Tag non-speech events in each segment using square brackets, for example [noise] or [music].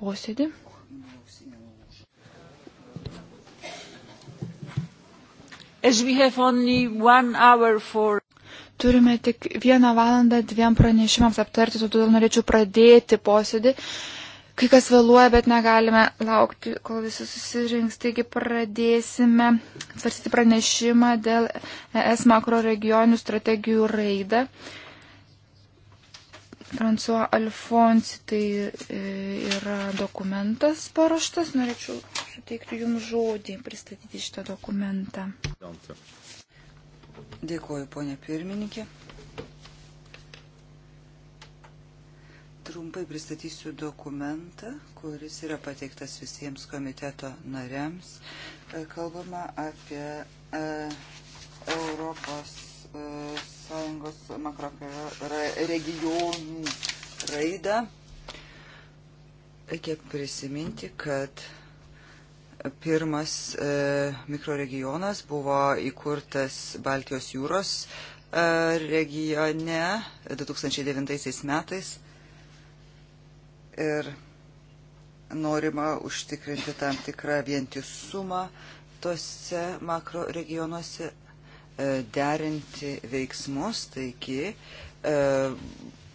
posėdį. For... Turime tik vieną valandą dviem pranešimams aptarti, todėl norėčiau pradėti posėdį. Kai kas vėluoja, bet negalime laukti, kol visi susirinks. Taigi pradėsime svarstyti pranešimą dėl ES makro regionių strategijų raidą. Fransuo Alfonsi tai e, yra dokumentas paruoštas. Norėčiau suteikti Jums žodį, pristatyti šitą dokumentą. Dėkuoju, ponė pirmininkė. Trumpai pristatysiu dokumentą, kuris yra pateiktas visiems komiteto nariams. E, kalbama apie e, Europos ES makroregionų raidą. Reikia prisiminti, kad pirmas e, mikroregionas buvo įkurtas Baltijos jūros e, regione 2009 metais ir norima užtikrinti tam tikrą vientisumą tose makroregionuose E, derinti veiksmus, taigi e,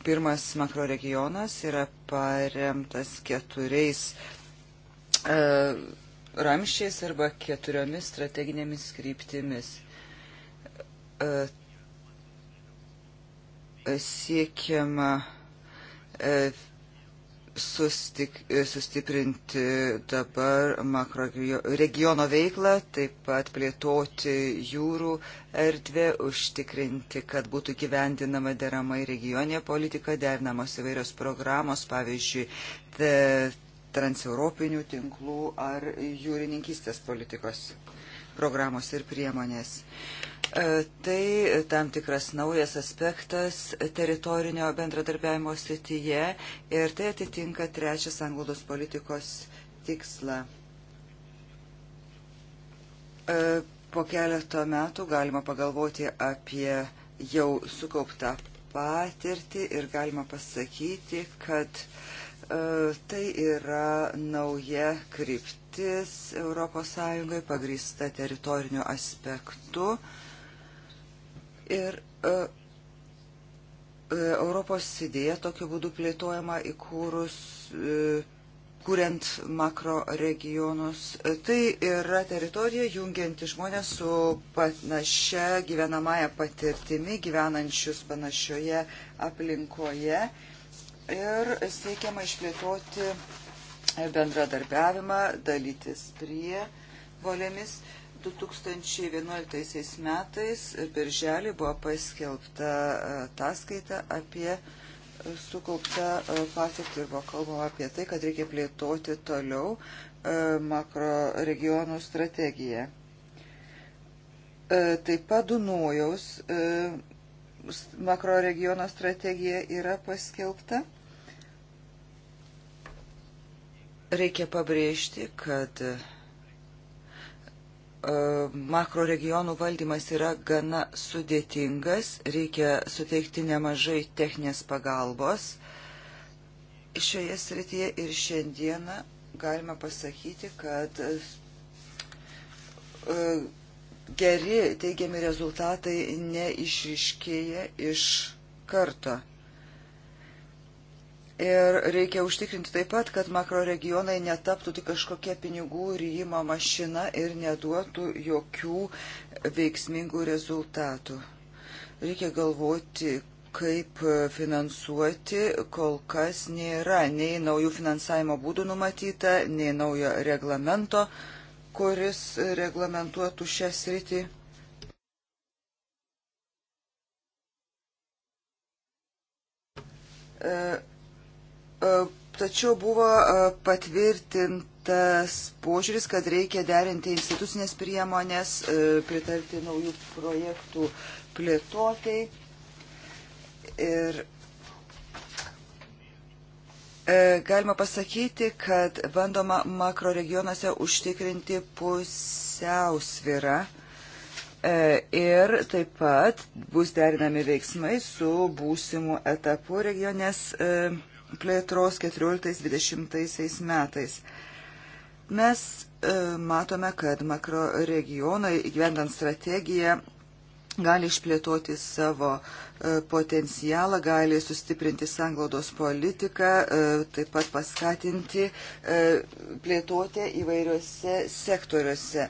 pirmas makroregionas yra paremtas keturiais e, ramščiais arba keturiomis strateginėmis kryptimis. Siekiama sustik, sustiprinti dabar makroregiono veiklą, taip pat plėtoti jūrų erdvę, užtikrinti, kad būtų gyvendinama deramai regioninė politika, derinamos įvairios programos, pavyzdžiui, te, transeuropinių tinklų ar jūrininkystės politikos programos ir priemonės. Uh, E, tai tam tikras naujas aspektas teritorinio bendradarbiavimo srityje ir tai atitinka trečias anglodos politikos tikslą. E, po keleto metų galima pagalvoti apie jau sukauptą patirtį ir galima pasakyti, kad e, tai yra nauja kryptis ES pagrįsta teritoriniu aspektu. Ir uh, Europos idėja tokiu būdu plėtojama įkūrus, e, kuriant makro regionus. Tai yra teritorija jungianti žmonės su panašia gyvenamąją patirtimi, gyvenančius panašioje aplinkoje ir siekiama išplėtoti bendradarbiavimą, dalytis prie volėmis. Uh, 2011 metais e, birželį buvo paskelbta e, ataskaita apie e, sukauptą patirtį ir buvo kalbama apie tai, kad reikia plėtoti toliau makro regionų strategiją. Taip pat Dunojaus makro regiono strategija yra paskelbta. Reikia pabrėžti, kad E, makro regionų valdymas yra gana sudėtingas, reikia suteikti nemažai techninės pagalbos šioje srityje ir šiandieną galima pasakyti, kad e, geri teigiami rezultatai neišriškėja iš karto. Ir reikia užtikrinti taip pat, kad makroregionai netaptų tik kažkokia pinigų ryjimo mašina ir neduotų jokių veiksmingų rezultatų. Reikia galvoti, kaip finansuoti, kol kas nėra nei naujų finansavimo būdų numatyta, nei naujo reglamento, kuris reglamentuotų šią sritį. E, E, tačiau buvo e, patvirtintas požiūris, kad reikia derinti institucinės priemonės, e, pritarti naujų projektų plėtotai. Ir galima pasakyti, kad bandoma makroregionuose užtikrinti pusiausvirą ir taip pat bus derinami veiksmai su būsimu etapu regionės. E, plėtros 14-20 metais. Mes e, matome, kad makro regionai, gyvendant strategiją, gali išplėtoti savo e, potencialą, gali sustiprinti sanglaudos politiką, e, taip pat paskatinti plėtotę įvairiuose sektoriuose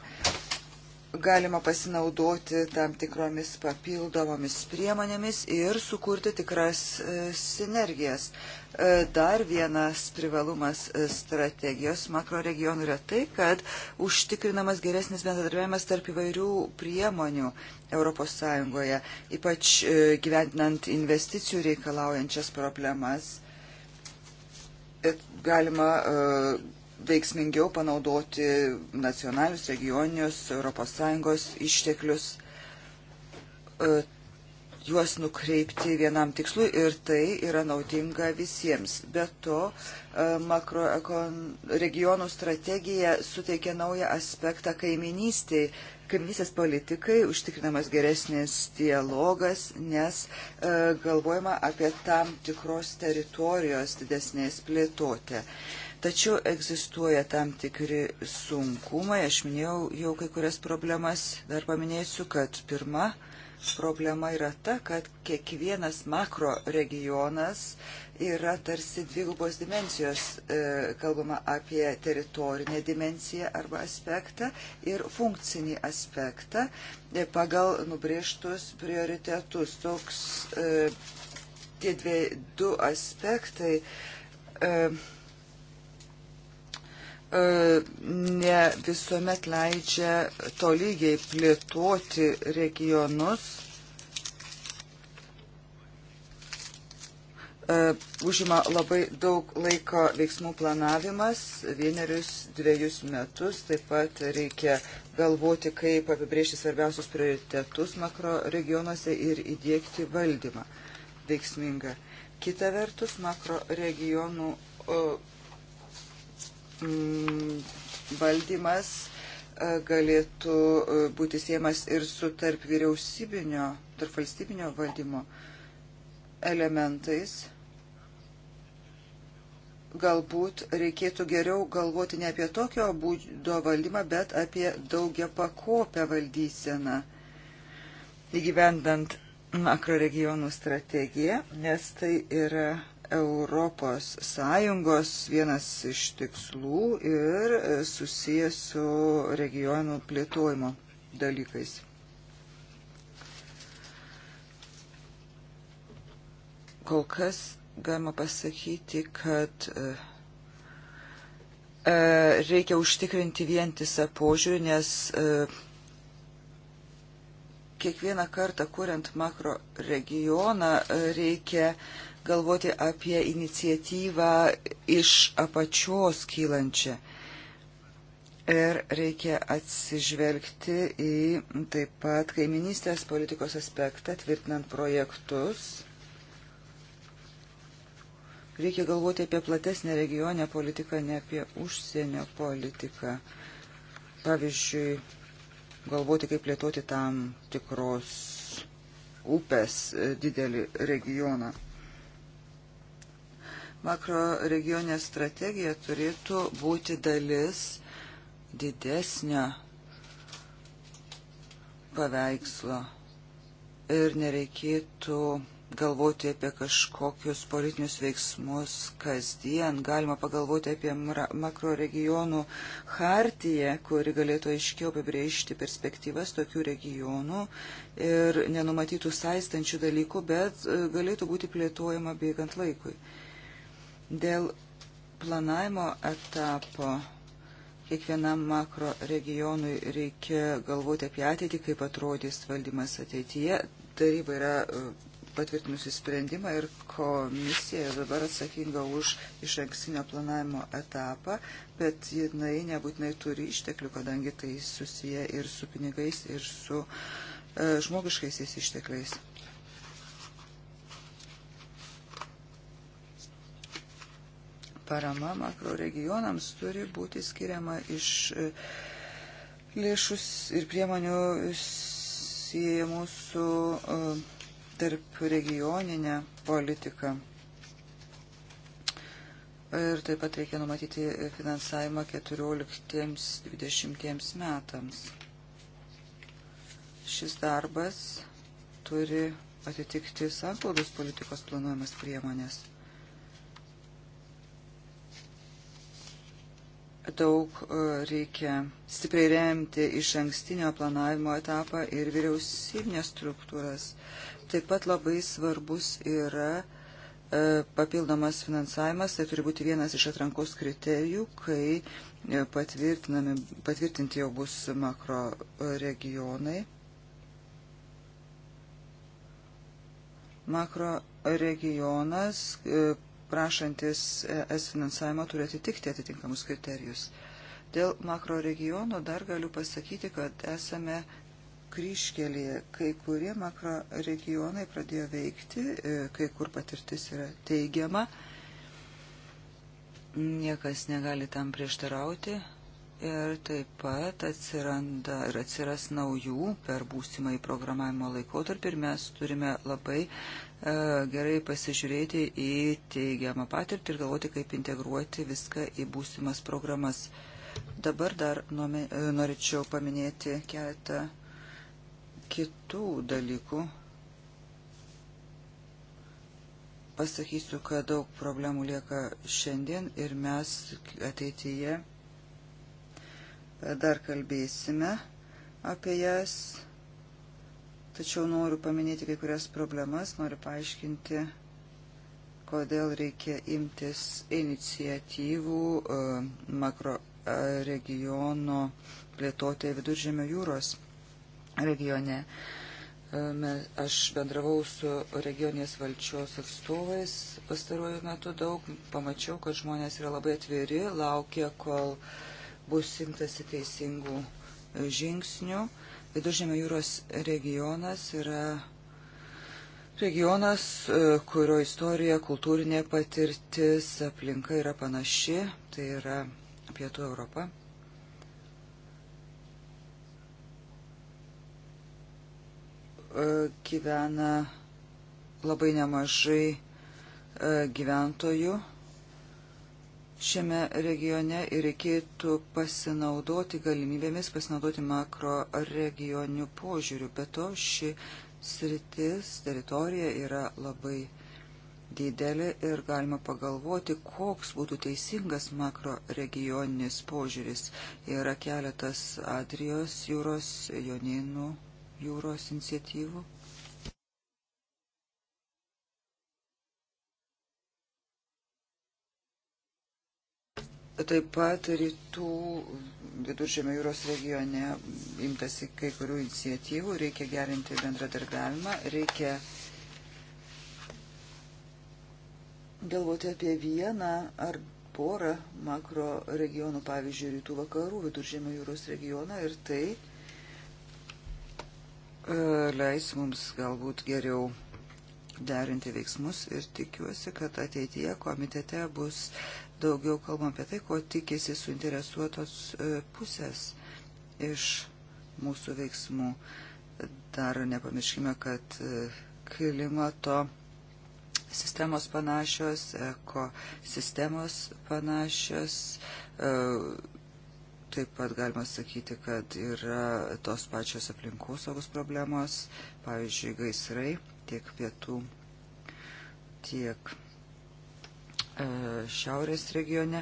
galima pasinaudoti tam tikromis papildomomis priemonėmis ir sukurti tikras e, sinergijas. E, dar vienas privalumas e, strategijos makroregionų yra tai, kad užtikrinamas geresnis bendradarbiavimas tarp įvairių priemonių ES, ypač gyventinant investicijų reikalaujančias problemas. Galima uh, veiksmingiau panaudoti nacionalius, regioninius, ES išteklius, e, juos nukreipti vienam tikslui ir tai yra naudinga visiems. Be to, e, makroekon... regionų strategija suteikia naują aspektą kaiminystiai. Kaiminystės politikai užtikrinamas geresnis dialogas, nes e, galvojama apie tam tikros teritorijos didesnės plėtotę. E, Tačiau egzistuoja tam tikri sunkumai. Aš minėjau jau kai kurias problemas. Dar paminėsiu, kad pirma problema yra ta, kad kiekvienas makro regionas yra tarsi dvigubos dimensijos. E, kalbama apie teritorinę dimensiją arba aspektą ir funkcinį aspektą e, pagal nubrėžtus prioritetus. Toks e, tie dvi, du aspektai E, ne visuomet leidžia tolygiai plėtoti regionus. E, užima labai daug laiko veiksmų planavimas, vienerius, dviejus metus, taip pat reikia galvoti, kaip apibriežti svarbiausius prioritetus makro regionuose ir įdėkti valdymą veiksmingą. Kita vertus, makro regionų Mm, valdymas e, galėtų e, būti siemas ir su tarp vyriausybinio, tarp valstybinio valdymo elementais. Galbūt reikėtų geriau galvoti ne apie tokio būdo valdymą, bet apie daugia pakopę valdyseną įgyvendant makroregionų strategiją, nes tai yra Europos Sąjungos vienas iš tikslų ir e, susijęs su regionų plėtojimo dalykais. Kol kas galima pasakyti, kad e, e, reikia užtikrinti vientisą požiūrį, nes kiekvieną kartą, kuriant makro regioną, reikia galvoti apie iniciatyvą iš apačios kylančią. Ir reikia atsižvelgti į taip pat kaiminystės politikos aspektą, tvirtinant projektus. Reikia galvoti apie platesnę regionę politiką, ne apie užsienio politiką. Pavyzdžiui, galvoti, kaip plėtoti tam tikros upės e, didelį regioną. Makro regioninė strategija turėtų būti dalis didesnio paveikslo ir nereikėtų galvoti apie kažkokius politinius veiksmus kasdien. Galima pagalvoti apie makroregionų hartiją, kuri galėtų aiškiau apibrėžti perspektyvas tokių regionų ir nenumatytų saistančių dalykų, bet e, galėtų būti plėtojama bėgant laikui. Dėl planavimo etapo kiekvienam makro regionui reikia galvoti apie ateitį, kaip atrodys valdymas ateityje. Taryba yra e, patvirtinusi sprendimą ir komisija dabar atsakinga už iš anksinio planavimo etapą, bet jinai nebūtinai turi išteklių, kadangi tai susiję ir su pinigais, ir su e, žmogiškaisiais ištekliais. parama makroregionams turi būti skiriama iš e, lėšus ir priemonių siejamų su e, tarp regioninė politika. Ir taip pat reikia numatyti finansavimą 14-20 metams. Šis darbas turi atitikti sanklaudos politikos planuojamas priemonės. daug e, reikia stipriai remti iš ankstinio planavimo etapą ir vyriausybinės struktūras. Taip pat labai svarbus yra e, papildomas finansavimas, tai turi būti vienas iš atrankos kriterijų, kai e, patvirtinti jau bus makro regionai. Makro regionas prašantis es finansavimo turi atitikti atitinkamus kriterijus. Dėl makro regiono dar galiu pasakyti, kad esame kryškelėje. Kai kurie makro regionai pradėjo veikti, e, kai kur patirtis yra teigiama. Niekas negali tam prieštarauti ir taip pat atsiranda ir atsiras naujų per būsimąjį programavimo laikotarpį ir mes turime labai e, gerai pasižiūrėti į teigiamą patirtį ir galvoti, kaip integruoti viską į būsimas programas. Dabar dar nuome, e, norėčiau paminėti keletą kitų dalykų. Pasakysiu, kad daug problemų lieka šiandien ir mes ateityje dar kalbėsime apie jas, tačiau noriu paminėti kai kurias problemas, noriu paaiškinti, kodėl reikia imtis iniciatyvų e, makro e, regiono plėtotėje viduržėmio jūros regione. E, aš bendravau su regionės valčios atstovais pastaruoju metu daug, pamačiau, kad žmonės yra labai atviri, laukia, kol uh, bus imtasi teisingų e, žingsnių. Viduržėmio jūros regionas yra regionas, e, kurio istorija, kultūrinė patirtis, aplinka yra panaši, tai yra Pietų Europa. E, gyvena labai nemažai gyventojų šiame regione ir reikėtų pasinaudoti galimybėmis, pasinaudoti makro regionių požiūrių. Be to, ši sritis, teritorija yra labai didelė ir galima pagalvoti, koks būtų teisingas makro regioninis požiūris. Yra keletas Adrijos jūros, Joninų jūros iniciatyvų. Taip pat rytų viduržėmio jūros regione imtasi kai kurių iniciatyvų, reikia gerinti bendradarbiavimą, reikia galvoti apie vieną ar porą makro regionų, pavyzdžiui, rytų vakarų viduržėmio jūros regioną ir tai e, leis mums galbūt geriau derinti veiksmus ir tikiuosi, kad ateityje komitete bus daugiau kalbam apie tai, ko tikisi suinteresuotos e, pusės iš mūsų veiksmų. Dar nepamirškime, kad e, klimato sistemos panašios, ekosistemos panašios. E, taip pat galima sakyti, kad yra tos pačios aplinkosaugos problemos, pavyzdžiui, gaisrai tiek pietų, tiek E, šiaurės regione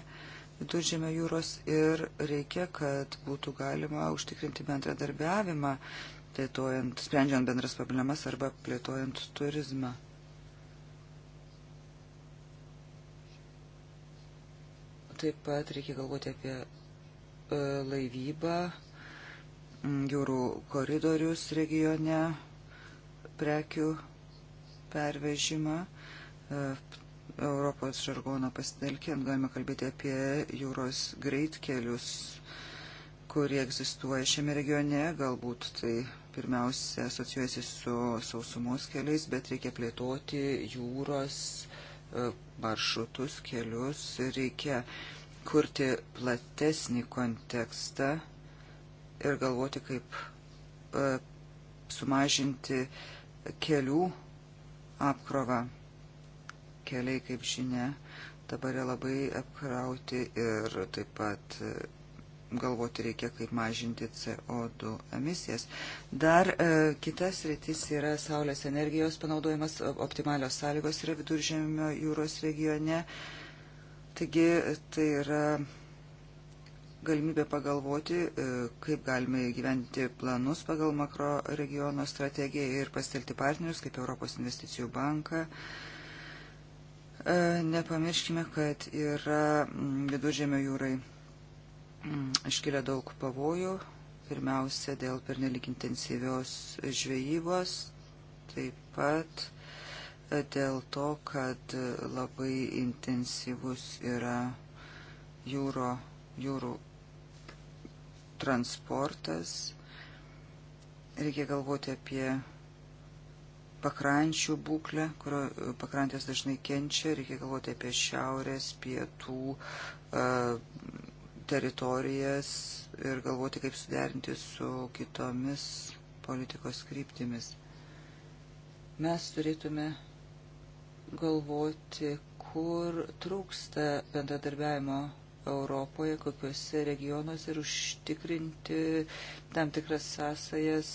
viduržėmio jūros ir reikia, kad būtų galima užtikrinti bendradarbiavimą, plėtojant, sprendžiant bendras problemas arba plėtojant turizmą. Taip pat reikia galvoti apie e, laivybą, jūrų koridorius regione, prekių pervežimą, e, Europos žargono pasitelkiant, galime kalbėti apie jūros greitkelius, kurie egzistuoja šiame regione, galbūt tai pirmiausia asociuojasi su sausumos keliais, bet reikia plėtoti jūros e, maršrutus, kelius, reikia kurti platesnį kontekstą ir galvoti, kaip e, sumažinti kelių apkrovą keliai, kaip žinia, dabar yra labai apkrauti ir taip pat e, galvoti reikia, kaip mažinti CO2 emisijas. Dar e, kitas rytis yra saulės energijos panaudojimas, optimalios sąlygos yra viduržėmio jūros regione. Taigi tai yra galimybė pagalvoti, e, kaip galime gyventi planus pagal makro regiono strategiją ir pastelti partnerius, kaip Europos investicijų banką. E, E, nepamirškime, kad yra viduržėmio jūrai iškilia daug pavojų, pirmiausia dėl pernelik intensyvios žvejybos, taip pat e, dėl to, kad labai intensyvus yra jūro, jūrų transportas. Reikia galvoti apie pakrančių būklę, kurio e, pakrantės dažnai kenčia, reikia galvoti apie šiaurės, pietų e, teritorijas ir galvoti, kaip suderinti su kitomis politikos kryptimis. Mes turėtume galvoti, kur trūksta bendradarbiavimo Europoje, kokiuose regionuose ir užtikrinti tam tikras sąsajas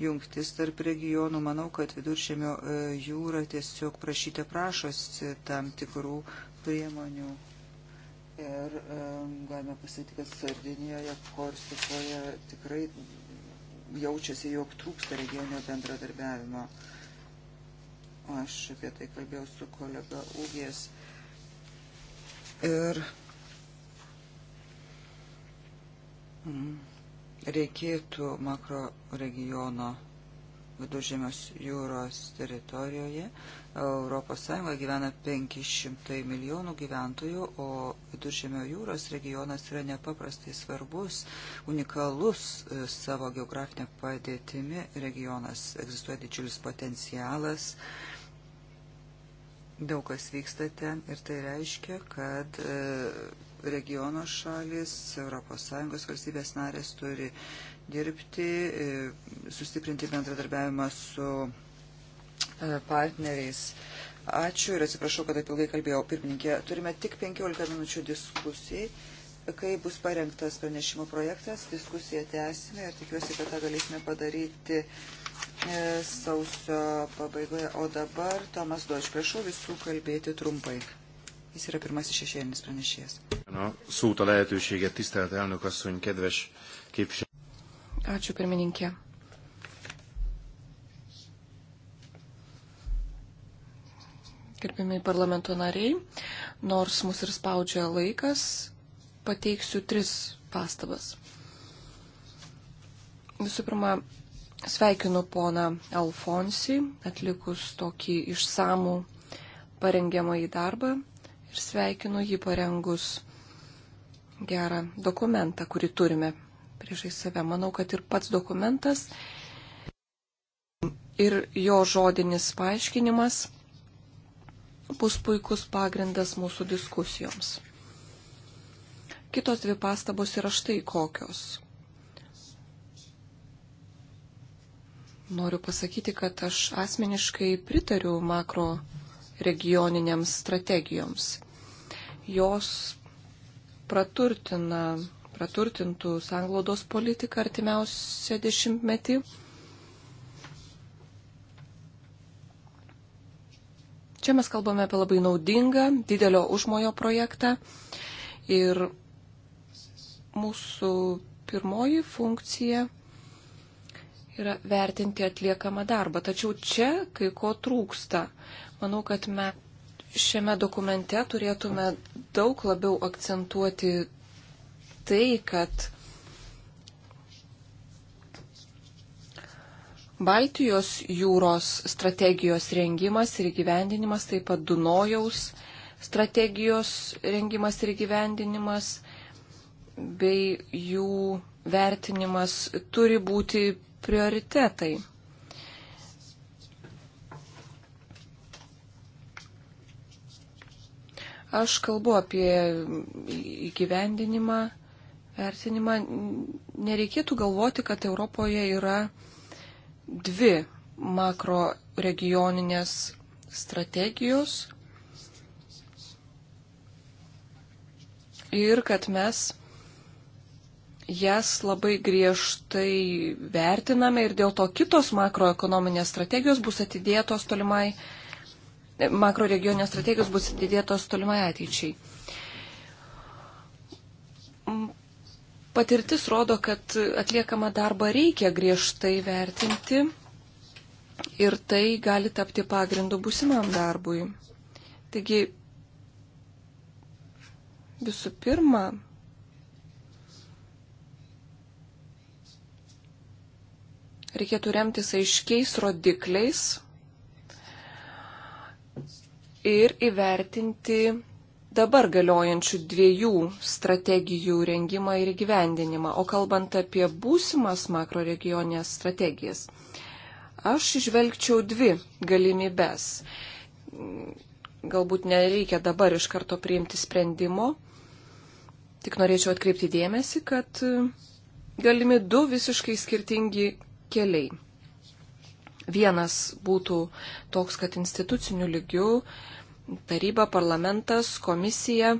jungtis tarp regionų. Manau, kad viduršėmio e, jūra tiesiog prašyte prašosi tam tikrų priemonių. Ir um, galime pasakyti, kad Sardinijoje, Korsikoje tikrai jaučiasi, jog trūksta regioninio bendradarbiavimo. Aš apie tai kalbėjau su kolega Ūgės. Ir mm reikėtų makro regiono viduržėmios jūros teritorijoje. Europos Sąjungoje gyvena 500 milijonų gyventojų, o viduržėmio jūros regionas yra nepaprastai svarbus, unikalus e, savo geografinę padėtimi regionas. Egzistuoja didžiulis potencialas, daug kas vyksta ten ir tai reiškia, kad e, regiono šalis, ES valstybės narės turi dirbti, e, sustiprinti bendradarbiavimą su e, partneriais. Ačiū ir atsiprašau, kad taip ilgai kalbėjau. Pirmininkė, turime tik 15 minučių diskusijai. Kai bus parengtas pranešimo projektas, diskusiją tęsime ir tikiuosi, kad tą galėsime padaryti e, sausio pabaigoje. O dabar Tomas Doč, prašau visų kalbėti trumpai. Jis yra pirmasis šešėlinis pranešėjas. Sūta lehetőségė, tisztelt elnök asszony, kedves képviselő. Ačiū pirmininkė. Gerbimiai parlamento nariai, nors mus ir spaudžia laikas, pateiksiu tris pastabas. Visų pirma, sveikinu poną Alfonsį atlikus tokį išsamų parengiamą į darbą ir sveikinu jį parengus gerą dokumentą, kurį turime priešai save. Manau, kad ir pats dokumentas, ir jo žodinis paaiškinimas bus puikus pagrindas mūsų diskusijoms. Kitos dvi pastabos yra štai kokios. Noriu pasakyti, kad aš asmeniškai pritariu makro regioninėms strategijoms. Jos praturtina, praturtintų sanglaudos politiką artimiausią dešimtmetį. Čia mes kalbame apie labai naudingą, didelio užmojo projektą ir mūsų pirmoji funkcija yra vertinti atliekamą darbą. Tačiau čia kai ko trūksta. Manau, kad mes šiame dokumente turėtume daug labiau akcentuoti tai, kad Baltijos jūros strategijos rengimas ir gyvendinimas, taip pat Dunojaus strategijos rengimas ir gyvendinimas bei jų vertinimas turi būti prioritetai. Aš kalbu apie įgyvendinimą, vertinimą. Nereikėtų galvoti, kad Europoje yra dvi makro regioninės strategijos ir kad mes jas labai griežtai vertiname ir dėl to kitos makroekonominės strategijos bus atidėtos tolimai makro regioninės strategijos bus didėtos tolimai ateičiai. Patirtis rodo, kad atliekamą darbą reikia griežtai vertinti ir tai gali tapti pagrindu būsimam darbui. Taigi, visų pirma, reikėtų remtis aiškiais rodikliais ir įvertinti dabar galiojančių dviejų strategijų rengimą ir įgyvendinimą. O kalbant apie būsimas makroregionės strategijas, aš išvelgčiau dvi galimybės. Galbūt nereikia dabar iš karto priimti sprendimo, tik norėčiau atkreipti dėmesį, kad galimi du visiškai skirtingi keliai. Vienas būtų toks, kad institucinių lygių taryba, parlamentas, komisija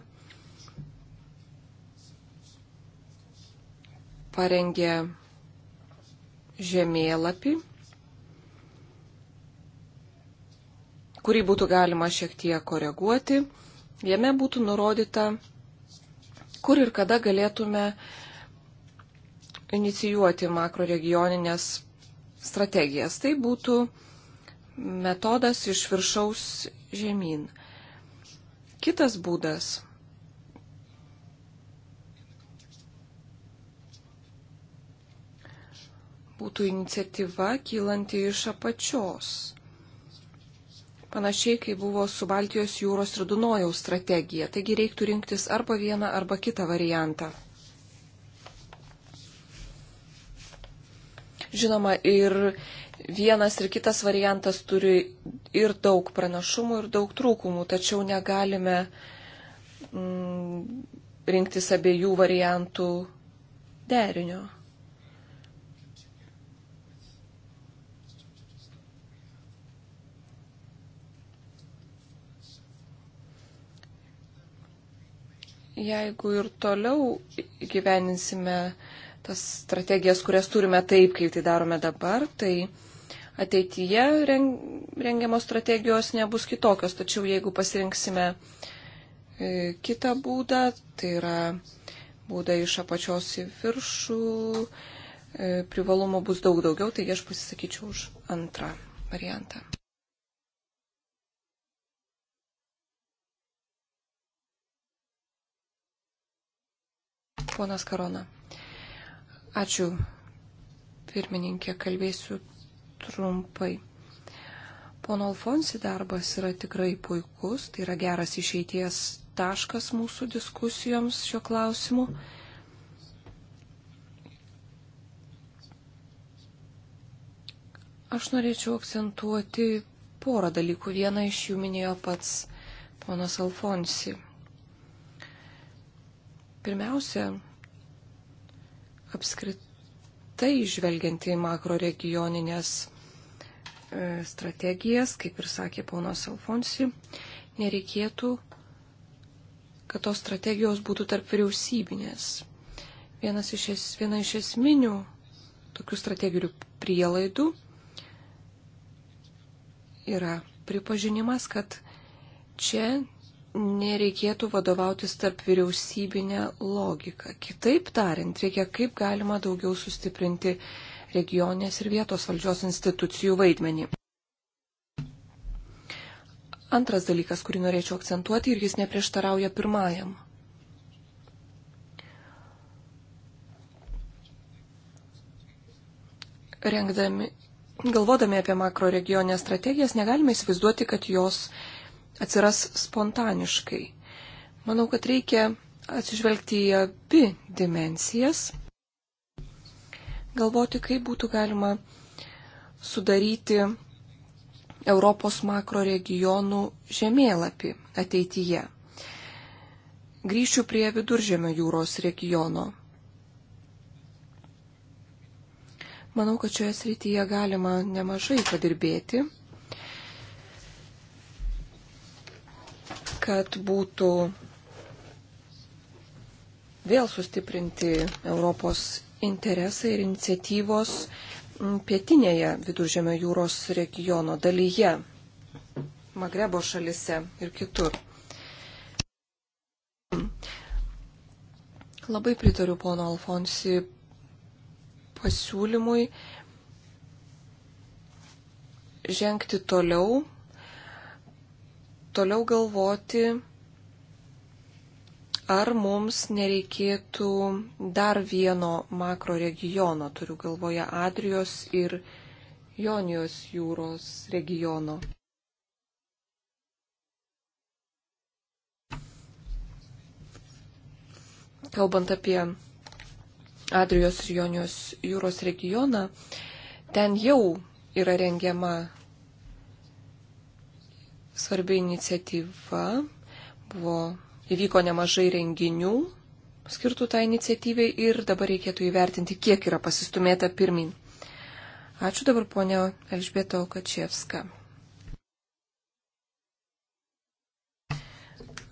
parengė žemėlapį, kurį būtų galima šiek tiek koreguoti. Jame būtų nurodyta, kur ir kada galėtume inicijuoti makroregioninės strategijas. Tai būtų metodas iš viršaus žemyn. Kitas būdas. Būtų iniciatyva kylanti iš apačios. Panašiai, kai buvo su Baltijos jūros ir Dunojaus strategija. Taigi reiktų rinktis arba vieną, arba kitą variantą. Žinoma, ir vienas ir kitas variantas turi ir daug pranašumų, ir daug trūkumų, tačiau negalime mm, rinktis abiejų variantų derinio. Jeigu ir toliau gyveninsime tas strategijas, kurias turime taip, kaip tai darome dabar, tai ateityje rengiamos strategijos nebus kitokios. Tačiau jeigu pasirinksime e, kitą būdą, tai yra būdą iš apačios į viršų, e, privalumo bus daug daugiau, taigi aš pasisakyčiau už antrą variantą. Ponas Karona. Ačiū, pirmininkė, kalbėsiu trumpai. Pono Alfonsi darbas yra tikrai puikus, tai yra geras išeities taškas mūsų diskusijoms šiuo klausimu. Aš norėčiau akcentuoti porą dalykų. Vieną iš jų minėjo pats ponas Alfonsi. Pirmiausia, apskritai žvelgiant į makro regioninės e, strategijas, kaip ir sakė ponas Alfonsi, nereikėtų, kad tos strategijos būtų tarp vyriausybinės. Vienas iš es, viena iš esminių tokių strateginių prielaidų yra pripažinimas, kad čia nereikėtų vadovautis tarp vyriausybinę logiką. Kitaip tariant, reikia kaip galima daugiau sustiprinti regionės ir vietos valdžios institucijų vaidmenį. Antras dalykas, kurį norėčiau akcentuoti ir jis neprieštarauja pirmajam. Rengdami, galvodami apie makro regionės strategijas, negalime įsivaizduoti, kad jos uh, atsiras spontaniškai. Manau, kad reikia atsižvelgti į abi dimensijas, galvoti, kaip būtų galima sudaryti Europos makro regionų žemėlapį ateityje. Grįšiu prie viduržėmio jūros regiono. Manau, kad šioje srityje galima nemažai padirbėti. kad būtų vėl sustiprinti Europos interesai ir iniciatyvos pietinėje viduržėmio jūros regiono dalyje, Magrebo šalise ir kitur. Labai pritariu pono Alfonsi pasiūlymui žengti toliau toliau galvoti, ar mums nereikėtų dar vieno makro regiono, turiu galvoje Adrijos ir Jonijos jūros regiono. Kalbant apie Adrijos ir Jonijos jūros regioną, ten jau yra rengiama svarbi iniciatyva. Buvo, įvyko nemažai renginių skirtų tą tai iniciatyvai ir dabar reikėtų įvertinti, kiek yra pasistumėta pirmin. Ačiū dabar ponio Elžbieto Kačievska.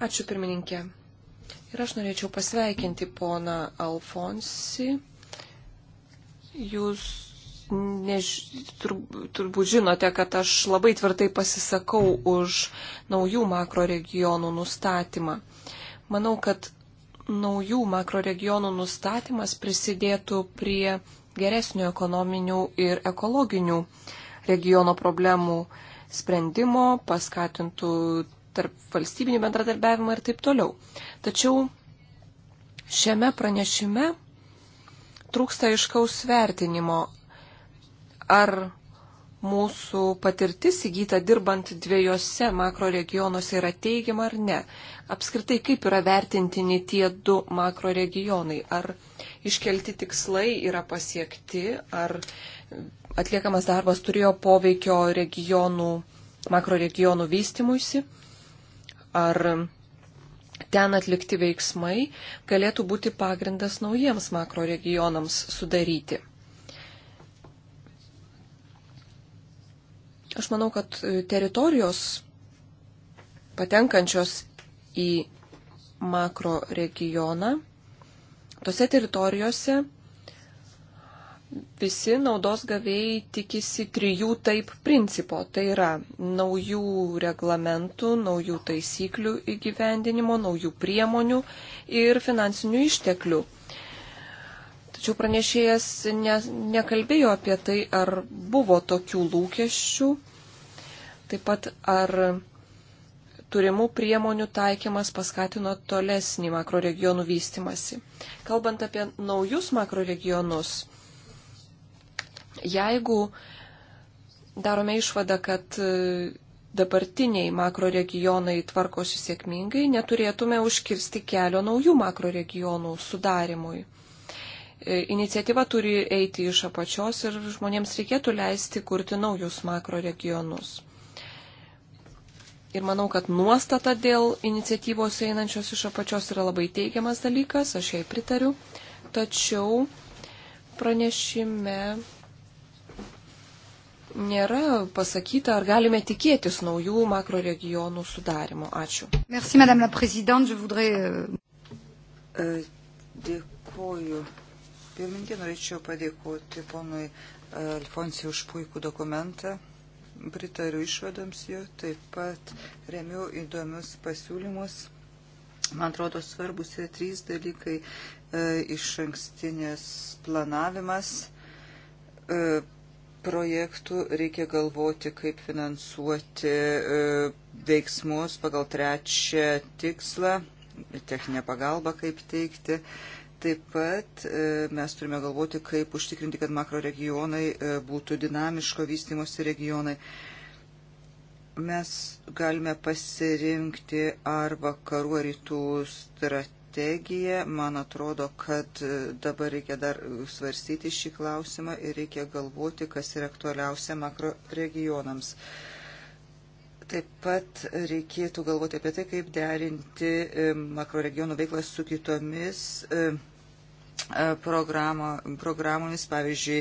Ačiū pirmininkė. Ir aš norėčiau pasveikinti poną Alfonsi. Jūs než, tur, turbūt žinote, kad aš labai tvirtai pasisakau už naujų makro regionų nustatymą. Manau, kad naujų makro regionų nustatymas prisidėtų prie geresnių ekonominių ir ekologinių regiono problemų sprendimo, paskatintų tarp valstybinį bendradarbiavimą ir taip toliau. Tačiau šiame pranešime trūksta iškaus vertinimo ar mūsų patirtis įgyta dirbant dviejose makro regionuose yra teigiama ar ne. Apskritai, kaip yra vertintini tie du makro regionai? Ar iškelti tikslai yra pasiekti, ar atliekamas darbas turėjo poveikio regionų, makro regionų vystimuisi, ar ten atlikti veiksmai galėtų būti pagrindas naujiems makro regionams sudaryti. Aš manau, kad e, teritorijos patenkančios į makro regioną, tose teritorijose visi naudos gavėjai tikisi trijų taip principo. Tai yra naujų reglamentų, naujų taisyklių įgyvendinimo, naujų priemonių ir finansinių išteklių. Tačiau pranešėjas ne, nekalbėjo apie tai, ar buvo tokių lūkesčių, taip pat ar turimų priemonių taikymas paskatino tolesnį makroregionų vystimasi. Kalbant apie naujus makroregionus, jeigu darome išvadą, kad dabartiniai makroregionai tvarkosi sėkmingai, neturėtume užkirsti kelio naujų makroregionų sudarimui. E, iniciatyva turi eiti iš apačios ir žmonėms reikėtų leisti kurti naujus makro regionus. Ir manau, kad nuostata dėl iniciatyvos einančios iš apačios yra labai teigiamas dalykas, aš jai pritariu. Tačiau pranešime nėra pasakyta, ar galime tikėtis naujų makro regionų sudarimo. Ačiū. Merci, Madame la Présidente. Je voudrais... Euh, e, Dėkuoju, pirmininkė. Norėčiau padėkoti ponui e, Alfonsijai už puikų dokumentą. Pritariu išvadams jo, taip pat remiu įdomius pasiūlymus. Man atrodo, svarbus yra trys dalykai e, - iš ankstinės planavimas. E, projektų reikia galvoti, kaip finansuoti e, veiksmus pagal trečią tikslą techninę pagalbą kaip teikti. E, Taip pat e, mes turime galvoti, kaip užtikrinti, kad makro regionai e, būtų dinamiško vystimosi regionai. Mes galime pasirinkti ar vakarų, ar rytų strategiją. Man atrodo, kad e, dabar reikia dar svarstyti šį klausimą ir reikia galvoti, kas yra aktualiausia makro regionams. Uh, Taip pat reikėtų galvoti apie tai, kaip derinti e, makroregionų veiklą su kitomis e, e, programo, programomis, pavyzdžiui,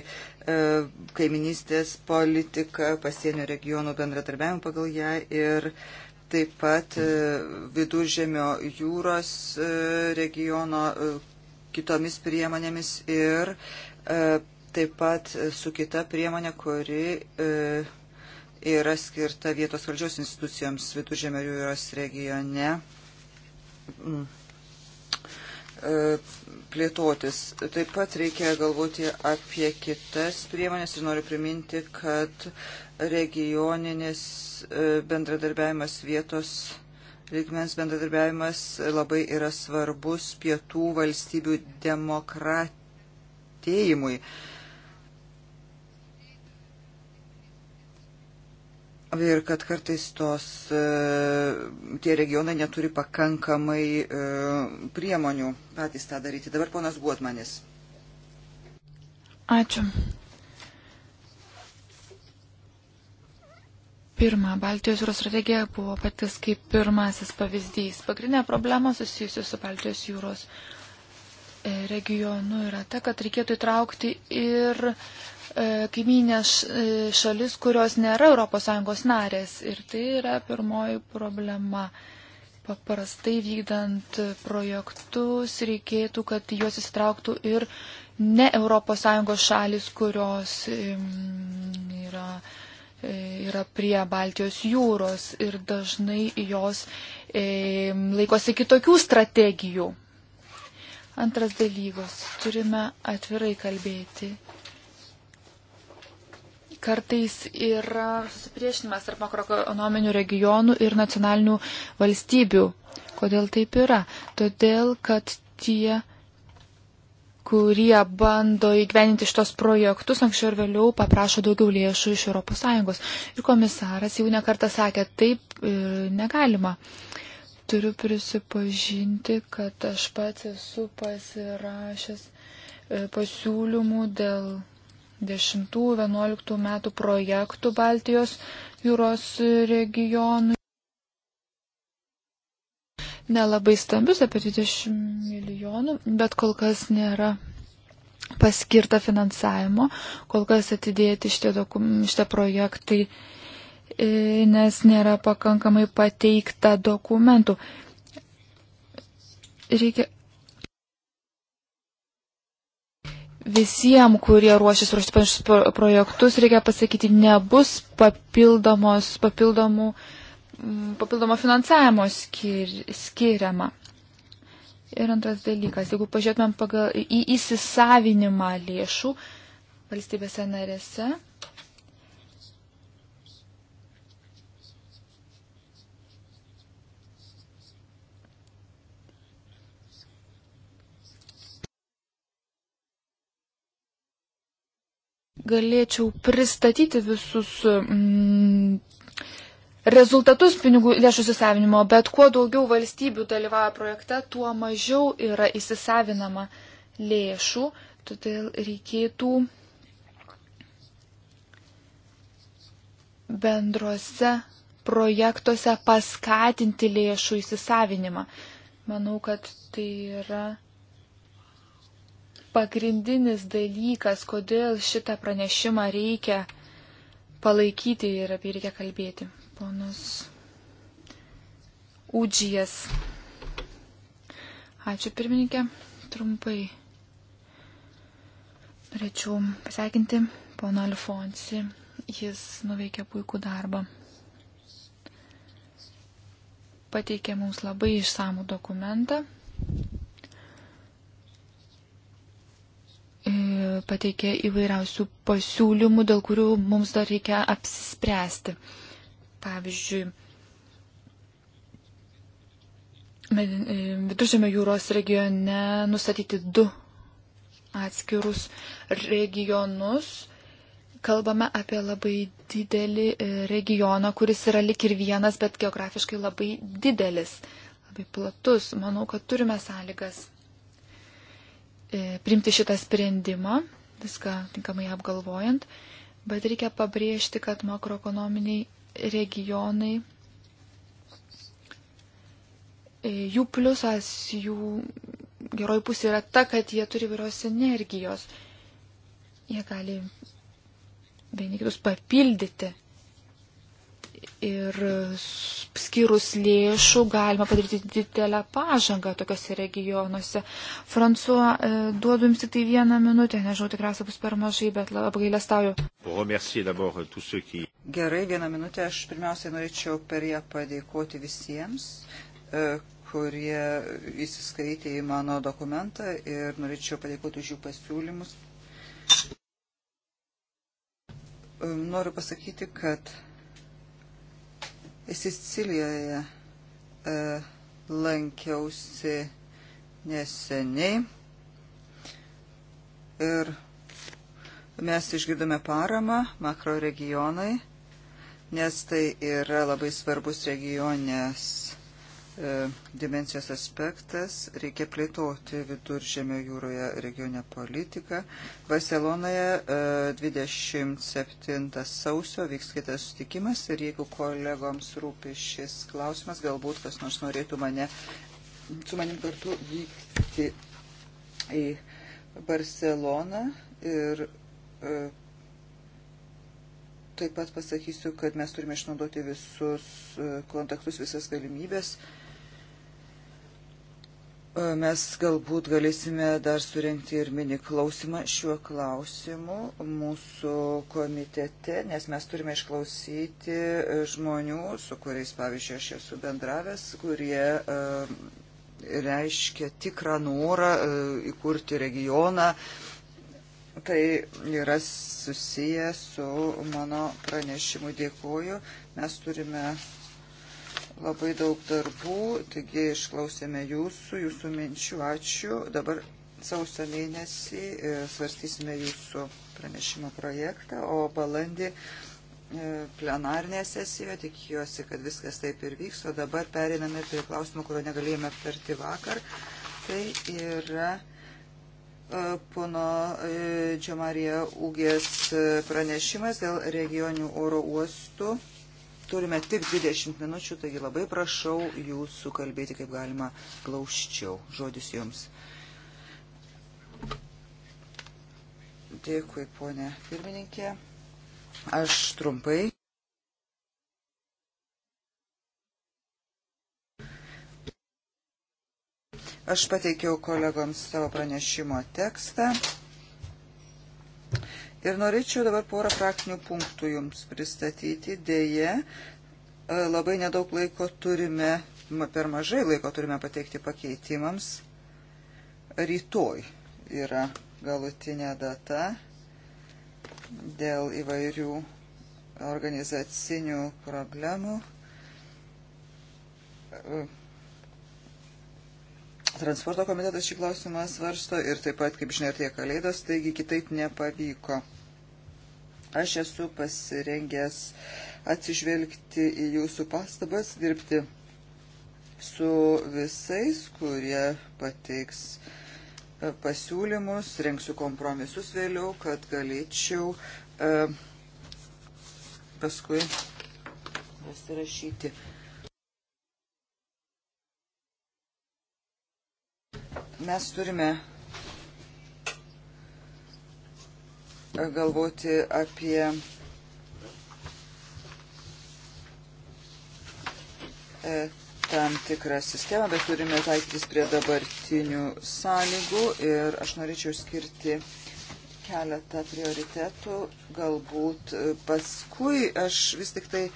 kaiminystės politika, pasienio regionų bendratarbiavimo pagal ją ir taip pat viduržėmio jūros regiono kitomis priemonėmis ir taip pat su kita priemonė, kuri yra skirta vietos valdžios institucijoms Viduržėmio jūros regione mm, e, plėtotis. Taip pat reikia galvoti apie kitas priemonės ir noriu priminti, kad regioninis e, bendradarbiavimas vietos lygmens bendradarbiavimas labai yra svarbus pietų valstybių demokratėjimui. ir kad kartais tos, e, tie regionai neturi pakankamai e, priemonių patys tą daryti. Dabar ponas Guotmanis. Ačiū. Pirma, Baltijos jūros strategija buvo patys kaip pirmasis pavyzdys. Pagrindinė problema susijusi su Baltijos jūros e, regionu yra ta, kad reikėtų įtraukti ir E, kaiminės e, šalis, kurios nėra ES narės. Ir tai yra pirmoji problema. Paprastai vykdant projektus reikėtų, kad juos įsitrauktų ir ne ES šalis, kurios yra, e, yra prie Baltijos jūros ir dažnai jos laikosi kitokių strategijų. Antras dalykas, turime atvirai kalbėti kartais yra susipriešinimas tarp makroekonominių regionų ir nacionalinių valstybių. Kodėl taip yra? Todėl, kad tie, kurie bando įgyveninti šitos projektus, anksčiau ir vėliau paprašo daugiau lėšų iš ES. Ir komisaras jau nekartą sakė, taip e, negalima. Turiu prisipažinti, kad aš pats esu pasirašęs e, pasiūlymų dėl 10-11 metų projektų Baltijos jūros regionui. Nelabai stambius, apie 20 milijonų, bet kol kas nėra paskirta finansavimo, kol kas atidėti šitie, dokum, šitie projektai, e, nes nėra pakankamai pateikta dokumentų. Reikia visiems, kurie ruošis ruošti panašius projektus, reikia pasakyti, nebus papildomos, papildomų, mm, papildomo finansavimo skir, skiriama. Ir antras dalykas, jeigu pažiūrėtumėm pagal, į įsisavinimą lėšų valstybėse narėse, galėčiau pristatyti visus mm, rezultatus pinigų lėšų įsisavinimo, bet kuo daugiau valstybių dalyvauja projekte, tuo mažiau yra įsisavinama lėšų, todėl reikėtų bendrose projektuose paskatinti lėšų įsisavinimą. Manau, kad tai yra pagrindinis dalykas, kodėl šitą pranešimą reikia palaikyti ir apie reikia kalbėti. Ponas Udžijas. Ačiū pirmininkė. Trumpai. Norėčiau pasveikinti pono Alfonsi. Jis nuveikė puikų darbą. Pateikė mums labai išsamų dokumentą. E, pateikė įvairiausių pasiūlymų, dėl kurių mums dar reikia apsispręsti. Pavyzdžiui, e, Viduržėmio jūros regione nustatyti du atskirus regionus. Kalbame apie labai didelį e, regioną, kuris yra lik ir vienas, bet geografiškai labai didelis, labai platus. Manau, kad turime sąlygas E, primti šitą sprendimą, viską tinkamai apgalvojant, bet reikia pabrėžti, kad makroekonominiai regionai, e, jų pliusas, jų geroji pusė yra ta, kad jie turi vyros energijos. Jie gali vieni kitus papildyti. Ir skyrus lėšų galima padaryti didelę pažangą tokiuose regionuose. Fransuo, e, duodu jums tik tai vieną minutę, nežinau, tikriausiai bus per mažai, bet apgailę stauju. Gerai, vieną minutę aš pirmiausiai norėčiau per ją padėkoti visiems, e, kurie įsiskaitė į mano dokumentą ir norėčiau padėkoti už jų pasiūlymus. E, noriu pasakyti, kad Sicilijoje e, lankiausi neseniai ir mes išgirdome paramą makro regionai, nes tai yra labai svarbus regionės E, dimensijos aspektas, reikia plėtoti viduržėmio jūroje regionę politiką. Barcelonoje 27 e, sausio vyks kitas sutikimas ir jeigu kolegoms rūpi šis klausimas, galbūt kas nors norėtų mane, su manim kartu vykti į Barceloną ir e, taip pat pasakysiu, kad mes turime išnaudoti visus kontaktus, visas galimybės. Uh, E, mes galbūt galėsime dar surenkti ir mini klausimą šiuo klausimu mūsų komitete, nes mes turime išklausyti e, žmonių, su kuriais, pavyzdžiui, aš esu bendravęs, kurie uh, reiškia tikrą norą uh, įkurti regioną. Tai yra susiję su mano pranešimu. Dėkuoju. Mes turime labai daug darbų, taigi išklausėme jūsų, jūsų minčių, ačiū. Dabar sausio mėnesį e, svarstysime jūsų pranešimo projektą, o balandį e, plenarnėje sesijoje, tikiuosi, kad viskas taip ir vyks, o dabar periname prie klausimų, kurio negalėjome aptarti vakar. Tai yra e, pono Džiomarija Ūgės pranešimas dėl regionių oro uostų turime tik 20 minučių, taigi labai prašau jūsų kalbėti kaip galima glauščiau. Žodis jums. Dėkui, ponė pirmininkė. Aš trumpai. Aš pateikiau kolegoms savo pranešimo tekstą. Ir norėčiau dabar porą praktinių punktų jums pristatyti. Deja, e, labai nedaug laiko turime, per mažai laiko turime pateikti pakeitimams. Rytoj yra galutinė data dėl įvairių organizacinių problemų. E, Transporto komitetas šį klausimą svarsto ir taip pat, kaip žinia, tie kalėdos, taigi kitaip nepavyko. Aš esu pasirengęs atsižvelgti į jūsų pastabas, dirbti su visais, kurie pateiks e, pasiūlymus, renksiu kompromisus vėliau, kad galėčiau e, paskui pasirašyti. Mes turime galvoti apie e, tam tikrą sistemą, bet turime taikytis prie dabartinių sąlygų ir aš norėčiau skirti keletą prioritetų. Galbūt e, paskui aš vis tik tai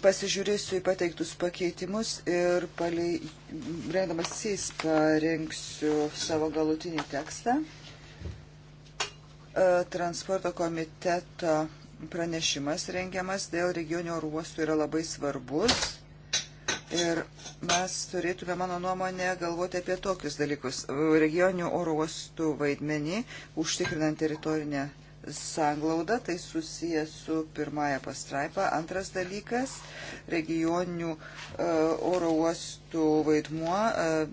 pasižiūrėsiu į pateiktus pakeitimus ir palei, rendamas jais parengsiu savo galutinį tekstą. E, transporto komiteto pranešimas rengiamas dėl regionio ruostų yra labai svarbus. Ir mes turėtume, mano nuomonė, galvoti apie tokius dalykus. E, Regioninių oro uostų vaidmenį, užtikrinant teritorinę sanglauda, tai susiję su pirmąją pastraipą. Antras dalykas - regioninių e, oro uostų vaidmuo, e,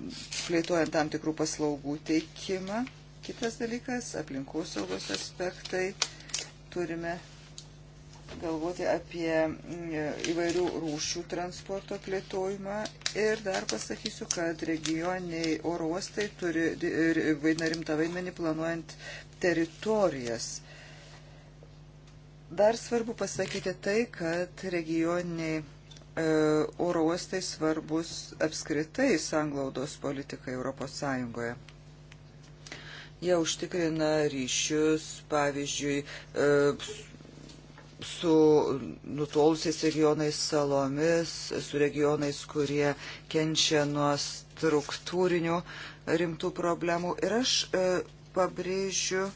plėtojant tam tikrų paslaugų teikimą. Kitas dalykas - aplinkosaugos aspektai. Turime galvoti apie mm, e, įvairių rūšių transporto plėtojimą. Ir dar pasakysiu, kad regioniai oro uostai turi vaidina rimtą vaidmenį planuojant teritorijas. Dar svarbu pasakyti tai, kad regioniniai e, oro uostai svarbus apskritai sanglaudos politikai Europos Sąjungoje. Jie užtikrina ryšius, pavyzdžiui, e, su nutolusiais regionais salomis, su regionais, kurie kenčia nuo struktūrinių rimtų problemų. Ir aš e, pabrėžiu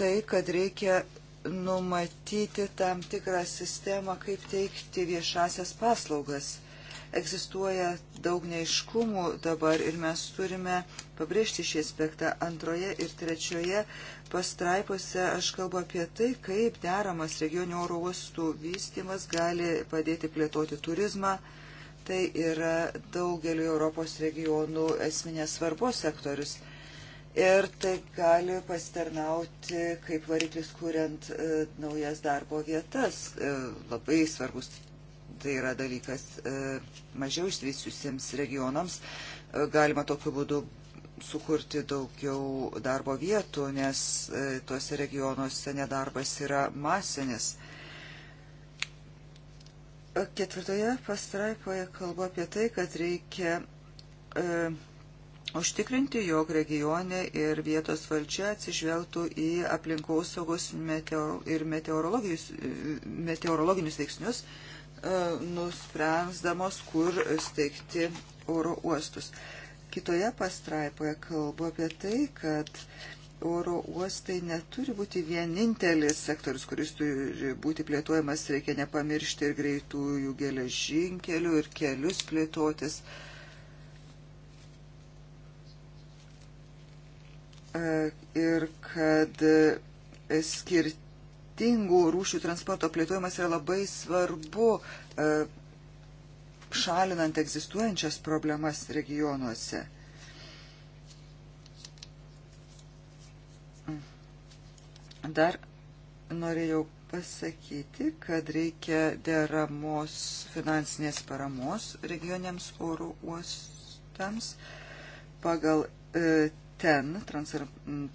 tai, kad reikia numatyti tam tikrą sistemą, kaip teikti viešasias paslaugas. Egzistuoja daug neiškumų dabar ir mes turime pabrėžti šį aspektą. Antroje ir trečioje pastraipose aš kalbu apie tai, kaip deramas regionio oro uostų vystimas gali padėti plėtoti turizmą. Tai yra daugeliu Europos regionų esminės svarbos sektorius ir tai gali pasitarnauti kaip variklis kuriant e, naujas darbo vietas. E, labai svarbus tai yra dalykas e, mažiau išsivysčiusiems regionams. Galima tokiu būdu sukurti daugiau darbo vietų, nes tuose regionuose nedarbas yra masinis. Ketvirtoje pastraipoje kalbu apie tai, kad reikia e, užtikrinti, jog regione ir vietos valdžia atsižvelgtų į aplinkosaugos meteor ir meteorologinius veiksnius, e, nuspręsdamos, kur steigti oro uostus. Kitoje pastraipoje kalbu apie tai, kad oro uostai neturi būti vienintelis sektorius, kuris turi būti plėtojamas, reikia nepamiršti ir greitųjų geležinkelių ir kelius plėtotis. Uh, ir kad skirtingų rūšių transporto plėtojimas yra labai svarbu šalinant egzistuojančias problemas regionuose. Dar norėjau pasakyti, kad reikia deramos finansinės paramos regioniams oro uostams pagal e, ten trans,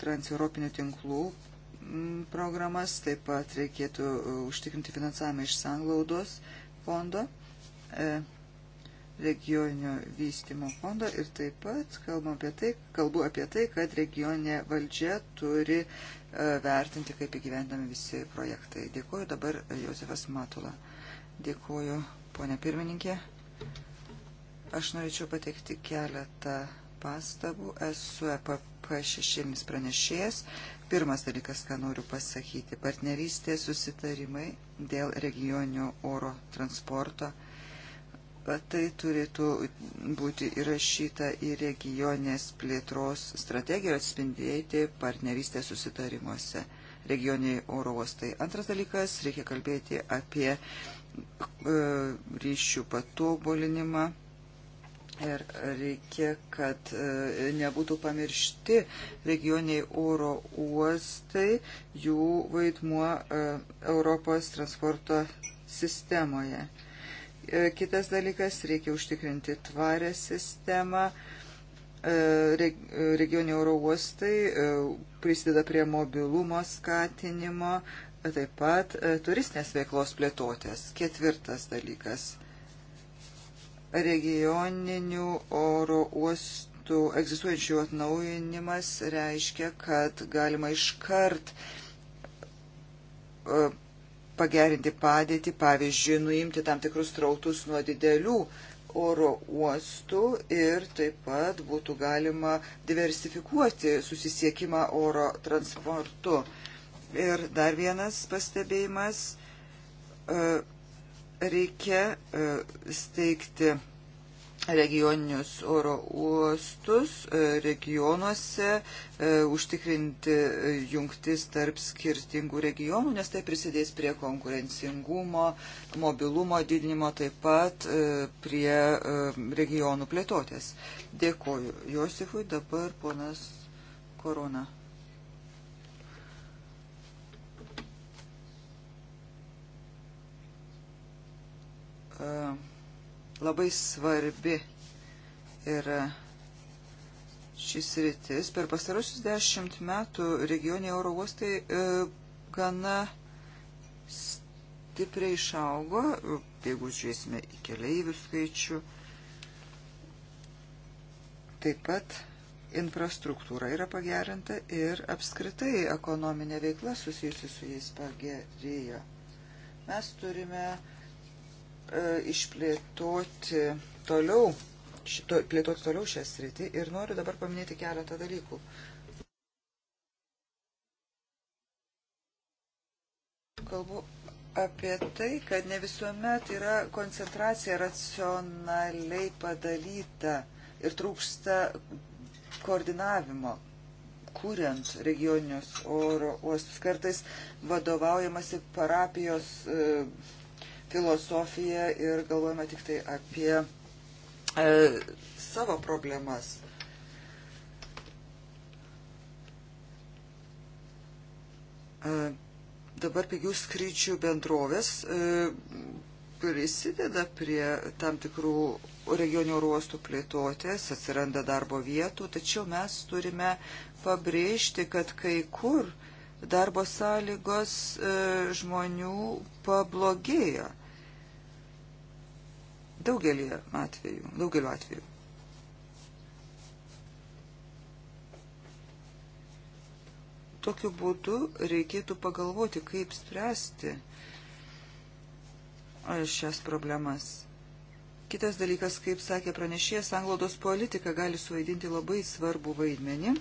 transeuropinių tinklų mm, programas, taip pat reikėtų e, užtikrinti finansavimą iš sanglaudos fondo, e, regioninio vystimo fondo ir taip pat kalbu apie tai, kalbu apie tai kad regioninė valdžia turi e, vertinti, kaip įgyvendami visi projektai. Dėkuoju dabar Josefas Matula. Dėkuoju, ponia pirmininkė. Aš norėčiau pateikti keletą pastabų. Esu EPP šešėlis pranešėjas. Pirmas dalykas, ką noriu pasakyti, partnerystė susitarimai dėl regioninio oro transporto. Tai turėtų būti įrašyta į regionės plėtros strategiją ir atspindėti partnerystės susitarimuose regioniai oro uostai. Antras dalykas, reikia kalbėti apie e, ryšių patobulinimą Ir reikia, kad e, nebūtų pamiršti regioniai oro uostai, jų vaidmuo e, Europos transporto sistemoje. E, kitas dalykas, reikia užtikrinti tvarę sistemą. Regioniai oro uostai prisideda prie mobilumo skatinimo, taip pat turistinės veiklos plėtotės. Ketvirtas dalykas regioninių oro uostų egzistuojančių atnaujinimas reiškia, kad galima iškart e, pagerinti padėtį, pavyzdžiui, nuimti tam tikrus trautus nuo didelių oro uostų ir taip pat būtų galima diversifikuoti susisiekimą oro transportu. Ir dar vienas pastebėjimas. Uh, Reikia e, steigti regioninius oro uostus e, regionuose, e, užtikrinti jungtis tarp skirtingų regionų, nes tai prisidės prie konkurencingumo, mobilumo didinimo, taip pat prie regionų plėtotės. Dėkoju Josifui, dabar ponas Korona. E, labai svarbi yra šis rytis. Per pastarosius dešimt metų regioniai oro uostai e, gana stipriai išaugo, jeigu žiūrėsime į keleivių skaičių. Taip pat infrastruktūra yra pagerinta ir apskritai ekonominė veikla susijusi su jais pagerėjo. Mes turime uh, E, išplėtoti toliau, šito, plėtoti toliau šią sritį ir noriu dabar paminėti keletą dalykų. Kalbu apie tai, kad ne visuomet yra koncentracija racionaliai padalyta ir trūksta koordinavimo, kuriant regioninius oro uostus. Kartais vadovaujamasi parapijos e, filosofiją ir galvojame tik tai apie e, savo problemas. E, dabar pigių skrydžių bendrovės e, prisideda prie tam tikrų regionių ruostų plėtotės, atsiranda darbo vietų, tačiau mes turime pabrėžti, kad kai kur darbo sąlygos e, žmonių pablogėjo. Daugelį atvejų, daugeliu atvejų. Tokiu būdu reikėtų pagalvoti, kaip spręsti šias problemas. Kitas dalykas, kaip sakė pranešėjas, anglodos politika gali suvaidinti labai svarbų vaidmenį.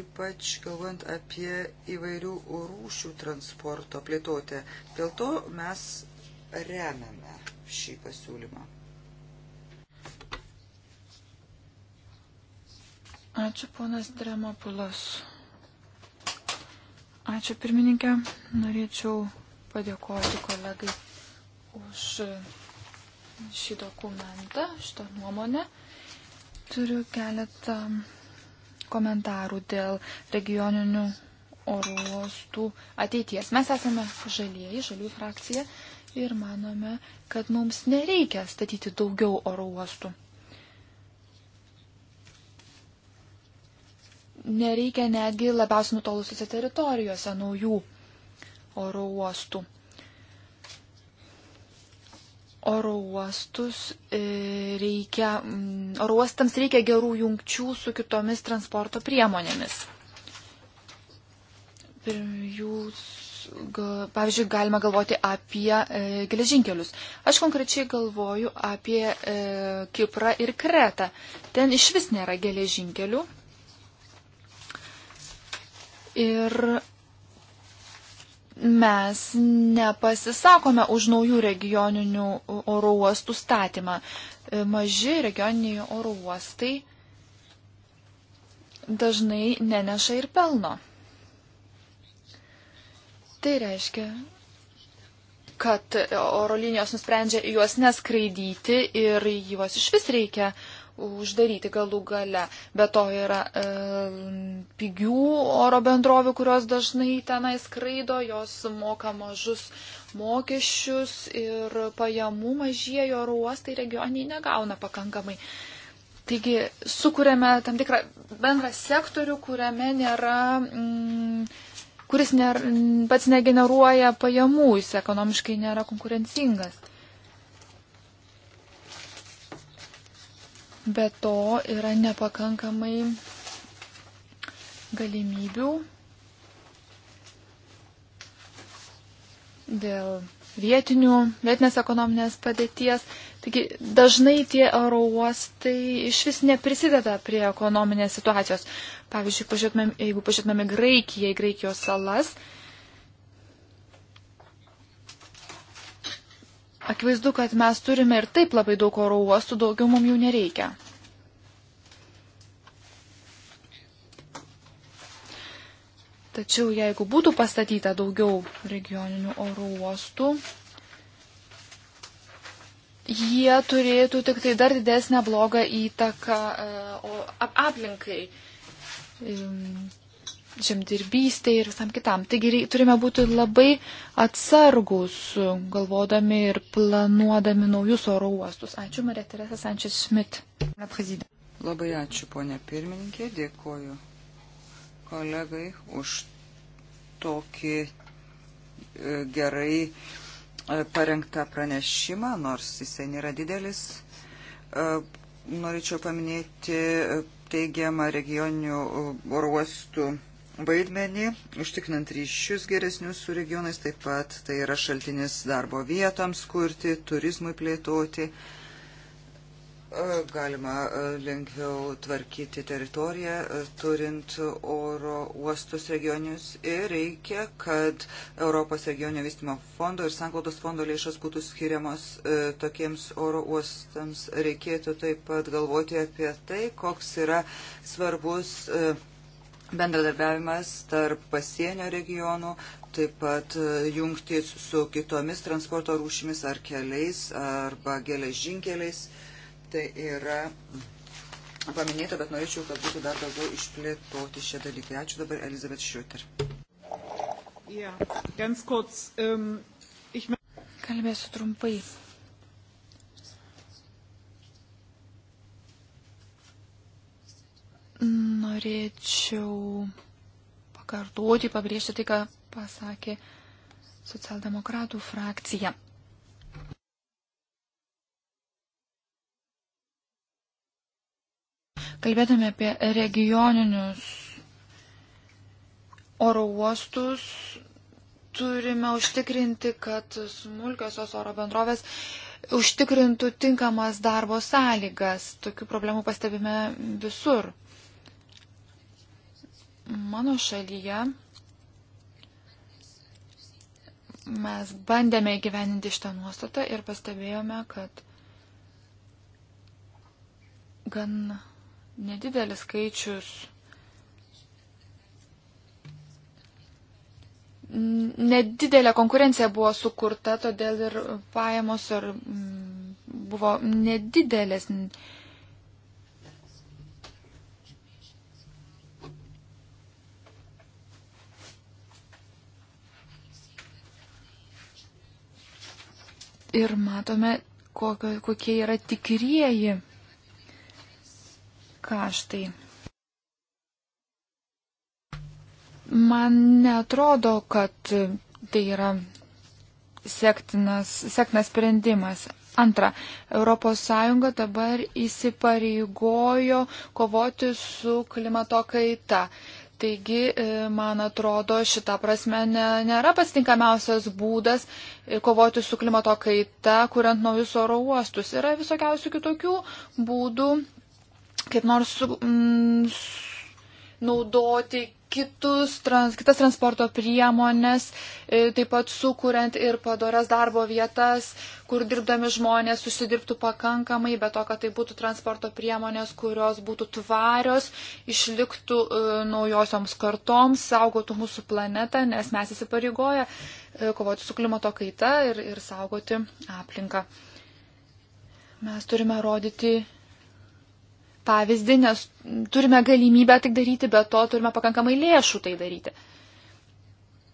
Ypač galvojant apie įvairių rūšių transporto plėtotę. Dėl to mes remiame šį pasiūlymą. Ačiū ponas Dremopulas. Ačiū pirmininkė. Norėčiau padėkoti kolegai už šį dokumentą, šitą nuomonę. Turiu keletą komentarų dėl regioninių oro uostų ateities. Mes esame žalieji, žaliųjų frakcija ir manome, kad mums nereikia statyti daugiau oro uostų. Nereikia netgi labiausiai nutolusiuose teritorijuose naujų oro uostų. Oro uostus e, reikia, mm, oro uostams reikia gerų jungčių su kitomis transporto priemonėmis. Pir, jūs pavyzdžiui, galime galvoti apie e, geležinkelius. Aš konkrečiai galvoju apie e, Kiprą ir Kretą. Ten iš vis nėra geležinkelių. Ir mes nepasisakome už naujų regioninių oro uostų statymą. E, maži regioniniai oro uostai dažnai neneša ir pelno. Tai reiškia, kad oro linijos nusprendžia juos neskraidyti ir juos iš vis reikia uždaryti galų gale. Be to yra e, pigių oro bendrovių, kurios dažnai tenai skraido, jos moka mažus mokesčius ir pajamų mažiejo oro uostai regioniai negauna pakankamai. Taigi sukūrėme tam tikrą bendrą sektorių, kuriame nėra. Mm, kuris ner, pats negeneruoja pajamų, jis ekonomiškai nėra konkurencingas. Be to yra nepakankamai galimybių dėl vietinių, vietinės ekonominės padėties. Taigi dažnai tie oro uostai iš vis neprisideda prie ekonominės situacijos. Pavyzdžiui, pažiūrėtumėm, jeigu pažiūrėtumėm Graikiją, į Graikijos salas, akivaizdu, kad mes turime ir taip labai daug oro uostų, daugiau mums jų nereikia. Tačiau jeigu būtų pastatyta daugiau regioninių oro uostų, jie turėtų tik tai dar didesnę blogą įtaką e, aplinkai, žemdirbystėje ir visam kitam. Taigi turime būti labai atsargus, galvodami ir planuodami naujus oro uostus. Ačiū, Marija Teresa Sančias Šmit. Labai ačiū, ponė pirmininkė, dėkoju kolegai už tokį e, gerai e, parengtą pranešimą, nors jisai nėra didelis. E, norėčiau paminėti teigiamą regioninių oruostų vaidmenį, užtikrinant ryšius geresnius su regionais, taip pat tai yra šaltinis darbo vietoms kurti, turizmui plėtoti. Uh, E, galima e, lengviau tvarkyti teritoriją, e, turint oro uostus regionius ir reikia, kad Europos regionio vystimo fondo ir sanklaudos fondo lėšas būtų skiriamos tokiems oro uostams. Reikėtų taip pat galvoti apie tai, koks yra svarbus bendradarbiavimas tarp pasienio regionų, taip pat jungtis su kitomis transporto rūšimis ar keliais arba geležinkeliais. Ar tai yra paminėta, bet norėčiau, kad būtų dar daugiau išplėtoti šie dalykai. Ačiū dabar Elizabeth Šriuter. Ja, ganz kurz. Um, ich... Kalbėsiu trumpai. Norėčiau pakartoti, pabrėžti tai, ką pasakė socialdemokratų frakcija. Kalbėtume apie regioninius oro uostus, turime užtikrinti, kad smulkiosios oro bendrovės užtikrintų tinkamas darbo sąlygas. Tokių problemų pastebime visur. Mano šalyje mes bandėme įgyveninti šitą nuostatą ir pastebėjome, kad gan nedidelis skaičius nedidelė konkurencija buvo sukurta, todėl ir pajamos ir mm, buvo nedidelės. Ir matome, kokio, kokie yra tikrieji kaštai. Man netrodo, kad tai yra sektinas, sektinas sprendimas. Antra, ES dabar įsipareigojo kovoti su klimato kaita. Taigi, e, man atrodo, šita prasme ne, nėra pasitinkamiausias būdas e, kovoti su klimato kaita, kuriant naujus oro uostus. Yra visokiausių kitokių būdų kaip nors su, mm, naudoti kitus, trans, kitas transporto priemonės, e, taip pat sukuriant ir padorias darbo vietas, kur dirbdami žmonės susidirbtų pakankamai, bet to, kad tai būtų transporto priemonės, kurios būtų tvarios, išliktų e, naujosioms kartoms, saugotų mūsų planetą, nes mes įsipareigoja e, kovoti su klimato kaita ir, ir saugoti aplinką. Mes turime rodyti pavyzdį, nes turime galimybę tai daryti, bet to turime pakankamai lėšų tai daryti.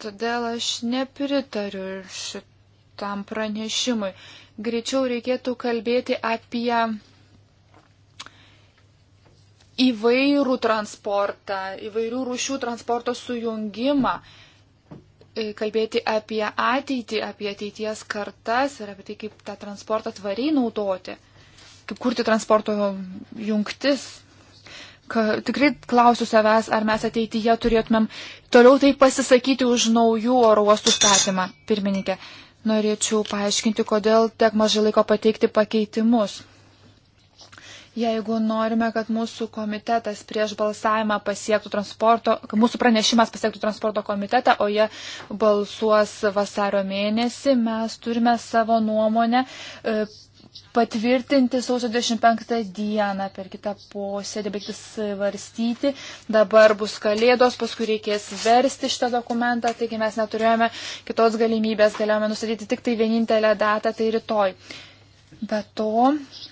Todėl aš nepritariu šitam pranešimui. Greičiau reikėtų kalbėti apie įvairų transportą, įvairių rūšių transporto sujungimą, e, kalbėti apie ateitį, apie ateities kartas ir apie tai, kaip tą transportą tvariai naudoti kaip kurti transporto jungtis. Ka, tikrai klausiu savęs, ar mes ateityje turėtumėm toliau tai pasisakyti už naujų oro uostų statymą. Pirmininkė, norėčiau paaiškinti, kodėl tiek mažai laiko pateikti pakeitimus. Jeigu norime, kad mūsų komitetas prieš balsavimą pasiektų transporto, kad mūsų pranešimas pasiektų transporto komitetą, o jie balsuos vasario mėnesį, mes turime savo nuomonę e, patvirtinti sausio 25 dieną per kitą posėdį, baigti svarstyti. Dabar bus kalėdos, paskui reikės versti šitą dokumentą, taigi mes neturėjome kitos galimybės, galėjome nustatyti tik tai vienintelę datą, tai rytoj. Be to,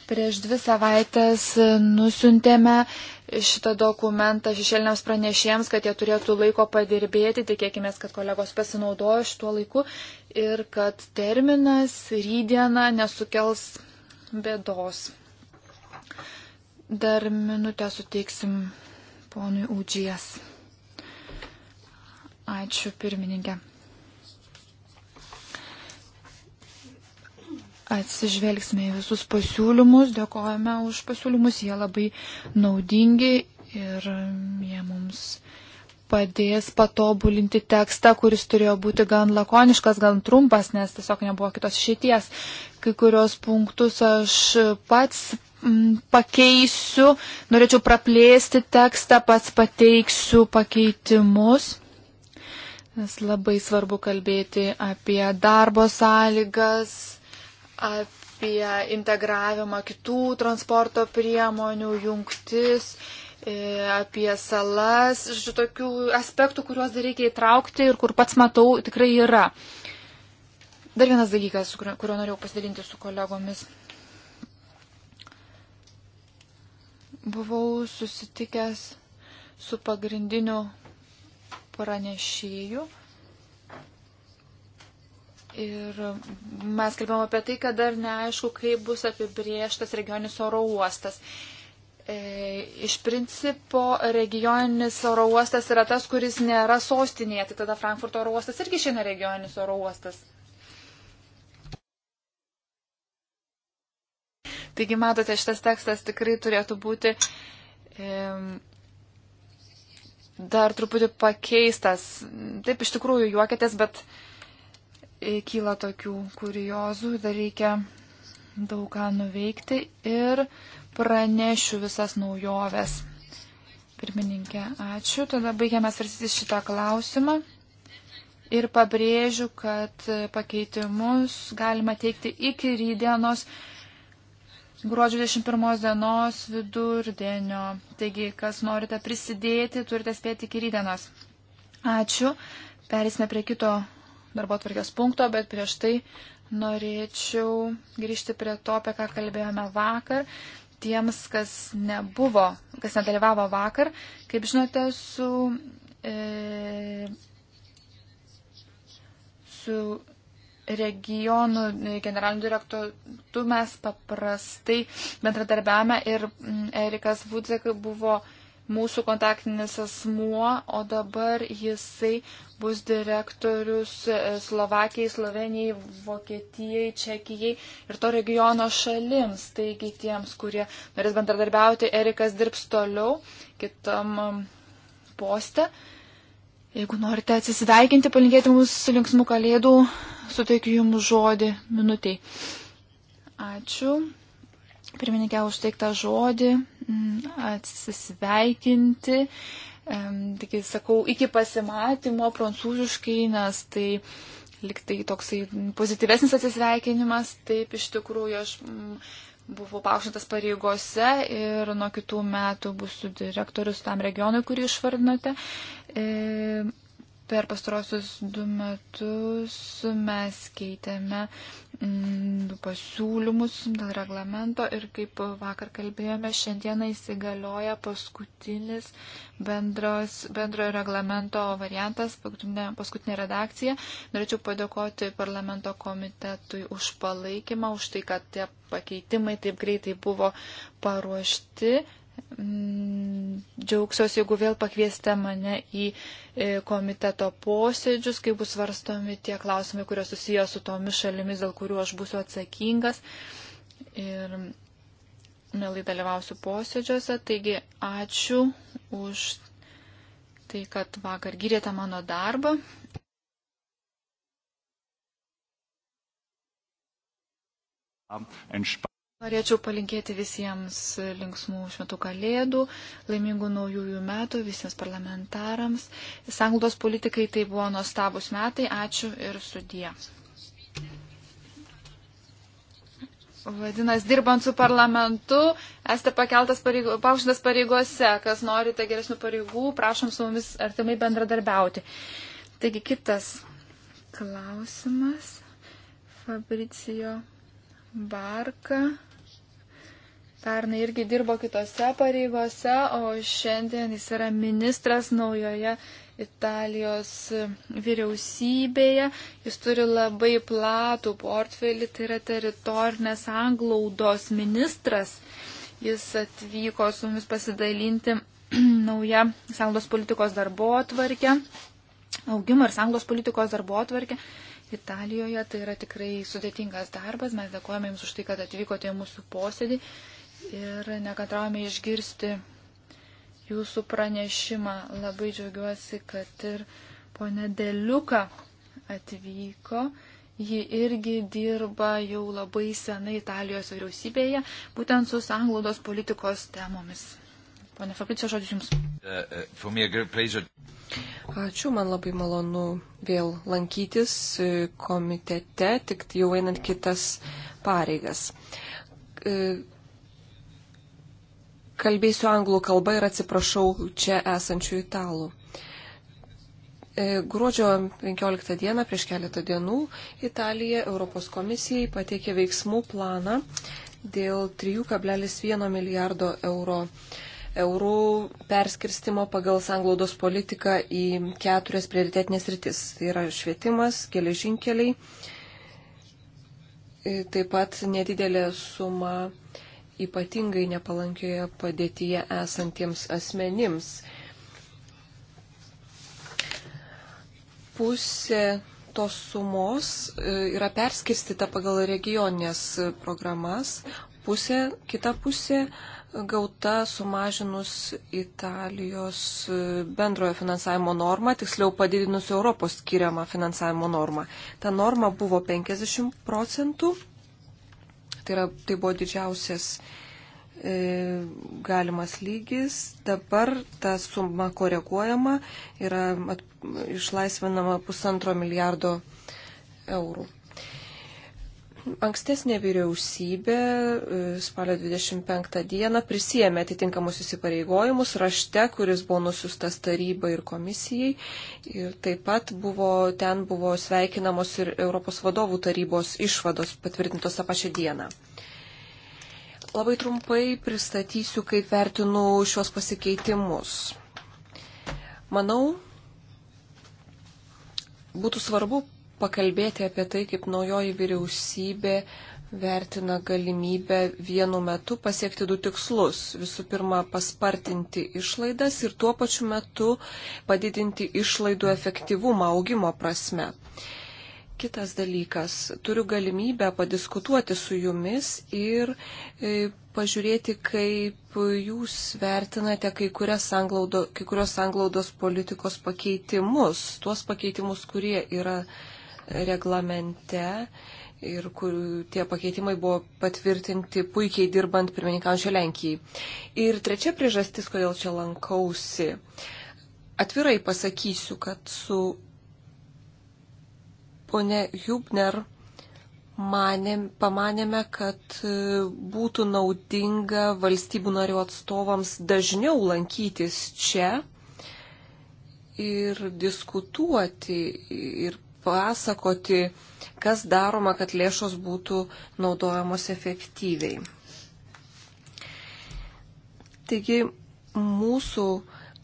prieš dvi savaitės nusintėme šitą dokumentą šešėliniams pranešėjams, kad jie turėtų laiko padirbėti, tikėkime, kad kolegos pasinaudojo šituo laiku ir kad terminas rydieną nesukels bėdos. Dar minutę suteiksim ponui Udžijas. Ačiū pirmininkė. Atsižvelgsime į visus pasiūlymus, dėkojame už pasiūlymus, jie labai naudingi ir jie mums padės patobulinti tekstą, kuris turėjo būti gan lakoniškas, gan trumpas, nes tiesiog nebuvo kitos išeities. Kai kurios punktus aš pats m, mm, pakeisiu, norėčiau praplėsti tekstą, pats pateiksiu pakeitimus. Nes labai svarbu kalbėti apie darbo sąlygas, apie integravimą kitų transporto priemonių, jungtis E, apie salas, šitokių aspektų, kuriuos dar reikia įtraukti ir kur pats matau tikrai yra. Dar vienas dalykas, kurio, kurio norėjau pasidalinti su kolegomis. Buvau susitikęs su pagrindiniu pranešėju. Ir mes kalbėjom apie tai, kad dar neaišku, kaip bus apibrieštas regioninis oro uostas. E, iš principo regioninis oro uostas yra tas, kuris nėra sostinėje, tai tada Frankfurto oro uostas irgi šiandien regioninis oro uostas. Taigi, matote, šitas tekstas tikrai turėtų būti e, dar truputį pakeistas. Taip, iš tikrųjų, juokitės, bet e, kyla tokių kuriozų, dar reikia daug ką nuveikti ir pranešiu visas naujoves. Pirmininkė, ačiū. Tada baigiame svarstyti šitą klausimą. Ir pabrėžiu, kad pakeitimus galima teikti iki rydienos gruodžio 21 dienos vidurdienio. Taigi, kas norite prisidėti, turite spėti iki rydienos. Ačiū. Perėsime prie kito darbo tvarkės punkto, bet prieš tai norėčiau grįžti prie to, apie ką kalbėjome vakar tiems, kas nebuvo, kas nedalyvavo vakar. Kaip žinote, su, e, su regionų e, generaliniu direktoru mes paprastai bendradarbiavame ir mm, Erikas Vudzek buvo mūsų kontaktinis asmuo, o dabar jisai bus direktorius e, Slovakijai, Slovenijai, Vokietijai, Čekijai ir to regiono šalims. Taigi tiems, kurie norės bendradarbiauti, Erikas dirbs toliau kitam poste. Jeigu norite atsisveikinti, palinkėti mums linksmų kalėdų, suteikiu jums žodį minutiai. Ačiū pirmininkė už teiktą žodį, mm, atsisveikinti. Tik sakau, iki pasimatymo prancūziškai, nes tai liktai toksai pozityvesnis atsisveikinimas. Taip, iš tikrųjų, aš mm, buvau paukštintas pareigose ir nuo kitų metų būsiu direktorius tam regionui, kurį išvardinote. E, per pastarosius du metus mes keitėme mm, pasiūlymus dėl reglamento ir kaip vakar kalbėjome, šiandieną įsigalioja paskutinis bendros, bendrojo reglamento variantas, paskutinė, paskutinė redakcija. Norėčiau padėkoti parlamento komitetui už palaikymą, už tai, kad tie pakeitimai taip greitai buvo paruošti Mm, džiaugsiuosi, jeigu vėl pakviesite mane į e, komiteto posėdžius, kai bus svarstomi tie klausimai, kurie susiję su tomis šalimis, dėl kurių aš būsiu atsakingas. Ir mielai dalyvausiu posėdžiuose. Taigi ačiū už tai, kad vakar gyrėte mano darbą. Entspannt. Norėčiau palinkėti visiems linksmų šventų kalėdų, laimingų naujųjų metų visiems parlamentarams. Sanglaudos politikai tai buvo nuostabus metai. Ačiū ir sudie. Vadinasi, dirbant su parlamentu, esate pakeltas pareigo, paukštas pareigose. Kas norite tai geresnių pareigų, prašom su mumis artimai bendradarbiauti. Taigi kitas klausimas. Fabricijo Barka pernai irgi dirbo kitose pareigose, o šiandien jis yra ministras naujoje Italijos vyriausybėje. Jis turi labai platų portfelį, tai yra teritorinės anglaudos ministras. Jis atvyko su mumis pasidalinti [clears throat] naują sanglos politikos darbo atvarkę, augimo ir sanglos politikos darbo atvarkę. Italijoje. Tai yra tikrai sudėtingas darbas. Mes dėkojame Jums už tai, kad atvykote į mūsų posėdį ir nekantraujame išgirsti Jūsų pranešimą. Labai džiaugiuosi, kad ir ponė Deliuka atvyko. Ji irgi dirba jau labai senai Italijos vyriausybėje, būtent su sanglaudos politikos temomis. Pane Fabricio, žodis Jums. Uh, uh, Ačiū, man labai malonu vėl lankytis e, komitete, tik jau einant kitas pareigas. E, kalbėsiu anglų kalbą ir atsiprašau čia esančių italų. E, gruodžio 15 dieną, prieš keletą dienų, Italija Europos komisijai pateikė veiksmų planą dėl 3,1 milijardo euro eurų perskirstimo pagal sanglaudos politiką į keturias prioritetinės rytis. Tai yra švietimas, geležinkeliai, e, taip pat nedidelė suma ypatingai nepalankioje padėtyje esantiems asmenims. Pusė tos sumos e, yra perskirstita pagal regioninės programas, pusė, kita pusė gauta sumažinus Italijos bendrojo finansavimo normą, tiksliau padidinus Europos skiriamą finansavimo normą. Ta norma buvo 50 procentų, tai, yra, tai buvo didžiausias e, galimas lygis. Dabar ta suma koreguojama, yra at, išlaisvinama pusantro milijardo eurų. Ankstesnė vyriausybė e, spalio 25 dieną prisėmė atitinkamus įsipareigojimus rašte, kuris buvo nusiustas tarybai ir komisijai. Ir taip pat buvo, ten buvo sveikinamos ir Europos vadovų tarybos išvados patvirtintos tą pačią dieną. Labai trumpai pristatysiu, kaip vertinu šios pasikeitimus. Manau, būtų svarbu pakalbėti apie tai, kaip naujoji vyriausybė vertina galimybę vienu metu pasiekti du tikslus. Visų pirma, paspartinti išlaidas ir tuo pačiu metu padidinti išlaidų efektyvumą augimo prasme. Kitas dalykas, turiu galimybę padiskutuoti su jumis ir e, pažiūrėti, kaip jūs vertinate kai, sanglaudo, kai kurios sanglaudos politikos pakeitimus, tuos pakeitimus, kurie yra reglamente ir kur tie pakeitimai buvo patvirtinti puikiai dirbant pirmininkaujančiai Lenkijai. Ir trečia priežastis, kodėl čia lankausi. Atvirai pasakysiu, kad su ponė Hubner manėm, pamanėme, kad būtų naudinga valstybių narių atstovams dažniau lankytis čia ir diskutuoti ir papasakoti, kas daroma, kad lėšos būtų naudojamos efektyviai. Taigi mūsų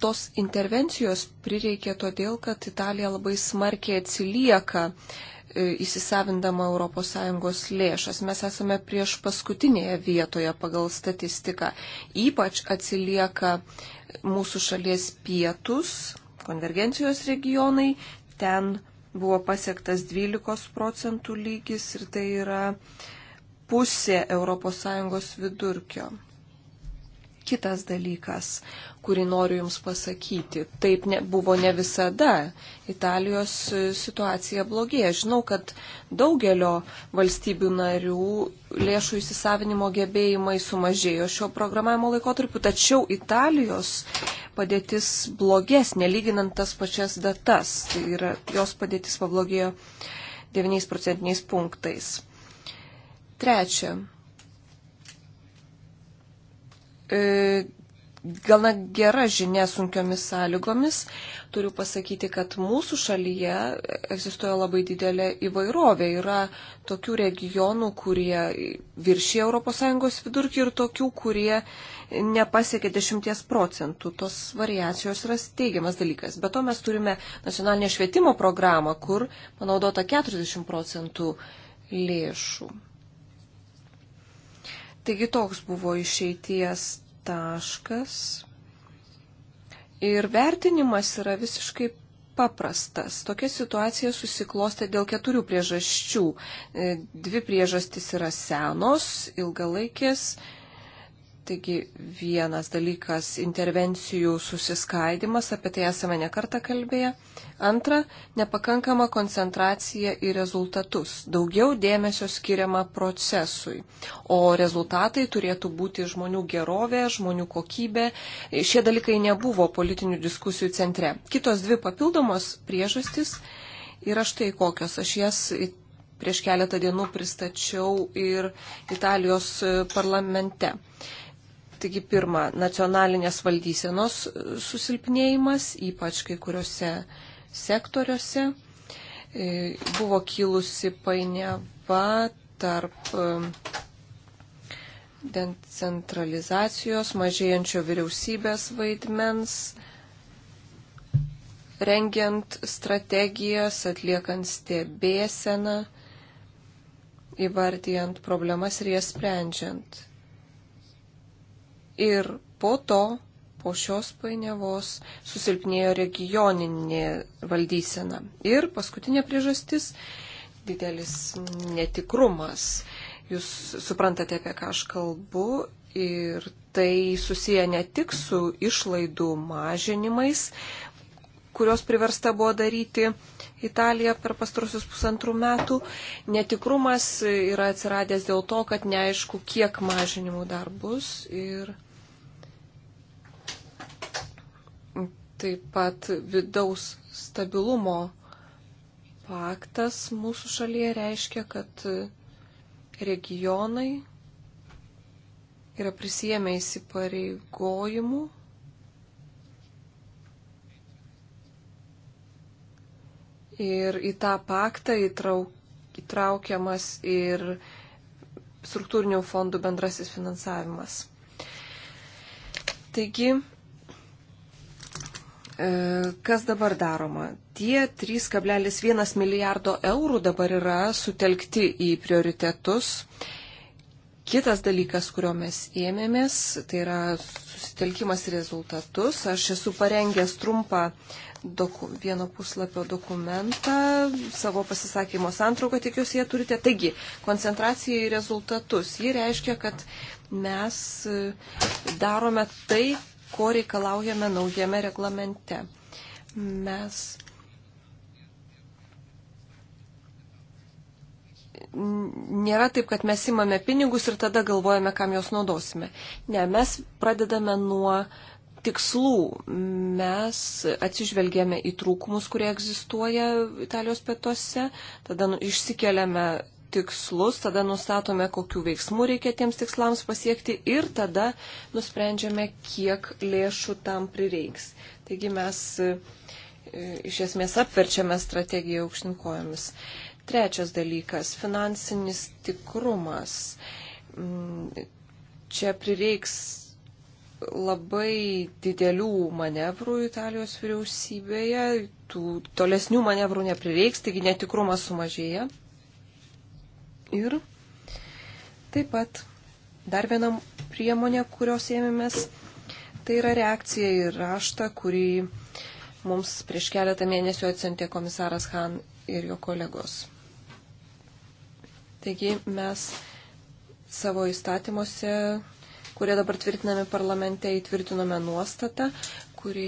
tos intervencijos prireikė todėl, kad Italija labai smarkiai atsilieka e, įsisavindama ES lėšas. Mes esame prieš paskutinėje vietoje pagal statistiką. Ypač atsilieka mūsų šalies pietus, konvergencijos regionai, ten buvo pasiektas 12 procentų lygis ir tai yra pusė ES vidurkio kitas dalykas, kurį noriu Jums pasakyti. Taip ne, buvo ne visada. Italijos e, situacija blogėja. Žinau, kad daugelio valstybių narių lėšų įsisavinimo gebėjimai sumažėjo šio programavimo laikotarpiu, tačiau Italijos padėtis blogesnė, lyginant tas pačias datas. Tai yra, jos padėtis pablogėjo 9 procentiniais punktais. Trečia, e, gana gera žinia sunkiomis sąlygomis. Turiu pasakyti, kad mūsų šalyje egzistuoja labai didelė įvairovė. Yra tokių regionų, kurie viršė ES vidurkį ir tokių, kurie nepasiekė 10 procentų. Tos variacijos yra teigiamas dalykas. Be to mes turime nacionalinę švietimo programą, kur panaudota 40 procentų lėšų. Taigi toks buvo išeities taškas. Ir vertinimas yra visiškai paprastas. Tokia situacija susiklostė dėl keturių priežasčių. E, dvi priežastys yra senos, ilgalaikės. Taigi vienas dalykas - intervencijų susiskaidimas, apie tai esame nekartą kalbėję. Antra, nepakankama koncentracija į rezultatus. Daugiau dėmesio skiriama procesui. O rezultatai turėtų būti žmonių gerovė, žmonių kokybė. Šie dalykai nebuvo politinių diskusijų centre. Kitos dvi papildomos priežastys yra štai kokios. Aš jas prieš keletą dienų pristačiau ir Italijos e, parlamente. Taigi pirma, nacionalinės valdysenos e, susilpnėjimas, ypač kai kuriuose sektoriuose. E, buvo kilusi painiava tarp e, decentralizacijos, mažėjančio vyriausybės vaidmens, rengiant strategijas, atliekant stebėseną, įvardijant problemas ir jas sprendžiant. Ir po to po šios painiavos susilpnėjo regioninė valdysena. Ir paskutinė priežastis - didelis netikrumas. Jūs suprantate, apie ką aš kalbu ir tai susiję ne tik su išlaidų mažinimais, kurios priversta buvo daryti Italija per pastarusius pusantrų metų. Netikrumas yra atsiradęs dėl to, kad neaišku, kiek mažinimų dar bus ir taip pat vidaus stabilumo paktas mūsų šalyje reiškia, kad regionai yra prisėmę įsipareigojimų ir į tą paktą įtraukiamas ir struktūrinių fondų bendrasis finansavimas. Taigi, E, kas dabar daroma? Tie 3,1 milijardo eurų dabar yra sutelkti į prioritetus. Kitas dalykas, kurio mes ėmėmės, tai yra susitelkimas į rezultatus. Aš esu parengęs trumpą doku, vieno puslapio dokumentą, savo pasisakymo santrauką, tikiuosi, jie turite. Taigi, koncentracija į rezultatus. Ji reiškia, kad mes e, darome tai, ko reikalaujame naujame reglamente. Mes nėra taip, kad mes imame pinigus ir tada galvojame, kam juos naudosime. Ne, mes pradedame nuo tikslų. Mes atsižvelgėme į trūkumus, kurie egzistuoja Italijos pietuose, tada nu, išsikeliame tikslus, tada nustatome, kokiu veiksmu reikia tiems tikslams pasiekti ir tada nusprendžiame, kiek lėšų tam prireiks. Taigi mes e, iš esmės apverčiame strategiją aukštinkojomis. Trečias dalykas - finansinis tikrumas. Mm, čia prireiks labai didelių manevrų Italijos vyriausybėje, tų tolesnių manevrų neprireiks, taigi netikrumas sumažėja. Ir taip pat dar viena priemonė, kurios ėmėmės, tai yra reakcija į raštą, kurį mums prieš keletą mėnesių atsintė komisaras Han ir jo kolegos. Taigi mes savo įstatymuose, kurie dabar tvirtinami parlamente, įtvirtinome nuostatą, kuri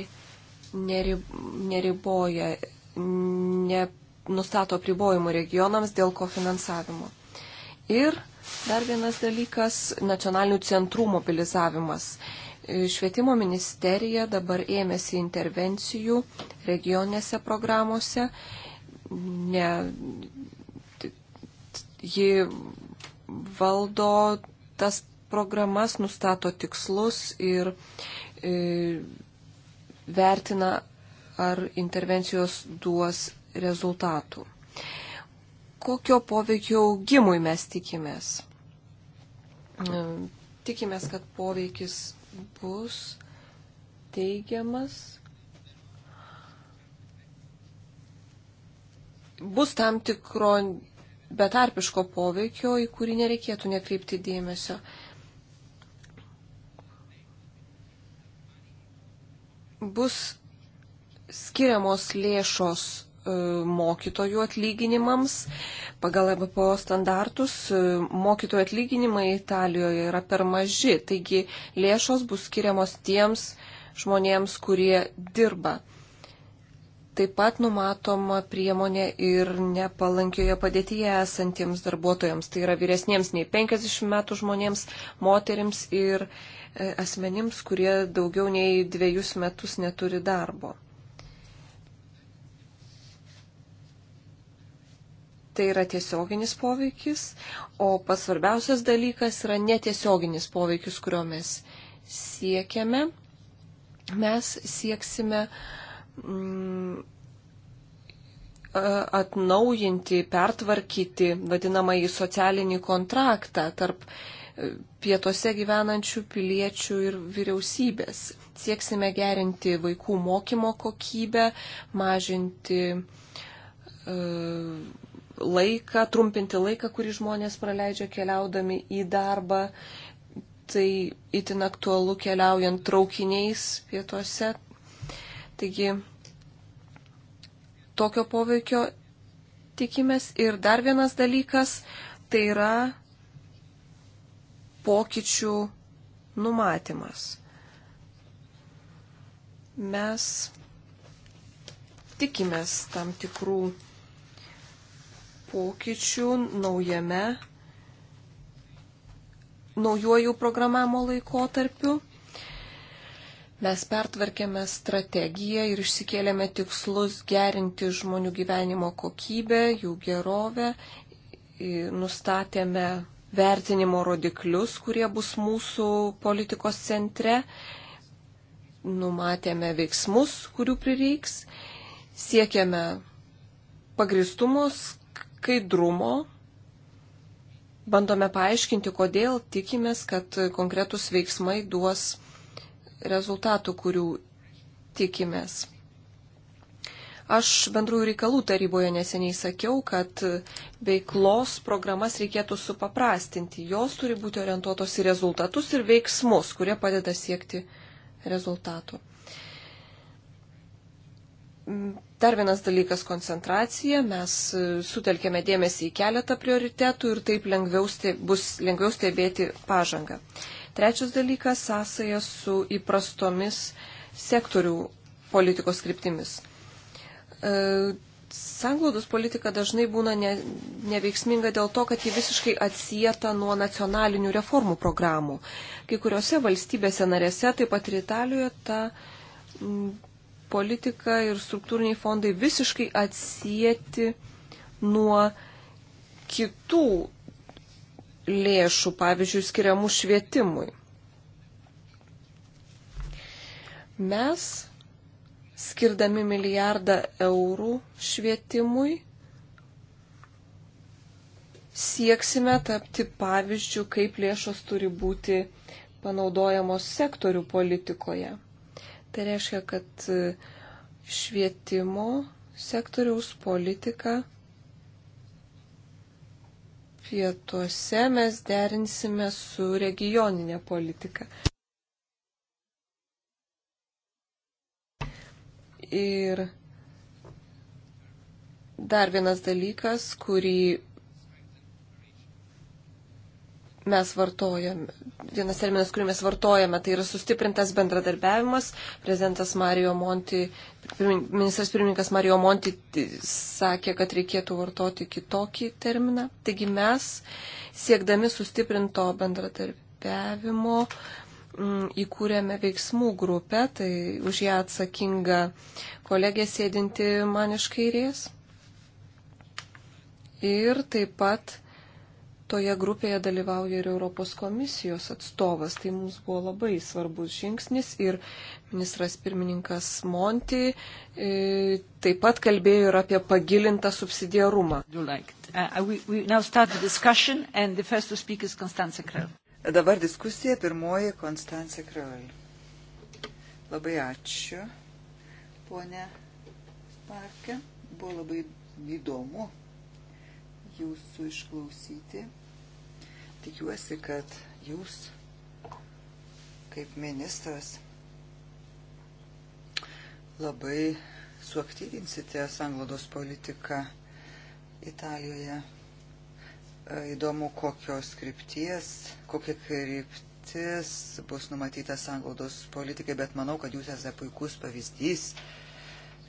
neriboja, nenustato pribojimų regionams dėl kofinansavimo. Ir dar vienas dalykas - nacionalinių centrų mobilizavimas. Švietimo ministerija dabar ėmėsi intervencijų regionėse programuose. Ne, ji valdo tas programas, nustato tikslus ir e, vertina, ar intervencijos duos rezultatų kokio poveikio augimui mes tikimės. E, tikimės, kad poveikis bus teigiamas. Bus tam tikro betarpiško poveikio, į kurį nereikėtų nekreipti dėmesio. Bus skiriamos lėšos E, mokytojų atlyginimams. Pagal EBPO standartus e, mokytojų atlyginimai Italijoje yra per maži, taigi lėšos bus skiriamos tiems žmonėms, kurie dirba. Taip pat numatoma priemonė ir nepalankioje padėtyje esantiems darbuotojams, tai yra vyresniems nei 50 metų žmonėms, moterims ir e, asmenims, kurie daugiau nei dviejus metus neturi darbo. tai yra tiesioginis poveikis, o pats svarbiausias dalykas yra netiesioginis poveikis, kurio mes siekiame. Mes sieksime mm, atnaujinti, pertvarkyti vadinamąjį socialinį kontraktą tarp e, pietuose gyvenančių piliečių ir vyriausybės. Sieksime gerinti vaikų mokymo kokybę, mažinti uh, laiką, trumpinti laiką, kurį žmonės praleidžia keliaudami į darbą. Tai itin aktualu keliaujant traukiniais pietuose. Taigi tokio poveikio tikimės. Ir dar vienas dalykas tai yra pokyčių numatymas. Mes tikimės tam tikrų pokyčių naujame, naujojų programavimo laikotarpiu. Mes pertvarkėme strategiją ir išsikėlėme tikslus gerinti žmonių gyvenimo kokybę, jų gerovę, nustatėme vertinimo rodiklius, kurie bus mūsų politikos centre, numatėme veiksmus, kurių prireiks, siekėme pagristumus, skaidrumo bandome paaiškinti, kodėl tikimės, kad konkretus veiksmai duos rezultatų, kurių tikimės. Aš bendrųjų reikalų taryboje neseniai sakiau, kad veiklos programas reikėtų supaprastinti. Jos turi būti orientuotos į rezultatus ir veiksmus, kurie padeda siekti rezultatų. Dar vienas dalykas - koncentracija. Mes e, sutelkėme dėmesį į keletą prioritetų ir taip lengviau stė, bus lengviau stebėti pažangą. Trečias dalykas - sąsaja su įprastomis sektorių politikos kryptimis. E, Sanglaudos politika dažnai būna ne, neveiksminga dėl to, kad ji visiškai atsieta nuo nacionalinių reformų programų. Kai kuriuose valstybėse narėse, taip pat ir Italijoje, ta politika ir struktūriniai fondai visiškai atsijėti nuo kitų lėšų, pavyzdžiui, skiriamų švietimui. Mes, skirdami milijardą eurų švietimui, sieksime tapti pavyzdžių, kaip lėšos turi būti panaudojamos sektorių politikoje. Tai reiškia, kad e, švietimo sektoriaus politika pietuose mes derinsime su regioninė politika. Ir dar vienas dalykas, kurį mes vartojame, vienas terminas, kurį mes vartojame, tai yra sustiprintas bendradarbiavimas. Prezidentas Mario Monti, pirmin, ministras pirmininkas Mario Monti sakė, kad reikėtų vartoti kitokį terminą. Taigi mes, siekdami sustiprinto bendradarbiavimo, mm, įkūrėme veiksmų grupę, tai už ją atsakinga kolegė sėdinti man iš kairės. Ir taip pat toje grupėje dalyvauja ir Europos komisijos atstovas. Tai mums buvo labai svarbus žingsnis ir ministras pirmininkas Monti e, taip pat kalbėjo ir apie pagilintą subsidiarumą. Uh, uh, Dabar diskusija pirmoji Konstancija Krell. Labai ačiū, ponė Parke. Buvo labai įdomu jūsų išklausyti. Tikiuosi, kad jūs kaip ministras labai suaktyvinsite sanglodos politiką Italijoje. E, įdomu, kokios krypties, kokia kryptis bus numatyta sanglodos politikai, bet manau, kad jūs esate puikus pavyzdys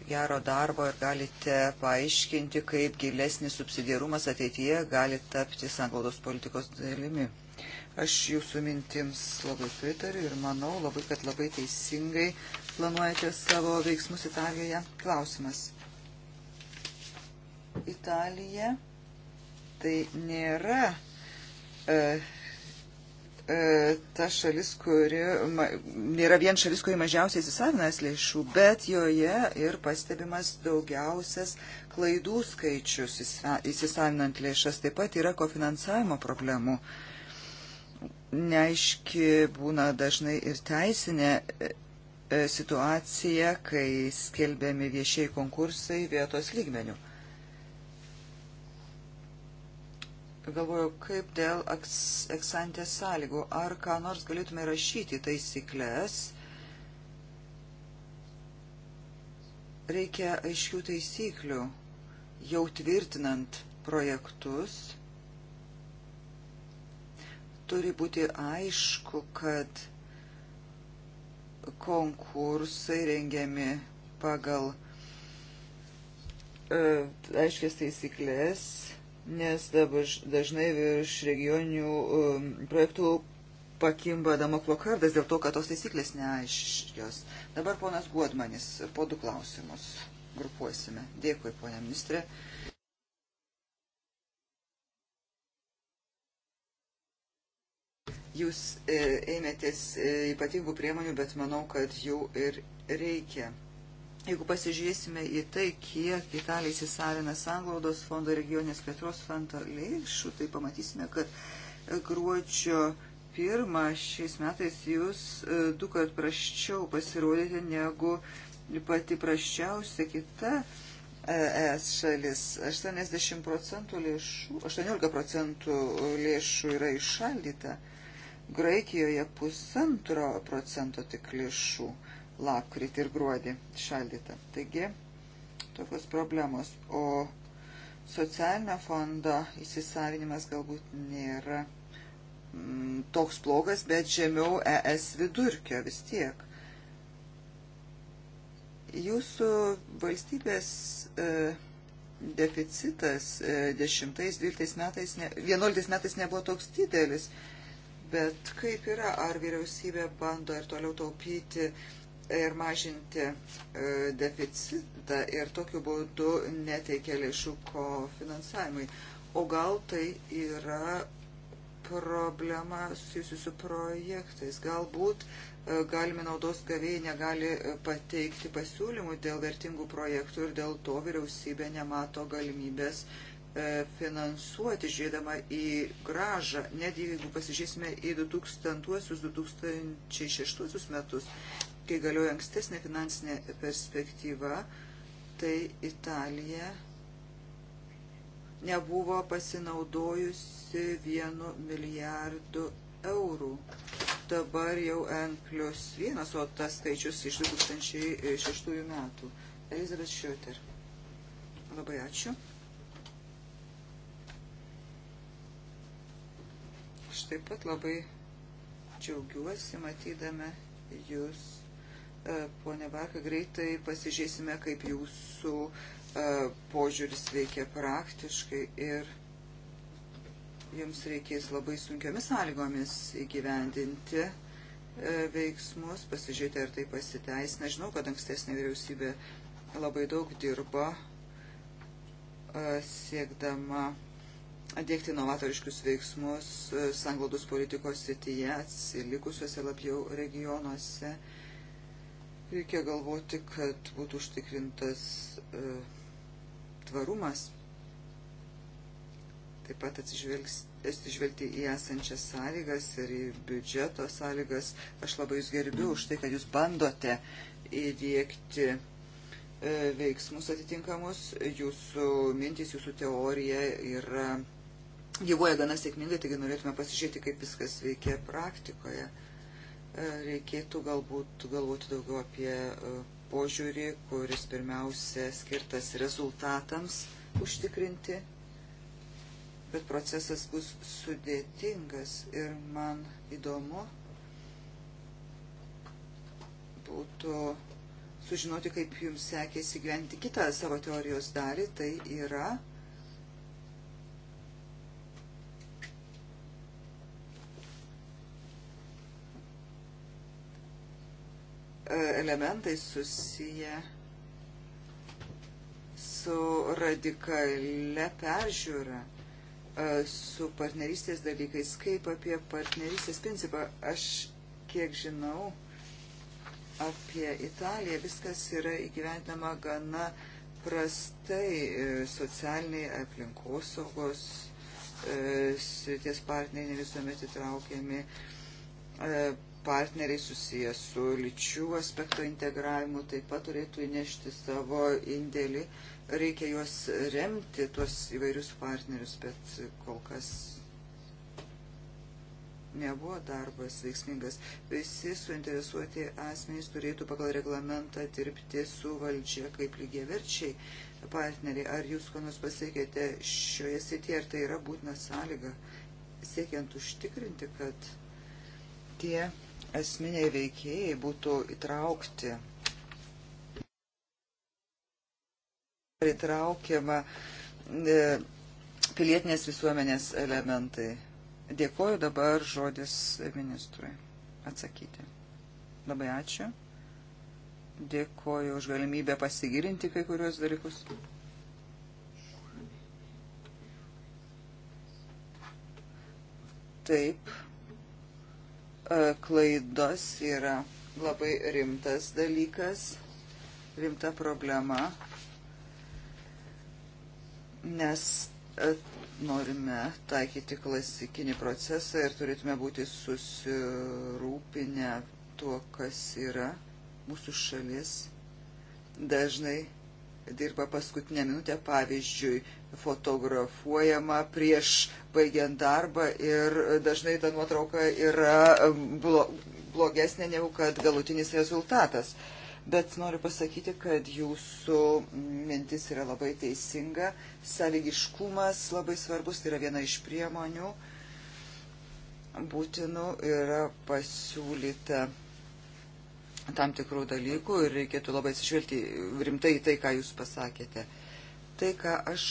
gero darbo ir galite paaiškinti, kaip gilesnis subsidiarumas ateityje gali tapti sanglaudos politikos dalimi. Aš jūsų mintims labai pritariu ir manau, labai, kad labai teisingai planuojate savo veiksmus Italijoje. Klausimas. Italija tai nėra e, E, ta šalis, kuri nėra vien šalis, kuri mažiausiai įsisavinas lėšų, bet joje ir pastebimas daugiausias klaidų skaičius įsisavinant lėšas. Taip pat yra kofinansavimo problemų. Neaiški būna dažnai ir teisinė e, situacija, kai skelbiami viešiai konkursai vietos lygmenių. galvoju, kaip dėl eksantės sąlygų, ar ką nors galėtume rašyti taisyklės. Reikia aiškių taisyklių, jau tvirtinant projektus. Turi būti aišku, kad konkursai rengiami pagal e, aiškės taisyklės nes dabar dažnai virš regioninių um, projektų pakimba damoklo kardas dėl to, kad tos taisyklės neaiškios. Dabar ponas Guodmanis, po du klausimus grupuosime. Dėkui, ponia ministrė. Jūs e, ėmėtės e, ypatingų priemonių, bet manau, kad jų ir reikia. Jeigu pasižiūrėsime į tai, kiek Italija įsisavina sanglaudos fondo regionės plėtros fondo lėšų, tai pamatysime, kad e, gruodžio pirmą šiais metais jūs e, du kart praščiau pasirodėte negu pati praščiausia kita e, ES šalis. 80 procentų lėšų, 18 procentų lėšų yra iššaldyta. Graikijoje pusantro procento tik lėšų lapkritį ir gruodį šaldyta. Taigi, tokios problemos. O socialinio fondo įsisavinimas galbūt nėra mm, toks blogas, bet žemiau ES vidurkio vis tiek. Jūsų valstybės e, deficitas 10-12 e, metais, ne, 11 metais nebuvo toks didelis, bet kaip yra, ar vyriausybė bando ir toliau taupyti ir mažinti e, deficitą ir tokiu būdu neteikia lėšų kofinansavimui. O gal tai yra problema susijusi su projektais. Galbūt e, galime naudos gavėjai negali e, pateikti pasiūlymų dėl vertingų projektų ir dėl to vyriausybė nemato galimybės finansuoti žiūrėdama į gražą, net jeigu pasižiūrėsime į 2000-2006 metus, kai galioja ankstesnė finansinė perspektyva, tai Italija nebuvo pasinaudojusi vienu milijardu eurų. Dabar jau N plus vienas, o tas skaičius iš 2006 metų. Elizabeth Schroeder. Labai ačiū. Aš taip pat labai džiaugiuosi matydame jūs E, pone Baka, greitai pasižiūrėsime, kaip jūsų e, požiūris veikia praktiškai ir jums reikės labai sunkiomis sąlygomis įgyvendinti e, veiksmus, pasižiūrėti, ar tai pasiteisina. Žinau, kad ankstesnė vyriausybė labai daug dirba siekdama dėkti novatoriškius veiksmus sanglaudos politikos sityje atsilikusiuose labiau regionuose. Reikia galvoti, kad būtų užtikrintas e, tvarumas, taip pat atsižvelgti į esančias sąlygas ir į biudžeto sąlygas. Aš labai jūs gerbiu už tai, kad jūs bandote įdėkti e, veiksmus atitinkamus. Jūsų mintys, jūsų teorija yra gyvoja gana sėkmingai, taigi norėtume pasižiūrėti, kaip viskas veikia praktikoje. E, E, reikėtų galbūt galvoti daugiau apie e, požiūrį, kuris pirmiausia skirtas rezultatams užtikrinti, bet procesas bus sudėtingas ir man įdomu būtų sužinoti, kaip jums sekėsi gyventi kitą savo teorijos dalį, tai yra E, elementai susiję su radikale peržiūra, e, su partnerystės dalykais, kaip apie partnerystės principą. Aš kiek žinau apie Italiją, viskas yra įgyvendama gana prastai e, socialiniai aplinkosaugos srities partneriai visuomet įtraukiami partneriai susijęs su lyčių aspekto integravimu taip pat turėtų įnešti savo indėlį. Reikia juos remti, tuos įvairius partnerius, bet kol kas nebuvo darbas veiksmingas. Visi suinteresuoti asmenys turėtų pagal reglamentą dirbti su valdžia kaip lygiaverčiai partneriai. Ar jūs ko nors pasiekėte šioje srityje, ar tai yra būtina sąlyga, siekiant užtikrinti, kad tie esminiai veikėjai būtų įtraukti, įtraukiama e, pilietinės visuomenės elementai. Dėkoju dabar žodis ministrui atsakyti. Labai ačiū. Dėkoju už galimybę pasigilinti kai kurios dalykus. Taip, klaidos yra labai rimtas dalykas, rimta problema, nes norime taikyti klasikinį procesą ir turėtume būti susirūpinę tuo, kas yra mūsų šalis dažnai dirba paskutinę minutę, pavyzdžiui, fotografuojama prieš baigiant darbą ir dažnai ta nuotrauka yra um, blogesnė negu kad galutinis rezultatas. Bet noriu pasakyti, kad jūsų mintis yra labai teisinga, sąlygiškumas labai svarbus, tai yra viena iš priemonių būtinų yra pasiūlyta tam tikrų dalykų ir reikėtų labai atsižvelgti rimtai į tai, ką jūs pasakėte. Tai, ką aš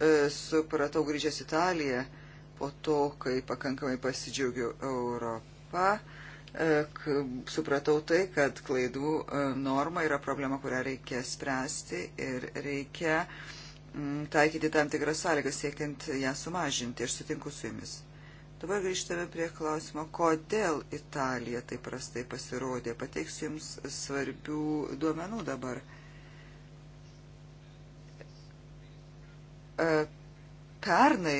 e, supratau grįžęs Italiją po to, kai pakankamai pasidžiaugiu Europą, e, supratau tai, kad klaidų e, norma yra problema, kurią reikia spręsti ir reikia taikyti tam tikras sąlygas, siekiant ją sumažinti. Aš sutinku su jumis. Dabar grįžtame prie klausimo, kodėl Italija taip prastai pasirodė. Pateiksiu Jums svarbių duomenų dabar. E, pernai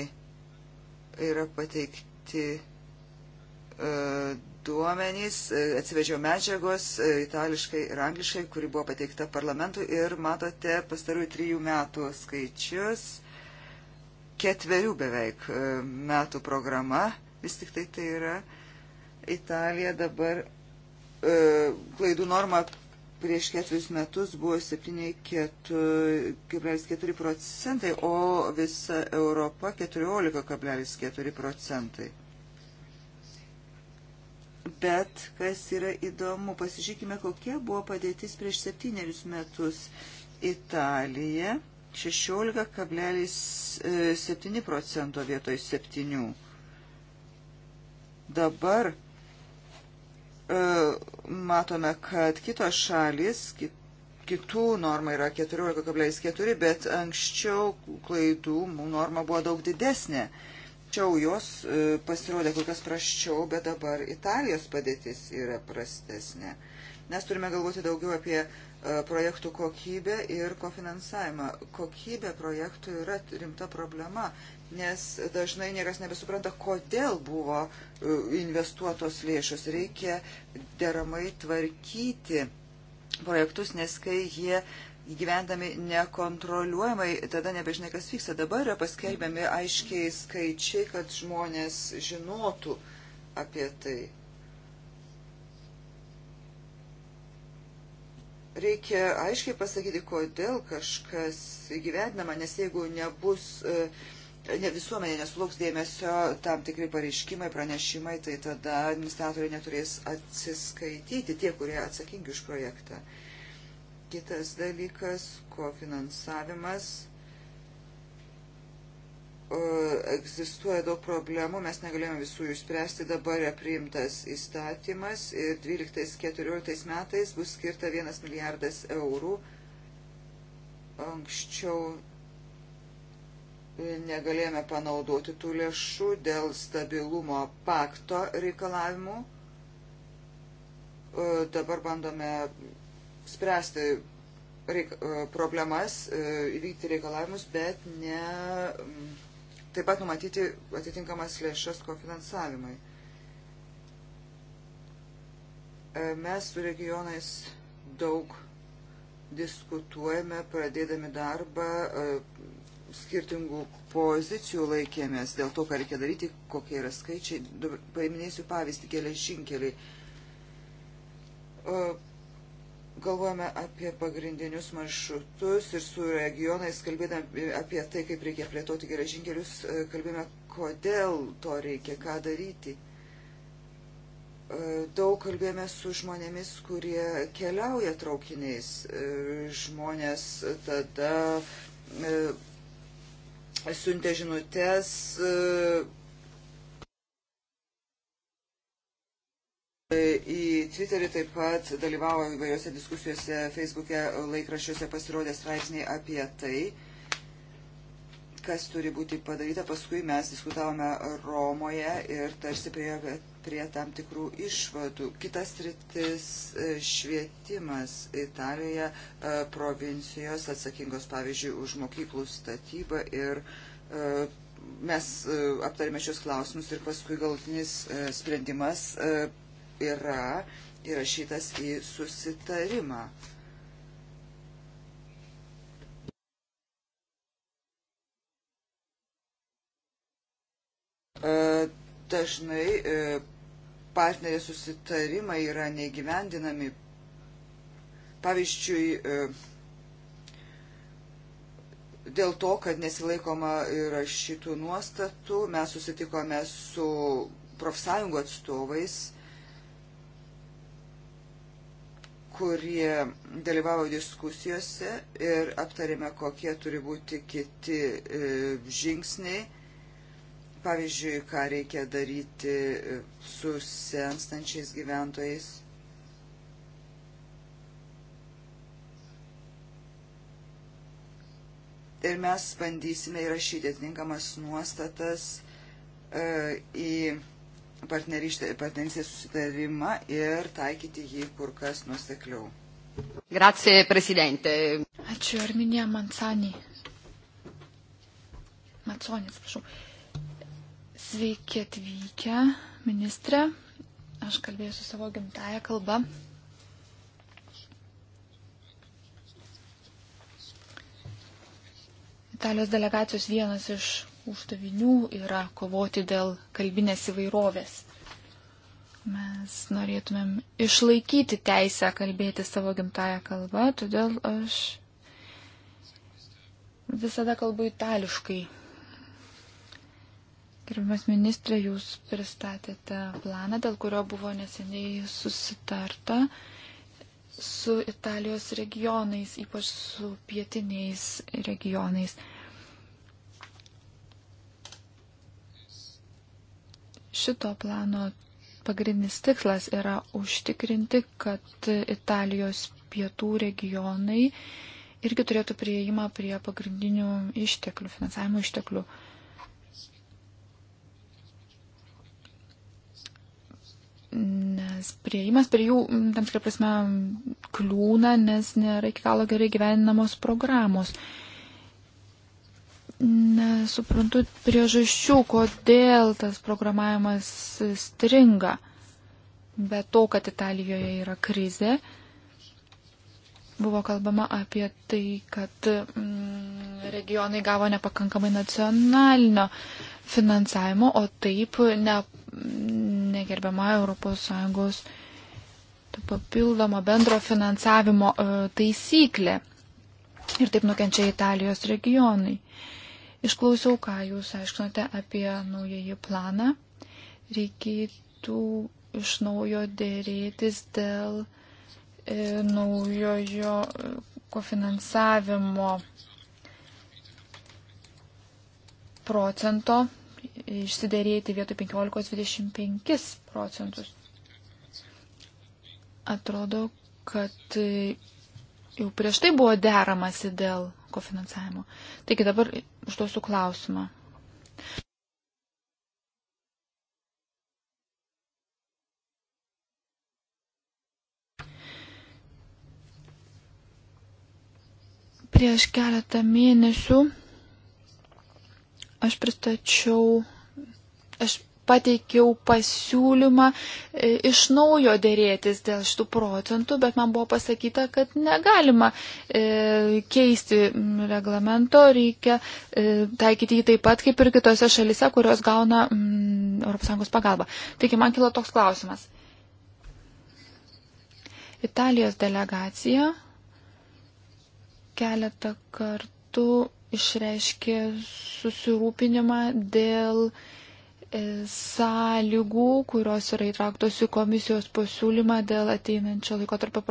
yra pateikti e, duomenys, e, atsivežiau medžiagos itališkai ir angliškai, kuri buvo pateikta parlamentui ir matote pastarųjų trijų metų skaičius ketverių beveik e, metų programa, vis tik tai tai yra Italija dabar e, klaidų norma prieš ketverius metus buvo 7,4 procentai, o visa Europa 14,4 procentai. Bet kas yra įdomu, pasižiūrėkime, kokia buvo padėtis prieš septynerius metus Italija. 16,7 e, procento vietoj 7. Dabar e, matome, kad kitos šalis, kit, kitų norma yra 14,4, bet anksčiau klaidų norma buvo daug didesnė. Čia jos e, pasirodė kur kas praščiau, bet dabar Italijos padėtis yra prastesnė. Mes turime galvoti daugiau apie E, projektų kokybę ir kofinansavimą. Kokybė projektų yra rimta problema, nes dažnai niekas nebesupranta, kodėl buvo e, investuotos lėšos. Reikia deramai tvarkyti projektus, nes kai jie gyvendami nekontroliuojamai, tada nebežinai, kas vyksta. Dabar yra paskelbiami aiškiai skaičiai, kad žmonės žinotų apie tai. Reikia aiškiai pasakyti, kodėl kažkas įgyvendinama, nes jeigu nebus, e, ne visuomenė nesulauks dėmesio tam tikri pareiškimai, pranešimai, tai tada administratoriai neturės atsiskaityti tie, kurie atsakingi už projektą. Kitas dalykas - kofinansavimas E, egzistuoja daug problemų, mes negalėjome visų jų spręsti, dabar yra priimtas įstatymas ir 12-14 metais bus skirta 1 milijardas eurų. Anksčiau negalėjome panaudoti tų lėšų dėl stabilumo pakto reikalavimų. E, dabar bandome spręsti reik, e, problemas, įvykti reikalavimus, bet ne taip pat numatyti atitinkamas lėšas kofinansavimai. E, mes su regionais daug diskutuojame, pradėdami darbą, e, skirtingų pozicijų laikėmės dėl to, ką reikia daryti, kokie yra skaičiai. Paiminėsiu pavyzdį geležinkeliai e, galvojame apie pagrindinius maršrutus ir su regionais, kalbėdami apie tai, kaip reikia plėtoti geležinkelius, e, kalbėjome, kodėl to reikia, ką daryti. E, daug kalbėjome su žmonėmis, kurie keliauja traukiniais. E, žmonės tada siuntė žinutės E, į Twitterį taip pat dalyvavo įvairiose diskusijose, Facebook'e, laikraščiuose pasirodė straipsniai apie tai, kas turi būti padaryta. Paskui mes diskutavome Romoje ir tarsi prie, prie tam tikrų išvadų. Kitas rytis e, - švietimas Italijoje, e, provincijos atsakingos, pavyzdžiui, už mokyklų statybą ir mes aptarėme šios klausimus ir paskui galutinis sprendimas yra įrašytas į susitarimą. E, dažnai e, partneriai susitarimai yra neįgyvendinami. Pavyzdžiui, e, dėl to, kad nesilaikoma yra šitų nuostatų, mes susitikome su profsąjungų atstovais kurie dalyvavo diskusijose ir aptarėme, kokie turi būti kiti e, žingsniai. Pavyzdžiui, ką reikia daryti e, su senstančiais gyventojais. Ir mes bandysime įrašyti atitinkamas nuostatas e, į partnerystės susitarimą ir taikyti jį kur kas nusekliau. Grazie, prezidente. Ačiū, Arminija Mansani. Matsonis, prašau. Sveiki atvykę, ministrė. Aš kalbėsiu savo gimtają kalbą. Italijos delegacijos vienas iš uždavinių yra kovoti dėl kalbinės įvairovės. Mes norėtumėm išlaikyti teisę kalbėti savo gimtają kalbą, todėl aš visada kalbu itališkai. Gerbiamas ministrė, jūs pristatėte planą, dėl kurio buvo neseniai susitarta su Italijos regionais, ypač su pietiniais regionais. Šito plano pagrindinis tikslas yra užtikrinti, kad Italijos pietų regionai irgi turėtų prieimą prie pagrindinių išteklių, finansavimo išteklių. Nes prieimas prie jų, tam tikrą prasme, kliūna, nes nėra iki galo gerai gyveninamos programos. Uh, nesuprantu priežasčių, kodėl tas programavimas stringa. Be to, kad Italijoje yra krizė, buvo kalbama apie tai, kad mm, regionai gavo nepakankamai nacionalinio finansavimo, o taip ne, negerbiama ES papildoma bendro finansavimo e, taisyklė. Ir taip nukenčia Italijos regionai. E, Išklausiau, ką jūs aiškinote apie naująjį planą. Reikėtų iš naujo dėrėtis dėl e, naujojo e, kofinansavimo procento, išsiderėti vietoj 15-25 procentus. Atrodo, kad e, jau prieš tai buvo deramasi dėl kofinansavimo. Taigi dabar užduosiu klausimą. Prieš keletą mėnesių aš pristačiau, aš pateikiau pasiūlymą e, iš naujo dėrėtis dėl šitų procentų, bet man buvo pasakyta, kad negalima e, keisti reglamento, reikia e, taikyti jį taip pat kaip ir kitose šalise, kurios gauna mm, ES pagalbą. Taigi man kilo toks klausimas. Italijos delegacija keletą kartų išreiškė susirūpinimą dėl uh, E, sąlygų, kurios yra įtrauktos į komisijos pasiūlymą dėl ateinančio laiko tarp e,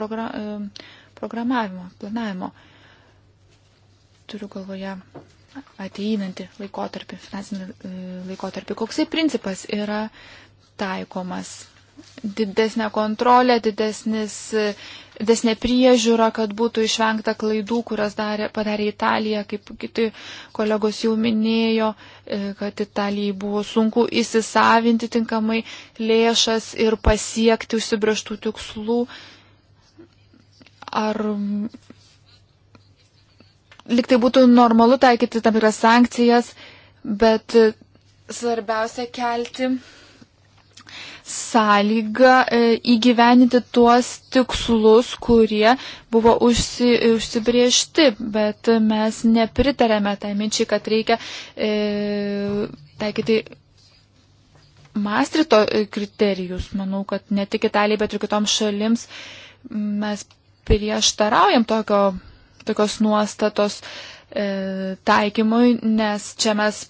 programavimo, planavimo. Turiu galvoje ateinantį laikotarpį, finansinį e, laikotarpį. Koksai principas yra taikomas didesnė kontrolė, didesnis, didesnė priežiūra, kad būtų išvengta klaidų, kurias darė, padarė Italija, kaip kiti kolegos jau minėjo, e, kad Italijai buvo sunku įsisavinti tinkamai lėšas ir pasiekti užsibrieštų tikslų. Ar liktai būtų normalu taikyti tam tikras sankcijas, bet svarbiausia kelti sąlyga e, įgyveninti tuos tikslus, kurie buvo užsi, užsibriežti, bet mes nepritarėme tai minčiai, kad reikia e, taikyti Mastrito e, kriterijus. Manau, kad ne tik Italijai, bet ir kitoms šalims mes prieštaraujam tokio, tokios nuostatos e, taikymui, nes čia mes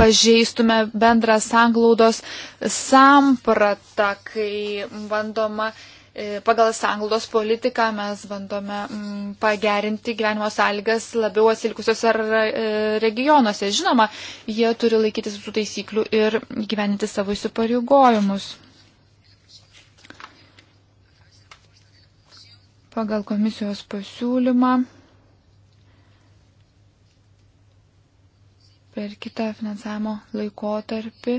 pažeistume bendrą sanglaudos sampratą, kai bandoma e, pagal sanglaudos politiką mes bandome mm, pagerinti gyvenimo sąlygas labiau atsilikusiuose e, regionuose. Žinoma, jie turi laikytis visų taisyklių ir gyveninti savo įsipareigojimus. Pagal komisijos pasiūlymą. per kitą finansavimo laikotarpį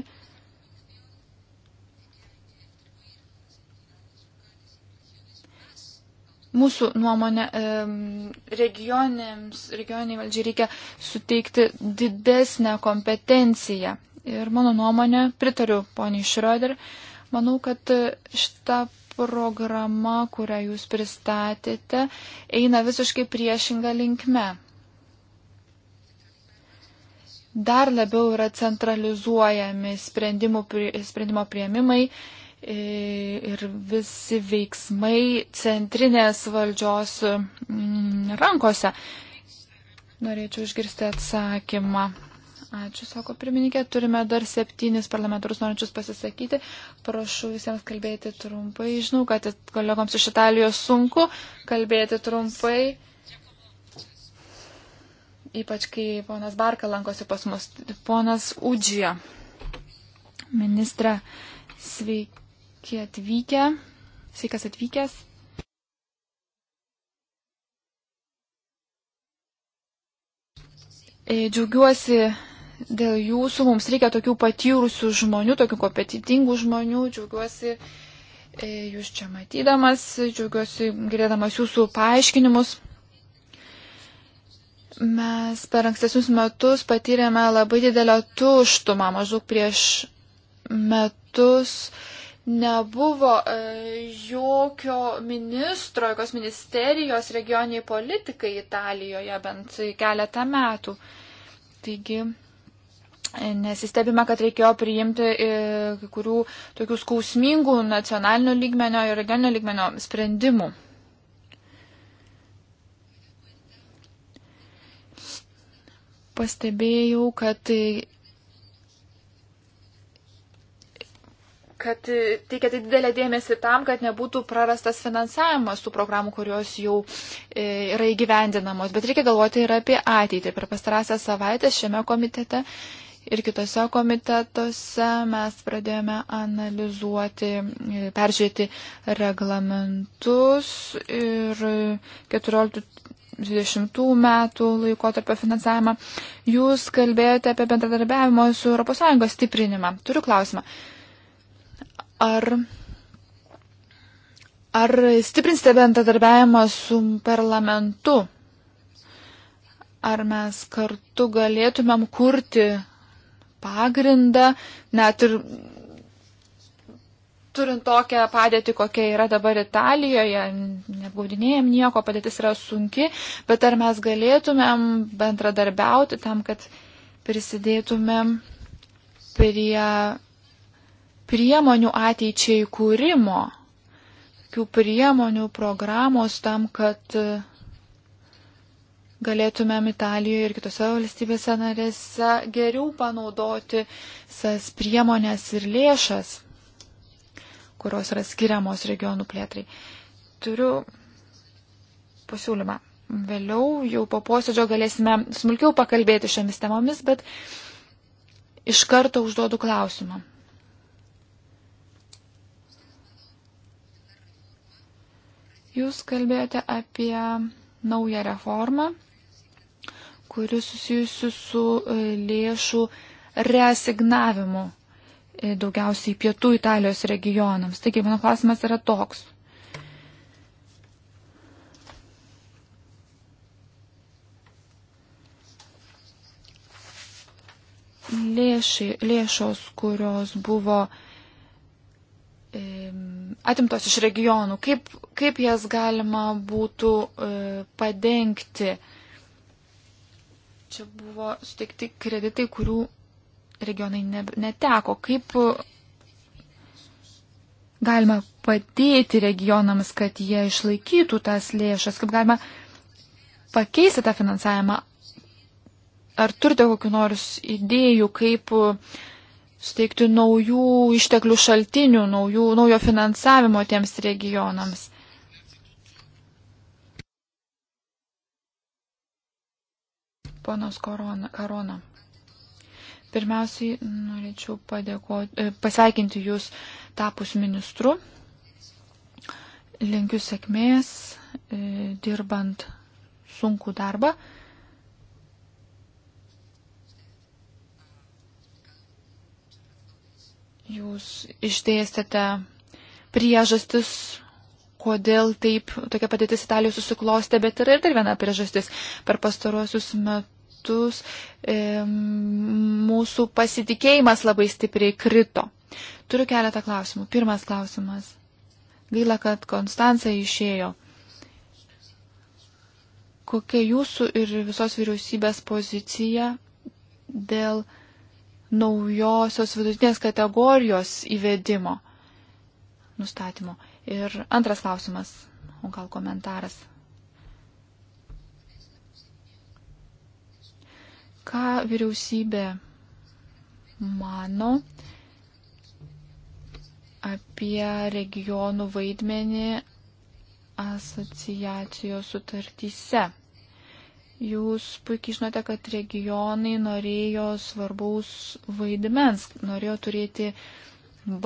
mūsų nuomonė regionėms, regioniai valdžiai reikia suteikti didesnę kompetenciją. Ir mano nuomonė, pritariu poniai Šroder, manau, kad šita programa, kurią jūs pristatėte, eina visiškai priešinga linkme dar labiau yra centralizuojami sprendimo prieimimai e, ir visi veiksmai centrinės valdžios mm, rankose. Norėčiau išgirsti atsakymą. Ačiū, sako pirmininkė. Turime dar septynis parlamentarus norinčius pasisakyti. Prašau visiems kalbėti trumpai. Žinau, kad kolegoms iš Italijos sunku kalbėti trumpai ypač kai ponas Barka lankosi pas mus. Ponas Udžija, ministra, sveiki atvykę. Sveikas atvykęs. E, džiaugiuosi dėl jūsų, mums reikia tokių patyrusių žmonių, tokių kompetitingų žmonių, džiaugiuosi e, jūs čia matydamas, džiaugiuosi girdėdamas jūsų paaiškinimus. Mes per ankstesnius metus patyrėme labai didelę tuštumą, maždaug prieš metus nebuvo e, jokio ministro, jokios ministerijos regioniai politikai Italijoje bent keletą metų. Taigi e, nesistebime, kad reikėjo priimti e, kai kurių tokių skausmingų nacionalinio lygmenio ir regioninio lygmenio sprendimų. pastebėjau, kad kad teikėte didelę dėmesį tam, kad nebūtų prarastas finansavimas tų programų, kurios jau e, yra įgyvendinamos. Bet reikia galvoti ir apie ateitį. Per pastarąsią savaitę šiame komitete ir kitose komitetuose mes pradėjome analizuoti, e, peržiūrėti reglamentus ir 14 20 metų laikotarpio finansavimą. Jūs kalbėjote apie bendradarbiavimo su ES stiprinimą. Turiu klausimą. Ar, ar stiprinsite bendradarbiavimą su parlamentu? Ar mes kartu galėtumėm kurti pagrindą, net ir turint tokią padėtį, kokia yra dabar Italijoje, neapgaudinėjom nieko, padėtis yra sunki, bet ar mes galėtumėm bendradarbiauti tam, kad prisidėtumėm prie priemonių ateičiai kūrimo, tokių priemonių programos tam, kad galėtumėm Italijoje ir kitose valstybėse narėse geriau panaudoti visas priemonės ir lėšas kurios yra skiriamos regionų plėtrai. Turiu pasiūlymą. Vėliau jau po posėdžio galėsime smulkiau pakalbėti šiomis temomis, bet iš karto užduodu klausimą. Jūs kalbėjote apie naują reformą, kuri susijusi su e, lėšų reasignavimu daugiausiai pietų Italijos regionams. Taigi mano klausimas yra toks. Lėši, lėšos, kurios buvo atimtos iš regionų, kaip, kaip jas galima būtų e, padengti. Čia buvo suteikti kreditai, kurių regionai ne, neteko. Kaip galima padėti regionams, kad jie išlaikytų tas lėšas? Kaip galima pakeisti tą finansavimą? Ar turite kokiu nors idėjų, kaip suteikti naujų išteklių šaltinių, naujų, naujo finansavimo tiems regionams? Ponas Korona. Karona. Pirmiausiai norėčiau padėkoti, e, pasveikinti Jūs tapus ministru. Linkiu sėkmės, e, dirbant sunkų darbą. Jūs išdėstėte priežastis, kodėl taip tokia padėtis Italijoje susiklostė, bet yra ir dar viena priežastis. Per pastaruosius metus metus e, mūsų pasitikėjimas labai stipriai krito. Turiu keletą klausimų. Pirmas klausimas. Gaila, kad Konstancija išėjo. Kokia jūsų ir visos vyriausybės pozicija dėl naujosios vidutinės kategorijos įvedimo, nustatymo? Ir antras klausimas, o gal komentaras. Ką vyriausybė mano apie regionų vaidmenį asociacijos sutartyse? Jūs puikiai žinote, kad regionai norėjo svarbaus vaidmens, norėjo turėti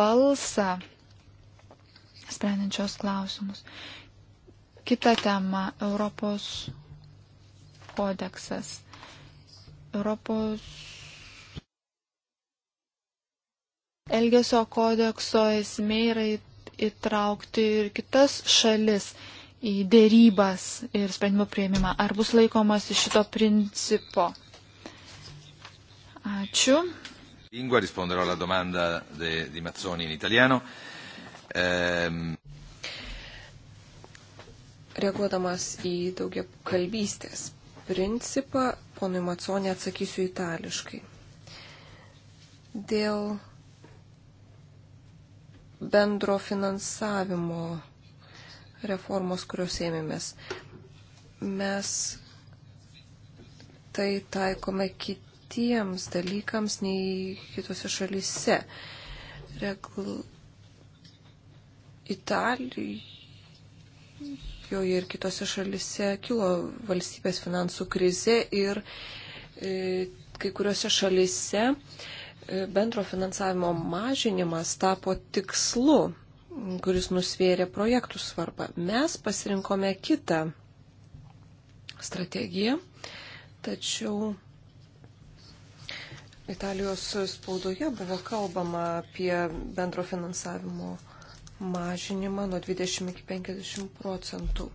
balsą sprendinčios klausimus. Kita tema - Europos kodeksas. Europos Elgesio kodekso esmė yra įtraukti ir kitas šalis į dėrybas ir sprendimo prieimimą. Ar bus laikomas iš šito principo? Ačiū. Lingua risponderò alla domanda de, di Mazzoni in italiano. Ehm... Reaguodamas į daugia kalbystės principą, ponui Maconė atsakysiu itališkai. Dėl bendro finansavimo reformos, kurios ėmėmės. Mes tai taikome kitiems dalykams nei kitose šalyse. Regl... Italijai Graikijoje ir kitose šalise kilo valstybės finansų krize ir e, kai kuriuose šalise e, bendro finansavimo mažinimas tapo tikslu, kuris nusvėrė projektų svarbą. Mes pasirinkome kitą strategiją, tačiau Italijos spaudoje buvo kalbama apie bendro finansavimo mažinimą mažinimą nuo 20 iki 50 procentų.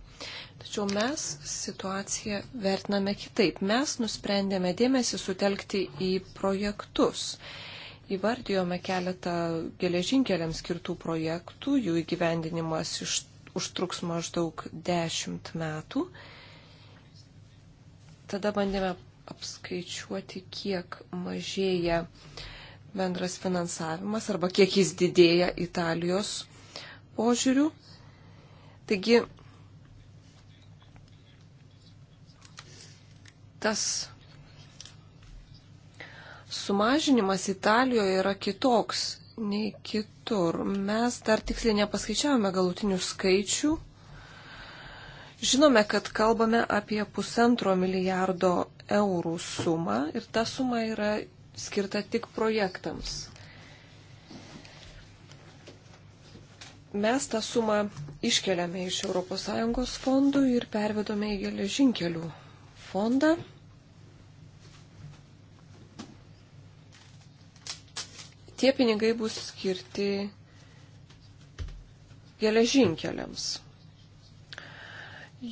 Tačiau mes situaciją vertiname kitaip. Mes nusprendėme dėmesį sutelkti į projektus. Įvardijome keletą geležinkeliams skirtų projektų, jų įgyvendinimas iš, užtruks maždaug 10 metų. Tada bandėme apskaičiuoti, kiek mažėja bendras finansavimas arba kiek jis didėja Italijos požiūrių. Taigi tas sumažinimas Italijoje yra kitoks nei kitur. Mes dar tiksliai nepaskaičiavome galutinių skaičių. Žinome, kad kalbame apie pusantro milijardo eurų sumą ir ta suma yra skirta tik projektams. mes tą sumą iškeliame iš ES fondų ir pervedome į geležinkelių fondą. Tie pinigai bus skirti geležinkeliams.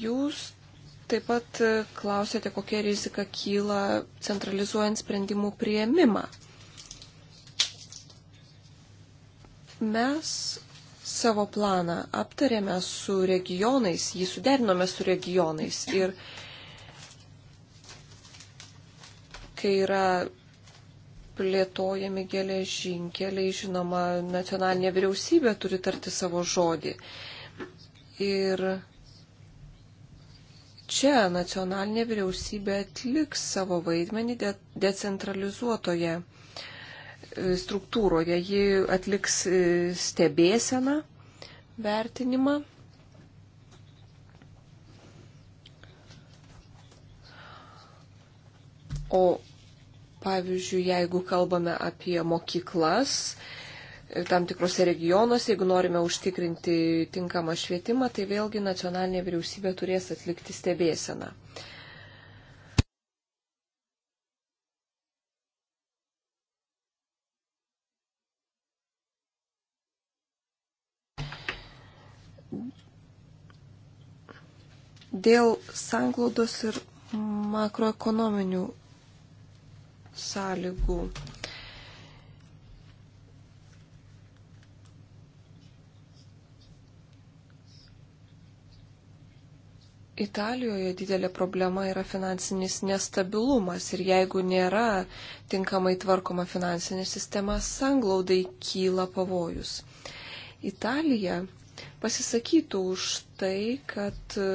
Jūs taip pat klausėte, kokia rizika kyla centralizuojant sprendimų prieimimą. Mes savo planą aptarėme su regionais, jį suderinome su regionais. Ir kai yra plėtojami geležinkeliai, žinoma, nacionalinė vyriausybė turi tarti savo žodį. Ir čia nacionalinė vyriausybė atliks savo vaidmenį de decentralizuotoje struktūroje. Ji atliks e, stebėseną, vertinimą. O pavyzdžiui, jeigu kalbame apie mokyklas, e, tam tikrose regionuose, jeigu norime užtikrinti tinkamą švietimą, tai vėlgi nacionalinė vyriausybė turės atlikti stebėseną. Uh, Dėl sanglaudos ir makroekonominių sąlygų. Italijoje didelė problema yra finansinis nestabilumas ir jeigu nėra tinkamai tvarkoma finansinė sistema, sanglaudai kyla pavojus. Italija pasisakytų už tai, kad e,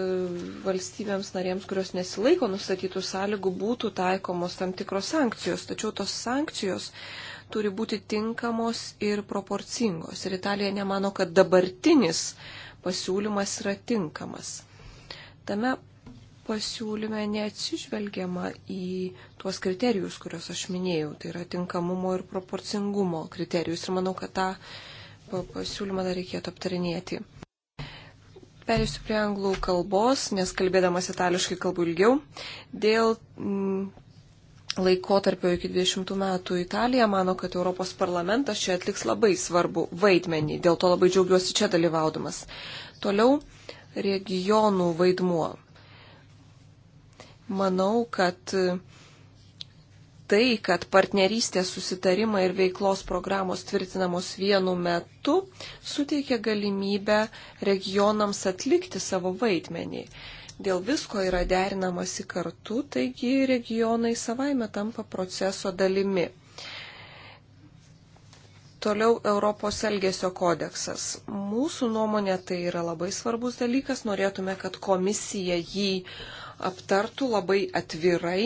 valstybėms narėms, kurios nesilaiko nustatytų sąlygų, būtų taikomos tam tikros sankcijos. Tačiau tos sankcijos turi būti tinkamos ir proporcingos. Ir Italija nemano, kad dabartinis pasiūlymas yra tinkamas. Tame pasiūlyme neatsižvelgiama į tuos kriterijus, kuriuos aš minėjau, tai yra tinkamumo ir proporcingumo kriterijus. Ir manau, kad tą pasiūlymą dar reikėtų aptarinėti. Perėsiu prie anglų kalbos, nes kalbėdamas itališkai kalbu ilgiau. Dėl mm, laikotarpio iki 20 metų Italija mano, kad Europos parlamentas čia atliks labai svarbu vaidmenį. Dėl to labai džiaugiuosi čia dalyvaudamas. Toliau regionų vaidmuo. Manau, kad mm, tai, kad partnerystės susitarimai ir veiklos programos tvirtinamos vienu metu suteikia galimybę regionams atlikti savo vaidmenį. Dėl visko yra derinamasi kartu, taigi regionai savaime tampa proceso dalimi. Toliau Europos elgesio kodeksas. Mūsų nuomonė tai yra labai svarbus dalykas. Norėtume, kad komisija jį aptartų labai atvirai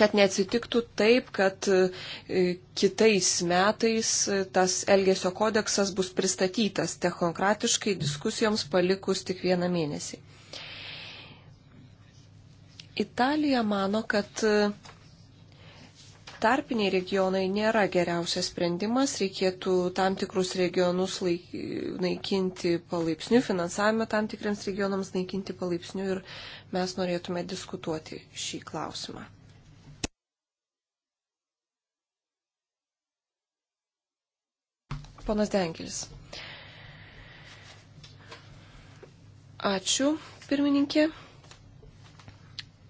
kad neatsitiktų taip, kad e, kitais metais e, tas Elgesio kodeksas bus pristatytas technokratiškai diskusijoms palikus tik vieną mėnesį. Italija mano, kad e, tarpiniai regionai nėra geriausias sprendimas, reikėtų tam tikrus regionus laik, naikinti palaipsniui, finansavimą tam tikriams regionams naikinti palaipsniui ir mes norėtume diskutuoti šį klausimą. Ponas Denkelis. Ačiū, pirmininkė.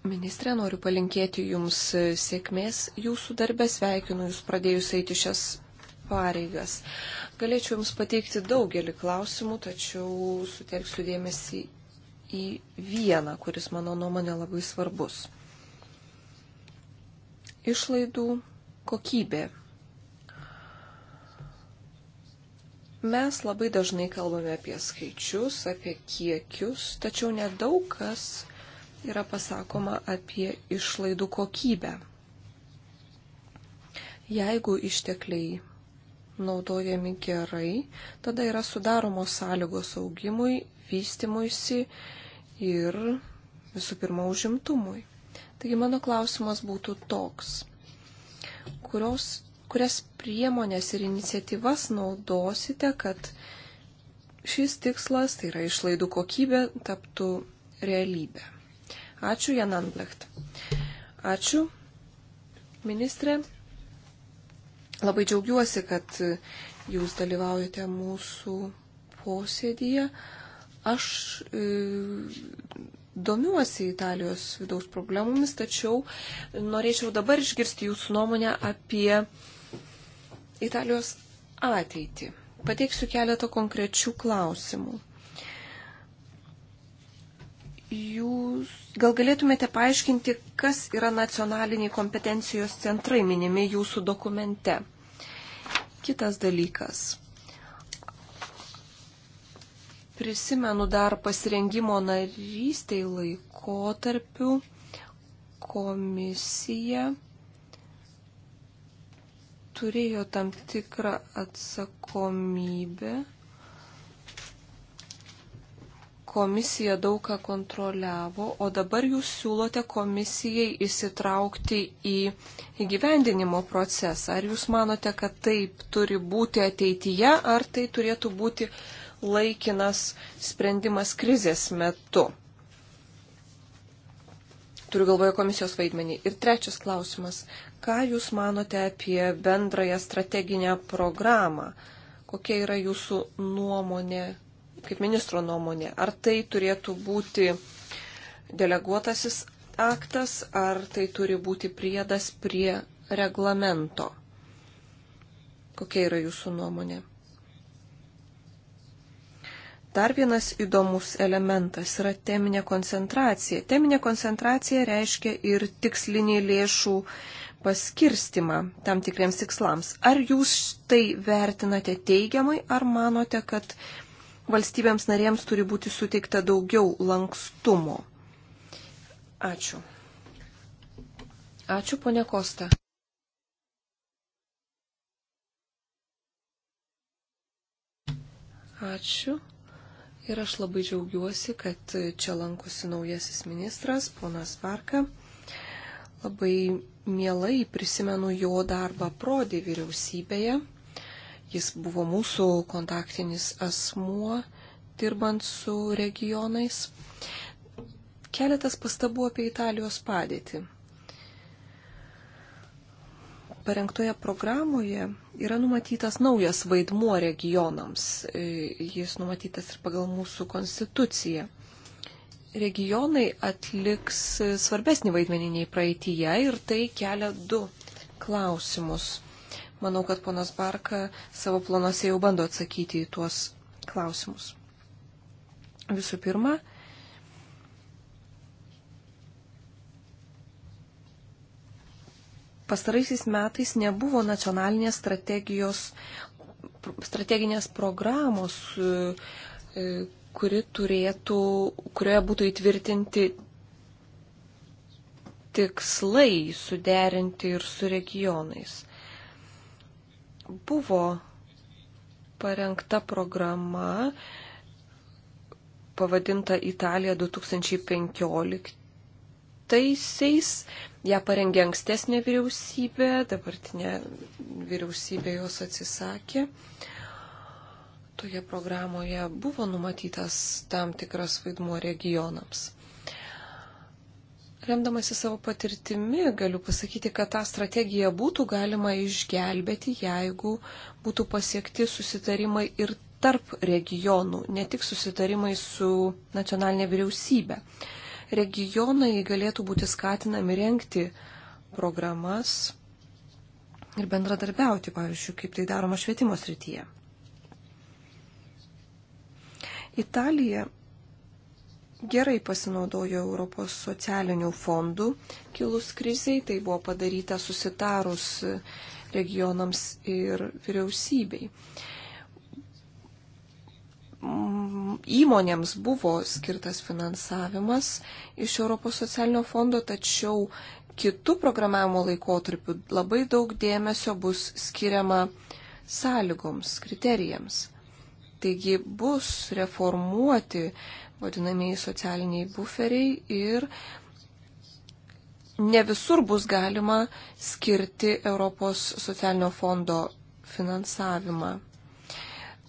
Ministrė, noriu palinkėti Jums sėkmės jūsų darbę, sveikinu Jūs pradėjus eiti šias pareigas. Galėčiau Jums pateikti daugelį klausimų, tačiau sutelksiu dėmesį į vieną, kuris mano nuomonė labai svarbus. Išlaidų kokybė Mes labai dažnai kalbame apie skaičius, apie kiekius, tačiau nedaug kas yra pasakoma apie išlaidų kokybę. Jeigu ištekliai naudojami gerai, tada yra sudaromos sąlygos augimui, vystimuisi ir visų pirma užimtumui. Taigi mano klausimas būtų toks, kurios kurias priemonės ir iniciatyvas naudosite, kad šis tikslas, tai yra išlaidų kokybė, taptų realybė. Ačiū, Jan Anblecht. Ačiū, ministrė. Labai džiaugiuosi, kad jūs dalyvaujate mūsų posėdyje. Aš e, domiuosi Italijos vidaus problemomis, tačiau norėčiau dabar išgirsti jūsų nuomonę apie Italijos ateitį. Pateiksiu keletą konkrečių klausimų. Jūs gal galėtumėte paaiškinti, kas yra nacionaliniai kompetencijos centrai minimi jūsų dokumente. Kitas dalykas. Prisimenu dar pasirengimo narystėj laikotarpiu komisiją turėjo tam tikrą atsakomybę. Komisija daug ką kontroliavo, o dabar jūs siūlote komisijai įsitraukti į įgyvendinimo procesą. Ar jūs manote, kad taip turi būti ateityje, ar tai turėtų būti laikinas sprendimas krizės metu? Turiu galvoje komisijos vaidmenį. Ir trečias klausimas. Ką Jūs manote apie bendrąją strateginę programą? Kokia yra Jūsų nuomonė, kaip ministro nuomonė? Ar tai turėtų būti deleguotasis aktas, ar tai turi būti priedas prie reglamento? Kokia yra Jūsų nuomonė? Dar vienas įdomus elementas yra teminė koncentracija. Teminė koncentracija reiškia ir tikslinį lėšų paskirstimą tam tikriems tikslams. Ar jūs tai vertinate teigiamai, ar manote, kad valstybėms narėms turi būti suteikta daugiau lankstumo? Ačiū. Ačiū, ponė Kosta. Ačiū. Ir aš labai džiaugiuosi, kad čia lankosi naujasis ministras, ponas Varka. Labai mielai prisimenu jo darbą prodė vyriausybėje. Jis buvo mūsų kontaktinis asmuo, dirbant su regionais. Keletas pastabų apie Italijos padėtį parengtoje programoje yra numatytas naujas vaidmuo regionams. E, jis numatytas ir pagal mūsų konstituciją. Regionai atliks svarbesnį vaidmenį nei praeitįje ir tai kelia du klausimus. Manau, kad ponas Barka savo planuose jau bando atsakyti į tuos klausimus. Visų pirma, pastaraisiais metais nebuvo nacionalinės strategijos, strateginės programos, e, e, kuri turėtų, kurioje būtų įtvirtinti tikslai suderinti ir su regionais. Buvo parengta programa pavadinta Italija 2015 2009-aisiais. Ja parengė ankstesnė vyriausybė, dabartinė vyriausybė jos atsisakė. Toje programoje buvo numatytas tam tikras vaidmuo regionams. Remdamasi savo patirtimi, galiu pasakyti, kad tą strategiją būtų galima išgelbėti, jeigu būtų pasiekti susitarimai ir tarp regionų, ne tik susitarimai su nacionalinė vyriausybė regionai galėtų būti skatinami renkti programas ir bendradarbiauti, pavyzdžiui, kaip tai daroma švietimo srityje. Italija gerai pasinaudojo Europos socialinių fondų kilus kriziai, tai buvo padaryta susitarus regionams ir vyriausybei įmonėms buvo skirtas finansavimas iš Europos socialinio fondo, tačiau kitų programavimo laikotarpių labai daug dėmesio bus skiriama sąlygoms, kriterijams. Taigi bus reformuoti vadinamieji socialiniai buferiai ir ne visur bus galima skirti Europos socialinio fondo finansavimą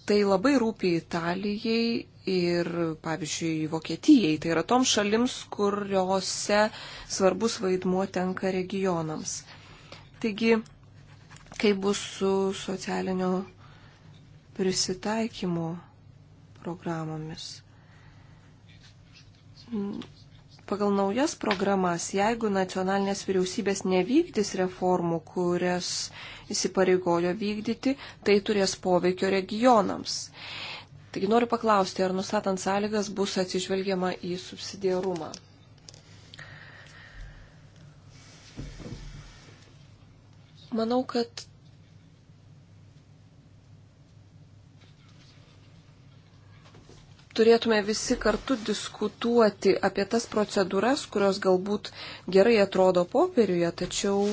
tai labai rūpi Italijai ir, pavyzdžiui, Vokietijai. Tai yra toms šalims, kuriuose svarbus vaidmuo tenka regionams. Taigi, kaip bus su socialiniu prisitaikymu programomis? pagal naujas programas, jeigu nacionalinės vyriausybės nevykdys reformų, kurias įsipareigojo vykdyti, tai turės poveikio regionams. Taigi noriu paklausti, ar nustatant sąlygas bus atsižvelgiama į subsidiarumą. Manau, kad turėtume visi kartu diskutuoti apie tas procedūras, kurios galbūt gerai atrodo popieriuje, tačiau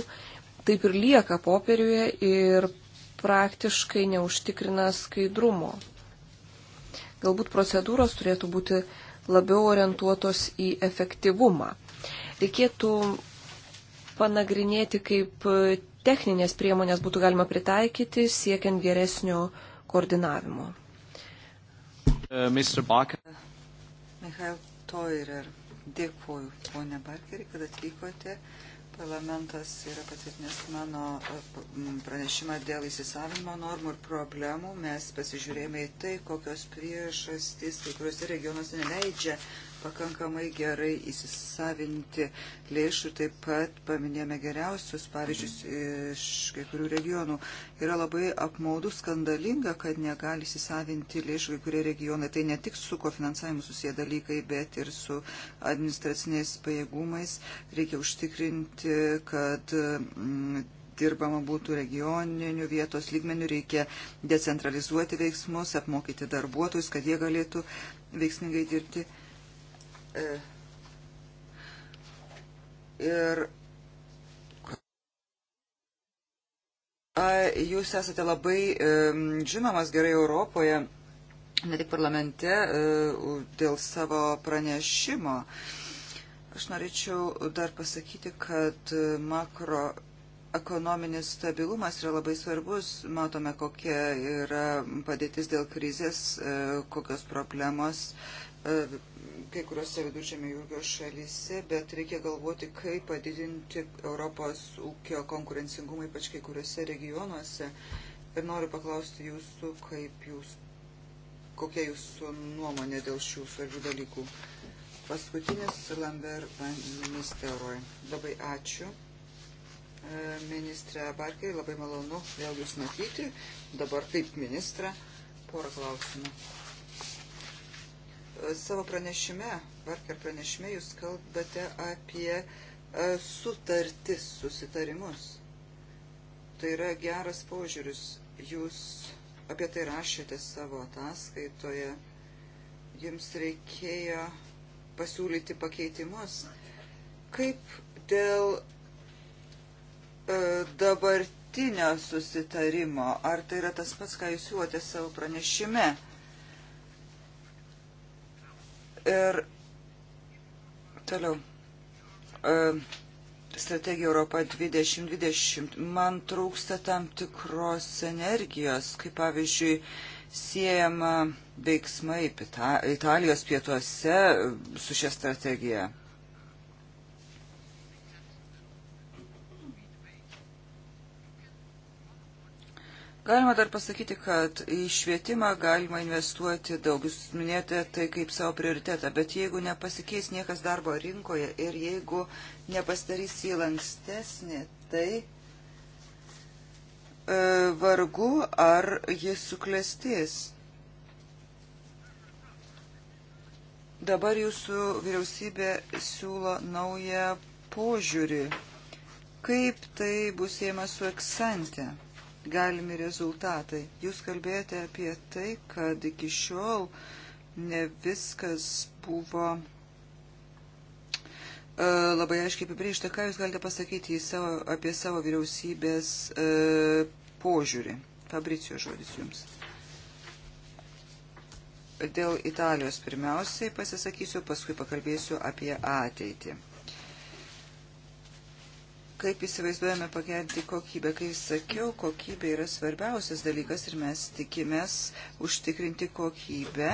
taip ir lieka popieriuje ir praktiškai neužtikrina skaidrumo. Galbūt procedūros turėtų būti labiau orientuotos į efektyvumą. Reikėtų panagrinėti, kaip techninės priemonės būtų galima pritaikyti siekiant geresnio koordinavimo. Uh, Michael Toirer, dėkuoju, ponė Barkeri, kad atvykote. Parlamentas yra patvirtinęs mano uh, pranešimą dėl įsisavinimo normų ir problemų. Mes pasižiūrėjome į tai, kokios priežastys kai kuriuose regionuose neleidžia pakankamai gerai įsisavinti lėšų, taip pat paminėjome geriausius pavyzdžius iš kai kurių regionų. Yra labai apmaudu skandalinga, kad negali įsisavinti lėšų kai kurie regionai. Tai ne tik su kofinansavimu susiję dalykai, bet ir su administraciniais pajėgumais. Reikia užtikrinti, kad. Mm, dirbama būtų regioninių vietos lygmenių, reikia decentralizuoti veiksmus, apmokyti darbuotojus, kad jie galėtų veiksmingai dirbti. E. Ir jūs esate labai žinomas gerai Europoje, ne tik parlamente, e, dėl savo pranešimo. Aš norėčiau dar pasakyti, kad e, makro ekonominis stabilumas yra labai svarbus. Matome, kokia yra padėtis dėl krizės, kokios problemos kai kuriuose viduržėmio jūros šalyse, bet reikia galvoti, kaip padidinti Europos ūkio konkurencingumą, ypač kai kuriuose regionuose. Ir noriu paklausti jūsų, kaip jūs, kokia jūsų nuomonė dėl šių svarbių dalykų. Paskutinis Lambert ministeroj. Labai ačiū. E, ministrė Barkai, labai malonu vėl jūs matyti. Dabar kaip ministra. Porą klausimų. Savo pranešime, Parker pranešime, jūs kalbate apie e, sutartis, susitarimus. Tai yra geras požiūris. Jūs apie tai rašėte savo ataskaitoje. Jums reikėjo pasiūlyti pakeitimus. Kaip dėl e, dabartinio susitarimo, ar tai yra tas pats, ką jūs siūlote savo pranešime? Ir toliau. E, strategija Europa 2020. Man trūksta tam tikros energijos, kaip pavyzdžiui, siejama veiksmai Italijos pietuose su šia strategija. Galima dar pasakyti, kad į švietimą galima investuoti daug. Jūs minėjote tai kaip savo prioritetą, bet jeigu nepasikeis niekas darbo rinkoje ir jeigu nepastarys jį lankstesnį, tai e, vargu ar jis suklestės. Dabar jūsų vyriausybė siūlo naują požiūrį. Kaip tai bus siejama su eksante? galimi rezultatai. Jūs kalbėjote apie tai, kad iki šiol ne viskas buvo e, labai aiškiai apibrėžta, ką jūs galite pasakyti savo, apie savo vyriausybės e, požiūrį. Fabricio žodis jums. Dėl Italijos pirmiausiai pasisakysiu, paskui pakalbėsiu apie ateitį kaip įsivaizduojame pagerinti kokybę. Kai sakiau, kokybė yra svarbiausias dalykas ir mes tikimės užtikrinti kokybę,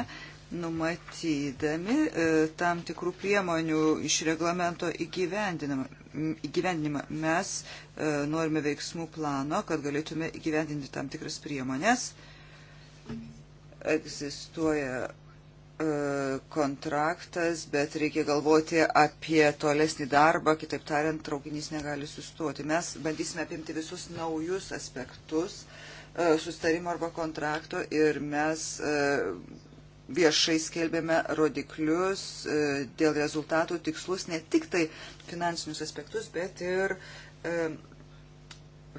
numatydami e, tam tikrų priemonių iš reglamento įgyvendinimą. Mes e, norime veiksmų plano, kad galėtume įgyvendinti tam tikras priemonės. Egzistuoja E, kontraktas, bet reikia galvoti apie tolesnį darbą, kitaip tariant, traukinys negali sustoti. Mes bandysime apimti visus naujus aspektus e, sustarimo arba kontrakto ir mes e, viešai skelbėme rodiklius dėl rezultatų tikslus, ne tik tai finansinius aspektus, bet ir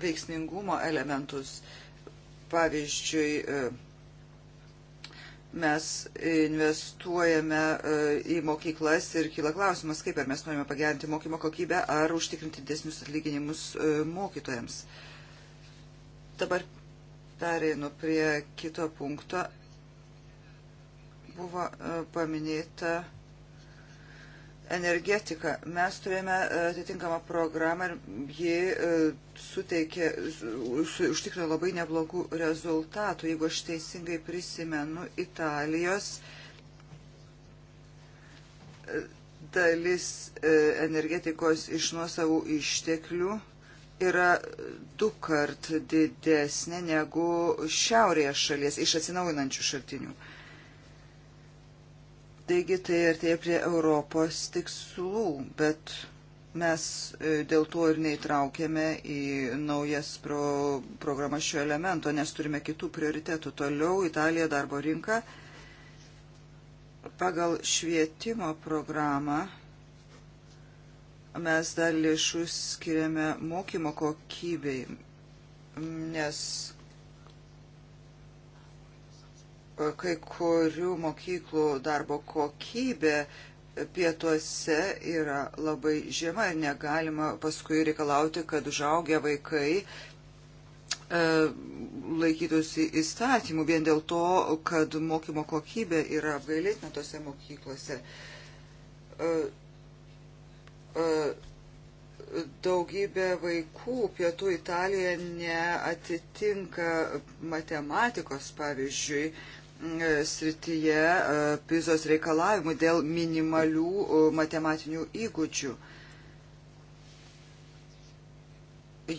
veiksmingumo elementus. Pavyzdžiui, mes investuojame e, į mokyklas ir kyla klausimas, kaip ar mes norime pagerinti mokymo kokybę ar užtikrinti didesnius atlyginimus e, mokytojams. Dabar pereinu prie kito punkto. Buvo e, paminėta energetiką. Mes turėjome e, atitinkamą programą ir ji e, suteikė, užtikrino labai neblogų rezultatų. Jeigu aš teisingai prisimenu, Italijos e, dalis energetikos iš nuosavų išteklių yra du kart didesnė negu šiaurėje šalies iš atsinaujinančių šaltinių. Uh, Taigi tai artėja prie Europos tikslų, bet mes e, dėl to ir neįtraukėme į naujas pro, programas šio elemento, nes turime kitų prioritetų. Toliau Italija darbo rinka pagal švietimo programą mes dar lėšų skiriame mokymo kokybei, nes kai kurių mokyklų darbo kokybė pietuose yra labai žema ir negalima paskui reikalauti, kad užaugę vaikai e, laikytųsi įstatymų vien dėl to, kad mokymo kokybė yra apgailėtina tose mokyklose. E, e, daugybė vaikų pietų Italijoje neatitinka matematikos, pavyzdžiui, E, srityje e, pizos reikalavimų dėl minimalių e, matematinių įgūdžių.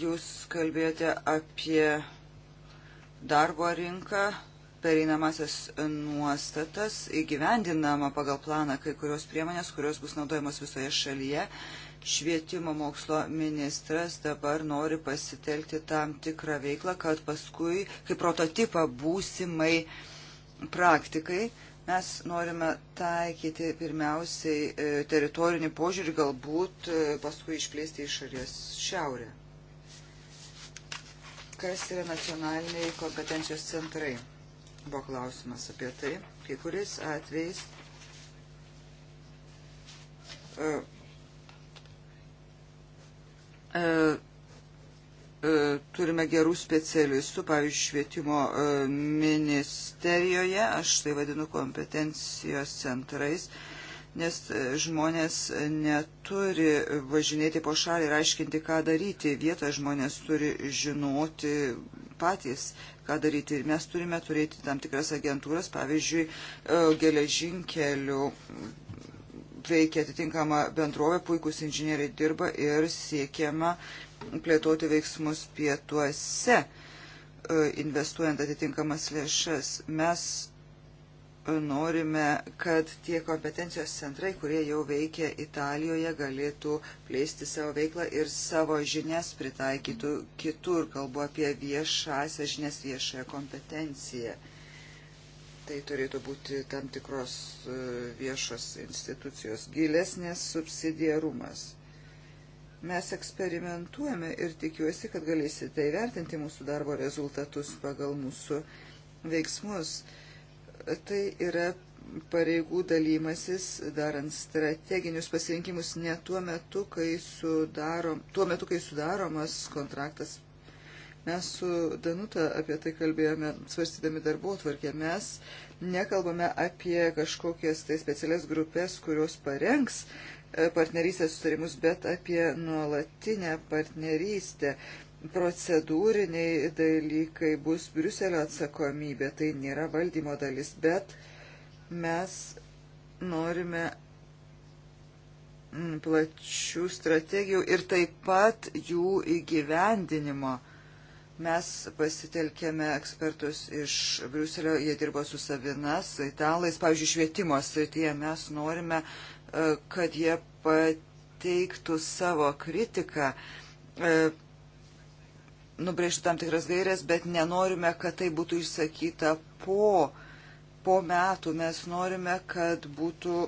Jūs kalbėjote apie darbo rinką, pereinamasias nuostatas, įgyvendinama pagal planą kai kurios priemonės, kurios bus naudojamos visoje šalyje. Švietimo mokslo ministras dabar nori pasitelkti tam tikrą veiklą, kad paskui, kaip prototipą būsimai uh, praktikai. Mes norime taikyti pirmiausiai e, teritorinį požiūrį, galbūt e, paskui išplėsti į šalies šiaurę. Kas yra nacionaliniai kompetencijos centrai? Buvo klausimas apie tai. Kai kuriais atvejais e, E, turime gerų specialistų, pavyzdžiui, švietimo e, ministerijoje, aš tai vadinu kompetencijos centrais, nes e, žmonės neturi važinėti po šalį ir aiškinti, ką daryti. Vietoje žmonės turi žinoti patys, ką daryti. Ir mes turime turėti tam tikras agentūras, pavyzdžiui, geležinkelių veikia atitinkama bendrovė, puikūs inžinieriai dirba ir siekiama uh, plėtoti veiksmus pietuose, e, investuojant atitinkamas lėšas. Mes e, norime, kad tie kompetencijos centrai, kurie jau veikia Italijoje, galėtų plėsti savo veiklą ir savo žinias pritaikytų kitur. Kalbu apie viešąsią žinias, viešąją kompetenciją. Tai turėtų būti tam tikros e, viešos institucijos gilesnės subsidiarumas. Mes eksperimentuojame ir tikiuosi, kad galėsite įvertinti mūsų darbo rezultatus pagal mūsų veiksmus. Tai yra pareigų dalymasis, darant strateginius pasirinkimus ne tuo metu, kai, sudarom, tuo metu, kai sudaromas kontraktas. Mes su Danuta apie tai kalbėjome, svarstydami darbo tvarkę. Mes nekalbame apie kažkokias tai specialias grupės, kurios parengs uh, E, partnerystės sutarimus, bet apie nuolatinę partnerystę. Procedūriniai dalykai bus Briuselio atsakomybė, tai nėra valdymo dalis, bet mes norime mm, plačių strategijų ir taip pat jų įgyvendinimo. Mes pasitelkėme ekspertus iš Briuselio, jie dirbo su savinas, italais, pavyzdžiui, švietimo srityje mes norime E, kad jie pateiktų savo kritiką, e, nubrėžtų tam tikras gairias, bet nenorime, kad tai būtų išsakyta po, po metų. Mes norime, kad būtų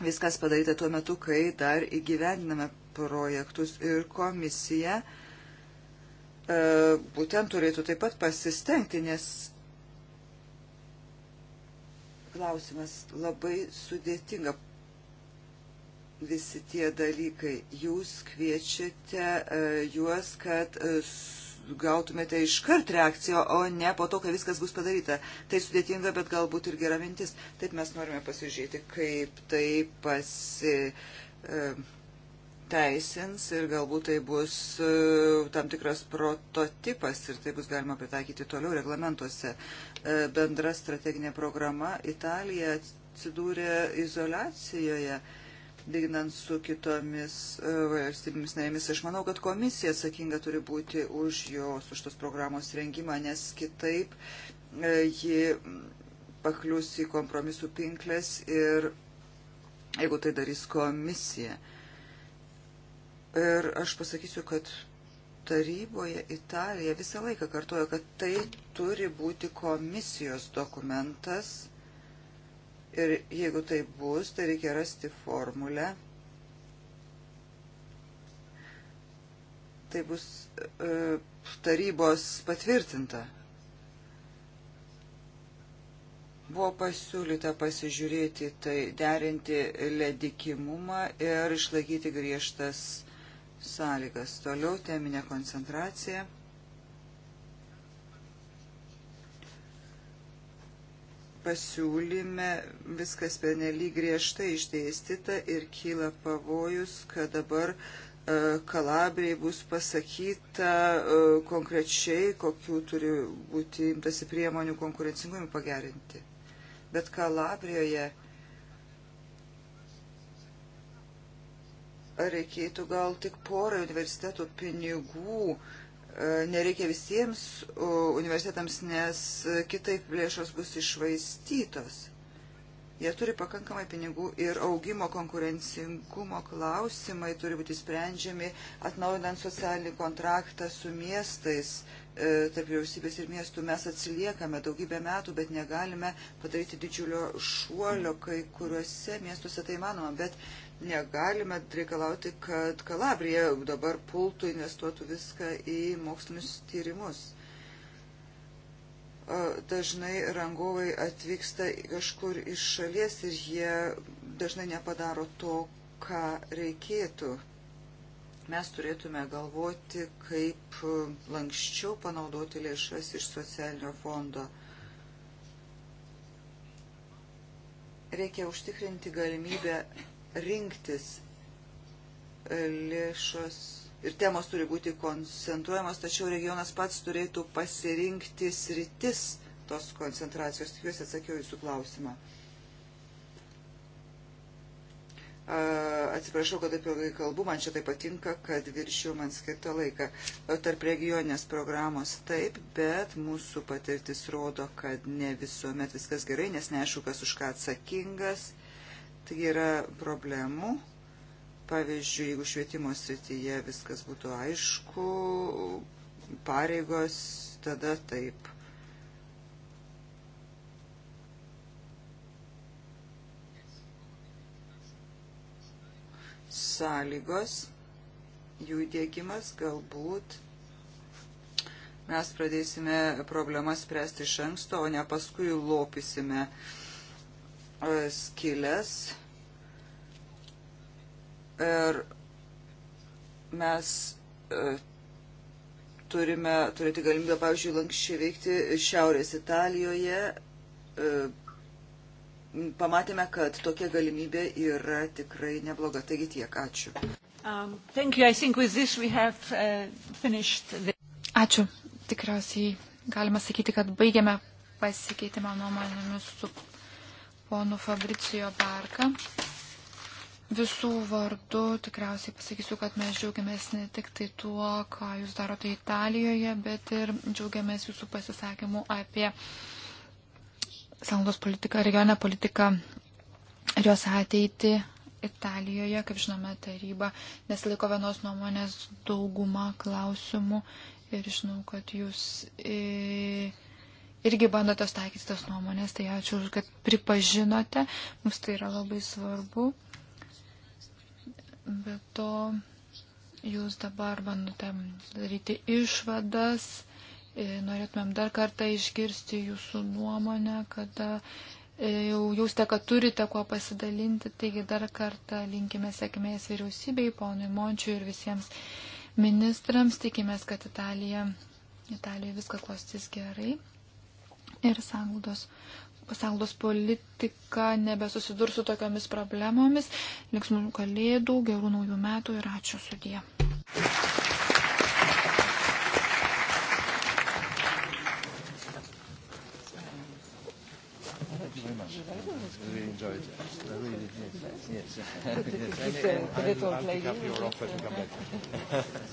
viskas padaryta tuo metu, kai dar įgyvendiname projektus ir komisija e, būtent turėtų taip pat pasistengti, nes klausimas labai sudėtinga visi tie dalykai. Jūs kviečiate e, juos, kad e, gautumėte iškart reakciją, o ne po to, kai viskas bus padaryta. Tai sudėtinga, bet galbūt ir gera mintis. Taip mes norime pasižiūrėti, kaip tai pasi e, teisins ir galbūt tai bus tam tikras prototipas ir tai bus galima pritaikyti toliau reglamentuose. Bendra strateginė programa Italija atsidūrė izolacijoje lyginant su kitomis e, valstybėmis narėmis. Aš manau, kad komisija atsakinga turi būti už jos, už tos programos rengimą, nes kitaip e, ji paklius į kompromisų pinklės ir jeigu tai darys komisija. Ir aš pasakysiu, kad taryboje Italija visą laiką kartoja, kad tai turi būti komisijos dokumentas Ir jeigu tai bus, tai reikia rasti formulę. Tai bus e, tarybos patvirtinta. Buvo pasiūlyta pasižiūrėti, tai derinti ledikimumą ir išlaikyti griežtas sąlygas. Toliau teminė koncentracija. pasiūlyme viskas penelyg griežtai išdėstyta ir kyla pavojus, kad dabar e, Kalabrijai bus pasakyta e, konkrečiai, kokiu turi būti imtasi priemonių konkurencingumui pagerinti. Bet Kalabrijoje reikėtų gal tik porai universitetų pinigų uh, nereikia visiems universitetams, nes kitaip lėšos bus išvaistytos. Jie turi pakankamai pinigų ir augimo konkurencingumo klausimai turi būti sprendžiami, atnaujinant socialinį kontraktą su miestais, E, tarp vyriausybės ir miestų. Mes atsiliekame daugybę metų, bet negalime padaryti didžiulio šuolio, kai kuriuose miestuose tai manoma, bet negalime reikalauti, kad Kalabrija dabar pultų, investuotų viską į mokslinius tyrimus. E, dažnai rangovai atvyksta kažkur iš šalies ir jie dažnai nepadaro to, ką reikėtų mes turėtume galvoti, kaip lankščiau panaudoti lėšas iš socialinio fondo. Reikia užtikrinti galimybę rinktis lėšos ir temos turi būti koncentruojamos, tačiau regionas pats turėtų pasirinkti sritis tos koncentracijos. Tikiuosi atsakiau jūsų klausimą. Atsiprašau, kad apie ilgai kalbu, man čia tai patinka, kad viršiu man skirtą laiką. Tarp regioninės programos taip, bet mūsų patirtis rodo, kad ne visuomet viskas gerai, nes neaišku, kas už ką atsakingas. Taigi yra problemų. Pavyzdžiui, jeigu švietimo srityje viskas būtų aišku, pareigos, tada taip sąlygos, jų įdėgymas galbūt mes pradėsime problemas spręsti iš anksto, o ne paskui lopysime e, skilės. Ir mes e, turime turėti galimybę, pavyzdžiui, lankščiai veikti Šiaurės Italijoje, e, pamatėme, kad tokia galimybė yra tikrai nebloga. Taigi tiek, ačiū. Um, have, uh, the... Ačiū. Tikriausiai galima sakyti, kad baigėme pasikeitimą nuomonėmis su ponu Fabricijo Barka. Visų vardų tikriausiai pasakysiu, kad mes džiaugiamės ne tik tai tuo, ką jūs darote Italijoje, bet ir džiaugiamės jūsų pasisakymu apie sąnaudos politiką, regioninę politiką ir jos ateitį Italijoje, kaip žinome, taryba nesilaiko vienos nuomonės dauguma klausimų ir žinau, kad jūs e, irgi bandote taikyti tas nuomonės, tai ačiū, kad pripažinote, mums tai yra labai svarbu. Bet to jūs dabar bandote daryti išvadas E, norėtumėm dar kartą išgirsti jūsų nuomonę, kada e, jau jausite, kad turite kuo pasidalinti. Taigi dar kartą linkime sėkmės vyriausybei, ponui Mončiui ir visiems ministrams. Tikimės, kad Italija, Italija viską klostys gerai. Ir sanglaudos pasaulos politika nebesusidurs su tokiomis problemomis. Linksmų kalėdų, gerų naujų metų ir ačiū sudie. We really enjoyed it. I really did, yes. Yes. yes. and, and, and I'll pick up your offer to come back.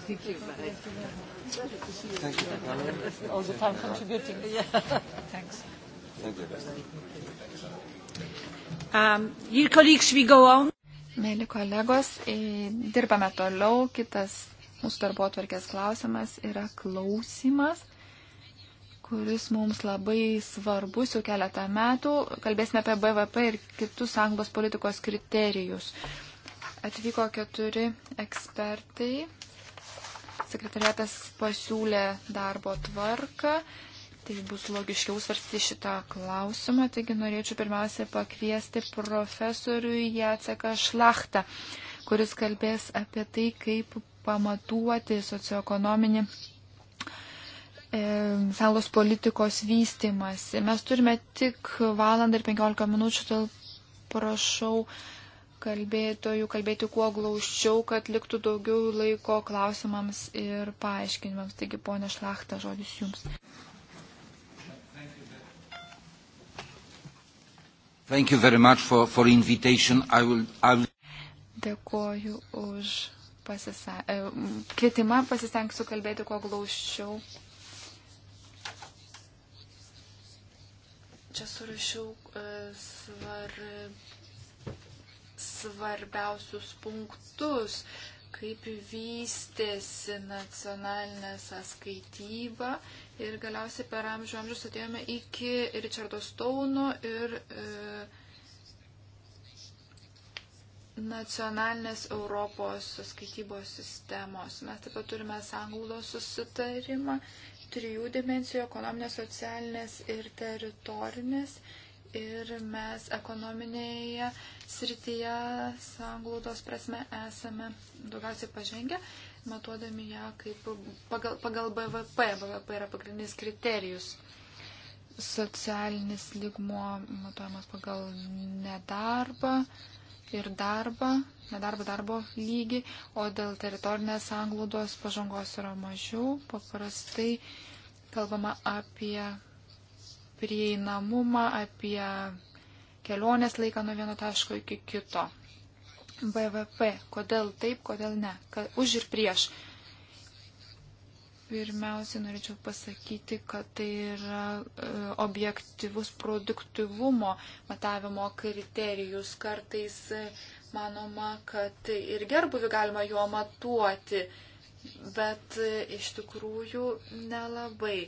Thank you. Thank you for coming. All the time contributing. Yeah. Thanks. Thank you. Um, you colleagues, we go on. Mėly kolegos, e, dirbame toliau. Kitas mūsų darbo atvarkės klausimas yra klausimas kuris mums labai svarbus jau keletą metų. Kalbėsime apie BVP ir kitus anglos politikos kriterijus. Atvyko keturi ekspertai. Sekretariatas pasiūlė darbo tvarką. Tai bus logiškiau svarstyti šitą klausimą. Taigi norėčiau pirmiausia pakviesti profesorių Jaceką Šlachtą, kuris kalbės apie tai, kaip pamatuoti socioekonominį E, sąjungos politikos vystimasi. Mes turime tik valandą ir 15 minučių, todėl prašau kalbėtojų kalbėti kuo glaučiau, kad liktų daugiau laiko klausimams ir paaiškinimams. Taigi, ponė Šlachta, žodis jums. Thank you very much for, for invitation. I will, I will... Dėkoju už pasisa... E, kvietimą, pasistengsiu kalbėti kuo glaučiau čia surašiau e, svar, svarbiausius punktus, kaip vystėsi nacionalinė sąskaityba ir galiausiai per amžių amžius atėjome iki Richardo Stauno ir e, nacionalinės Europos skaitybos sistemos. Mes taip pat turime sangaudos susitarimą trijų dimensijų - ekonominės, socialinės ir teritorinės. Ir mes ekonominėje srityje sanglaudos prasme esame daugiausiai pažengę, matuodami ją kaip pagal, pagal BVP. BVP yra pagrindinis kriterijus. Socialinis ligmuo matuojamas pagal nedarbą ir darbą nedarbo darbo lygį, o dėl teritorinės anglūdos pažangos yra mažiau. Paprastai kalbama apie prieinamumą, apie kelionės laiką nuo vieno taško iki kito. BVP. Kodėl taip, kodėl ne. Kad už ir prieš. Pirmiausiai norėčiau pasakyti, kad tai yra e, objektivus produktivumo matavimo kriterijus. Kartais e, manoma, kad ir gerbuvi galima juo matuoti, bet e, iš tikrųjų nelabai.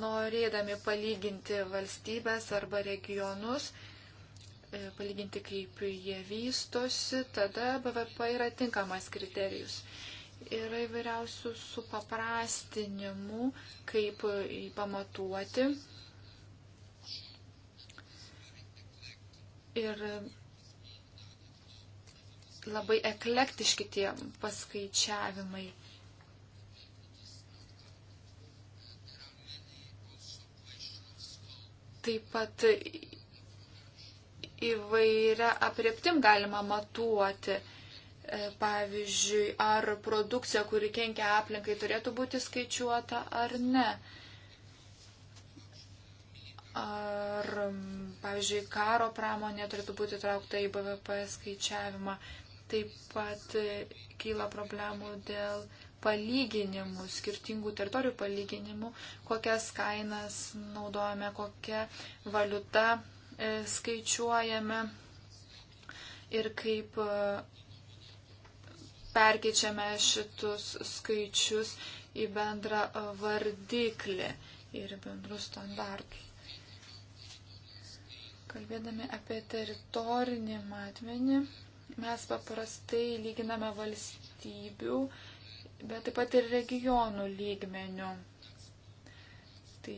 Norėdami palyginti valstybės arba regionus, e, palyginti kaip jie vystosi, tada BVP yra tinkamas kriterijus. Yra įvairiausių supaprastinimų, kaip jį pamatuoti. Ir labai eklektiški tie paskaičiavimai. Taip pat įvairia aprieptim galima matuoti. E, pavyzdžiui, ar produkcija, kuri kenkia aplinkai, turėtų būti skaičiuota ar ne. Ar, pavyzdžiui, karo pramonė turėtų būti traukta į BVP skaičiavimą. Taip pat e, kyla problemų dėl palyginimų, skirtingų teritorijų palyginimų, kokias kainas naudojame, kokią valiutą e, skaičiuojame ir kaip e, perkeičiame šitus skaičius į bendrą vardiklį ir bendrus standartus. Kalbėdami apie teritorinį matmenį, Mes paprastai lyginame valstybių, bet taip pat ir regionų lygmenių. Tai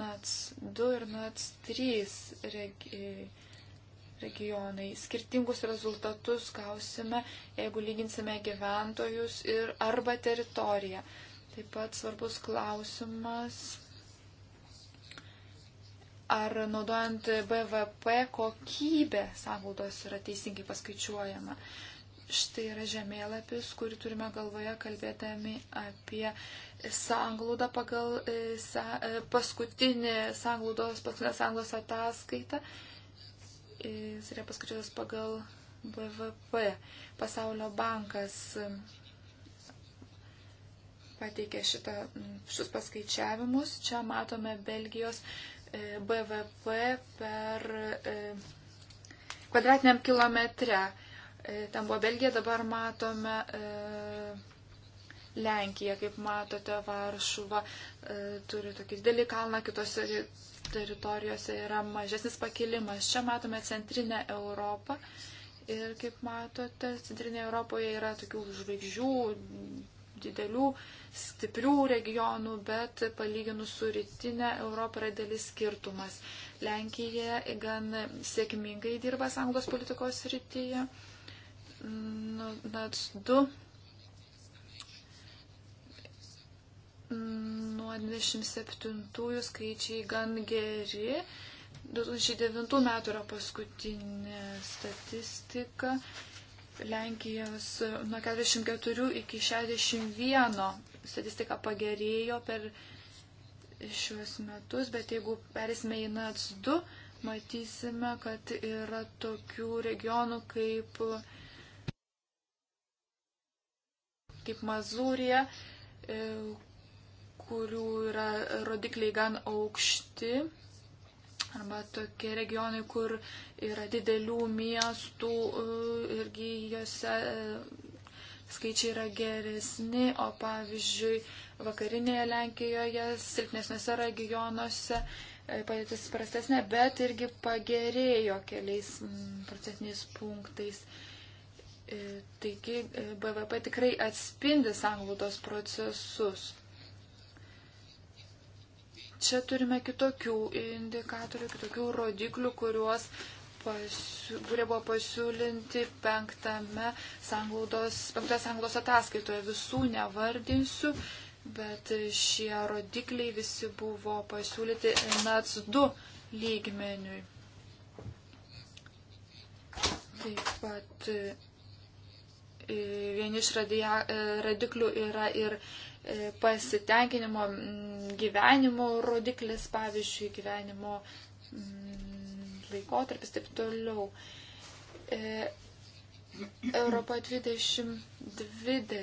NATS 2 ir NATS 3 regi regionai. Skirtingus rezultatus gausime, jeigu lyginsime gyventojus ir arba teritoriją. Taip pat svarbus klausimas ar naudojant BVP kokybė sąnaudos yra teisingai paskaičiuojama. Štai yra žemėlapis, kurį turime galvoje kalbėdami apie sąnglaudą pagal e, sa, e, paskutinį sąnglaudos, paskutinę sąnglaudos ataskaitą. Jis yra paskaičiuotas pagal BVP. Pasaulio bankas e, pateikė šitą, šius paskaičiavimus. Čia matome Belgijos E, BVP per e, kvadratiniam kilometre. E, Ten buvo Belgija, dabar matome Lenkiją, kaip matote, Varšuva turi tokį didelį kalną, kitose teritorijose yra mažesnis pakilimas. Čia matome centrinę Europą ir, kaip matote, centrinėje Europoje yra tokių žvaigždžių, didelių, stiprių regionų, bet palyginus su rytinė Europa yra dėlis skirtumas. Lenkija gan sėkmingai dirba sąjungos politikos rytyje. NATS nu, 2 nuo 27 skaičiai gan geri. 2009 metų yra paskutinė statistika Lenkijos nuo 44 iki 61 statistika pagerėjo per šiuos metus, bet jeigu perėsime į NAC 2, matysime, kad yra tokių regionų kaip, kaip Mazūrija, e, kurių yra rodikliai gan aukšti Arba tokie regionai, kur yra didelių miestų e, irgi juose e, skaičiai yra geresni, o pavyzdžiui, vakarinėje Lenkijoje, silpnesniuose regionuose e, padėtis prastesnė, bet irgi pagerėjo keliais mm, procentiniais punktais. Taigi BVP tikrai atspindi sanglautos procesus. Čia turime kitokių indikatorių, kitokių rodiklių, kuriuos pasiū, kurie buvo pasiūlinti penktame sanglaudos, penktoje sanglaudos ataskaitoje. Visų nevardinsiu, bet šie rodikliai visi buvo pasiūlyti NAC 2 lygmeniui. Taip pat e, vieni iš e, radiklių yra ir E, pasitenkinimo gyvenimo rodiklis, pavyzdžiui, gyvenimo laikotarpis ir taip toliau. E, Europa 2020.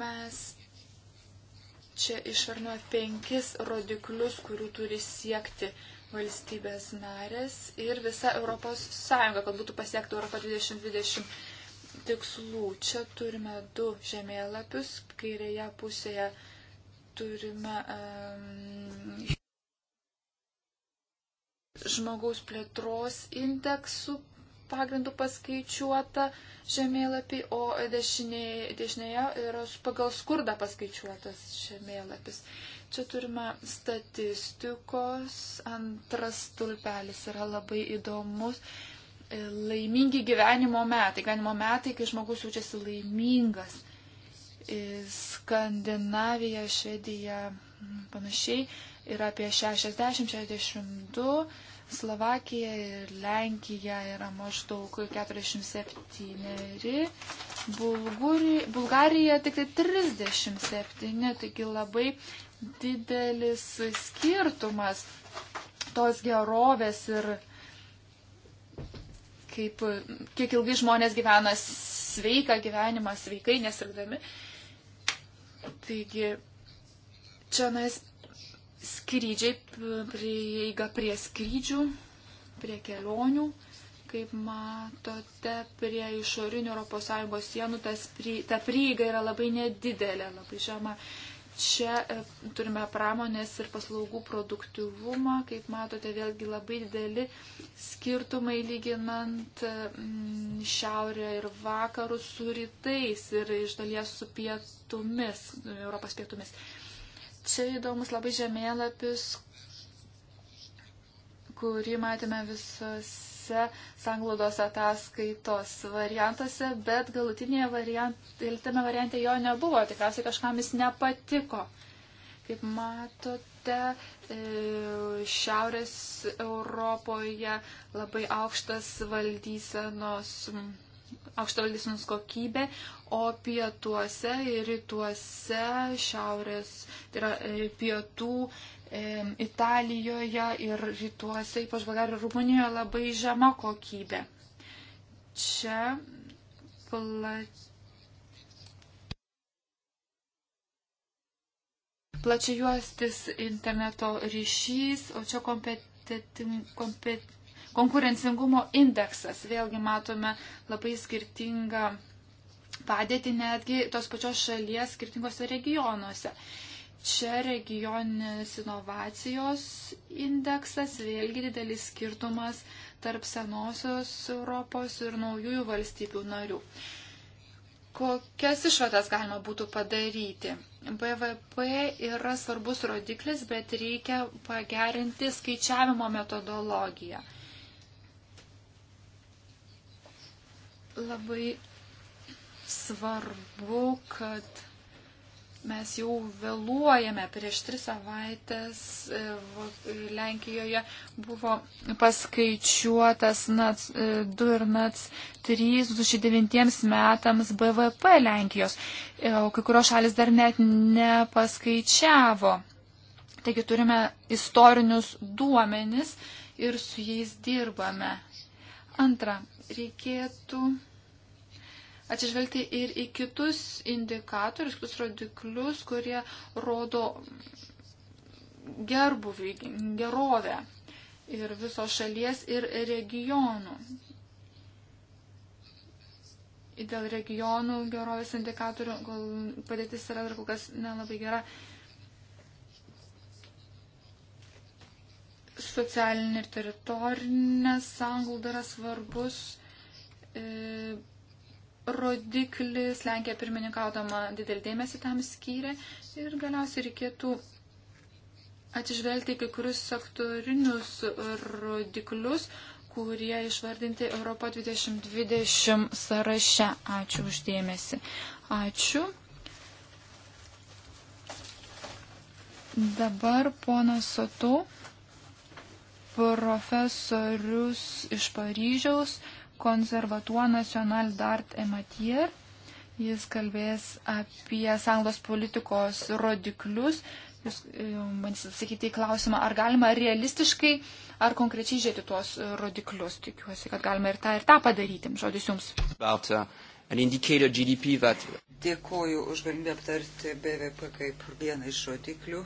Mes čia išvarnuoja penkis rodiklius, kurių turi siekti uh, valstybės narės ir visa Europos Sąjunga, kad būtų pasiektų Europo 2020 tikslų. Čia turime du žemėlapius, kairėje pusėje turime um, žmogaus plėtros indeksų pagrindų paskaičiuota žemėlapį, o dešinėje, dešinėje yra pagal skurdą paskaičiuotas žemėlapis. Čia turime statistikos, antras tulpelis yra labai įdomus. Laimingi gyvenimo metai, gyvenimo metai, kai žmogus jaučiasi laimingas. E, Skandinavija, Švedija, panašiai, yra apie 60-62 Slovakija ir Lenkija yra maždaug 47, Bulguri, Bulgarija tik tai 37, taigi labai didelis skirtumas tos gerovės ir kaip, kiek ilgai žmonės gyvena sveiką gyvenimą, sveikai nesirgdami. Taigi, čia nais skrydžiai, prieiga prie skrydžių, prie kelionių. Kaip matote, prie išorinių ES sienų tas, ta prieiga yra labai nedidelė, labai žema. Čia e, turime pramonės ir paslaugų produktivumą, kaip matote, vėlgi labai dideli skirtumai lyginant mm, šiaurę ir vakarus su rytais ir iš dalies su pietumis, Europos pietumis. Čia įdomus labai žemėlapis, kurį matėme visose sanglaudos ataskaitos variantuose, bet galutinėje variante, variante jo nebuvo. Tikriausiai kažkam jis nepatiko. Kaip matote, e, Šiaurės Europoje labai aukštas valdysenos aukšto valdysenos kokybė, o pietuose ir rytuose, šiaurės, tai yra e, pietų e, Italijoje ir rytuose, ypač Bulgarijoje ir Rumunijoje, labai žema kokybė. Čia plat... plačiajuostis interneto ryšys, o čia kompetentingumas. Kompet Konkurencingumo indeksas. Vėlgi matome labai skirtingą padėtį netgi tos pačios šalies skirtingose regionuose. Čia regioninis inovacijos indeksas, vėlgi didelis skirtumas tarp senosios Europos ir naujųjų valstybių narių. Kokias išvadas galima būtų padaryti? BVP yra svarbus rodiklis, bet reikia pagerinti skaičiavimo metodologiją. Labai svarbu, kad mes jau vėluojame. Prieš tris savaitės e, e, Lenkijoje buvo paskaičiuotas NAC 2 e, ir NAC 3 2009 metams BVP Lenkijos, o kai kurios šalis dar net nepaskaičiavo. Taigi turime istorinius duomenis ir su jais dirbame. Antra, reikėtų atsižvelgti ir į kitus indikatorius, kitus rodiklius, kurie rodo gerbuvį, gerovę ir viso šalies ir regionų. Dėl regionų gerovės indikatorių gal padėtis yra dar kol kas nelabai gera. Socialinė ir teritorinė sanglauda yra svarbus E, rodiklis, Lenkija pirmininkaudama didelį dėmesį tam skyrė ir galiausiai reikėtų atsižvelgti kai kurius sektorinius rodiklius, kurie išvardinti Europo 2020 sąraše. Ačiū uždėmesi. Ačiū. Dabar ponas Sotu, profesorius iš Paryžiaus. Conservatoire National d'Art et Matière. Jis kalbės apie sąjungos politikos rodiklius. Jūs manys e, atsakyti į klausimą, ar galima realistiškai, ar konkrečiai žiūrėti tuos rodiklius. Tikiuosi, kad galima ir tą, ir tą padaryti. Žodis jums. About, uh, that... Dėkoju už galimybę aptarti BVP kaip vieną iš rodiklių.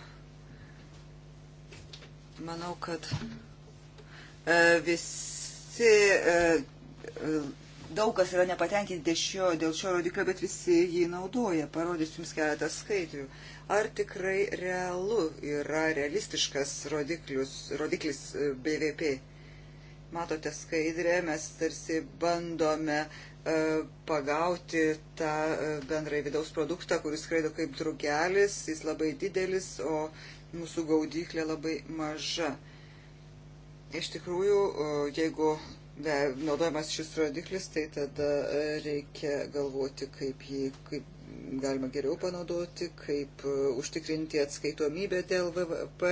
Manau, kad uh, visi. Uh, daug kas yra nepatenkinti dėl šio, dėl šio rodiklio, bet visi jį naudoja. Parodysiu jums keletą skaitrių. Ar tikrai realu yra realistiškas rodiklis e, BVP? Matote skaidrę, mes tarsi bandome e, pagauti tą e, bendrai vidaus produktą, kuris skraido kaip drugelis, jis labai didelis, o mūsų gaudyklė labai maža. Iš tikrųjų, jeigu naudojamas šis rodiklis, tai tada e, reikia galvoti, kaip jį kaip galima geriau panaudoti, kaip e, užtikrinti atskaitomybę dėl VVP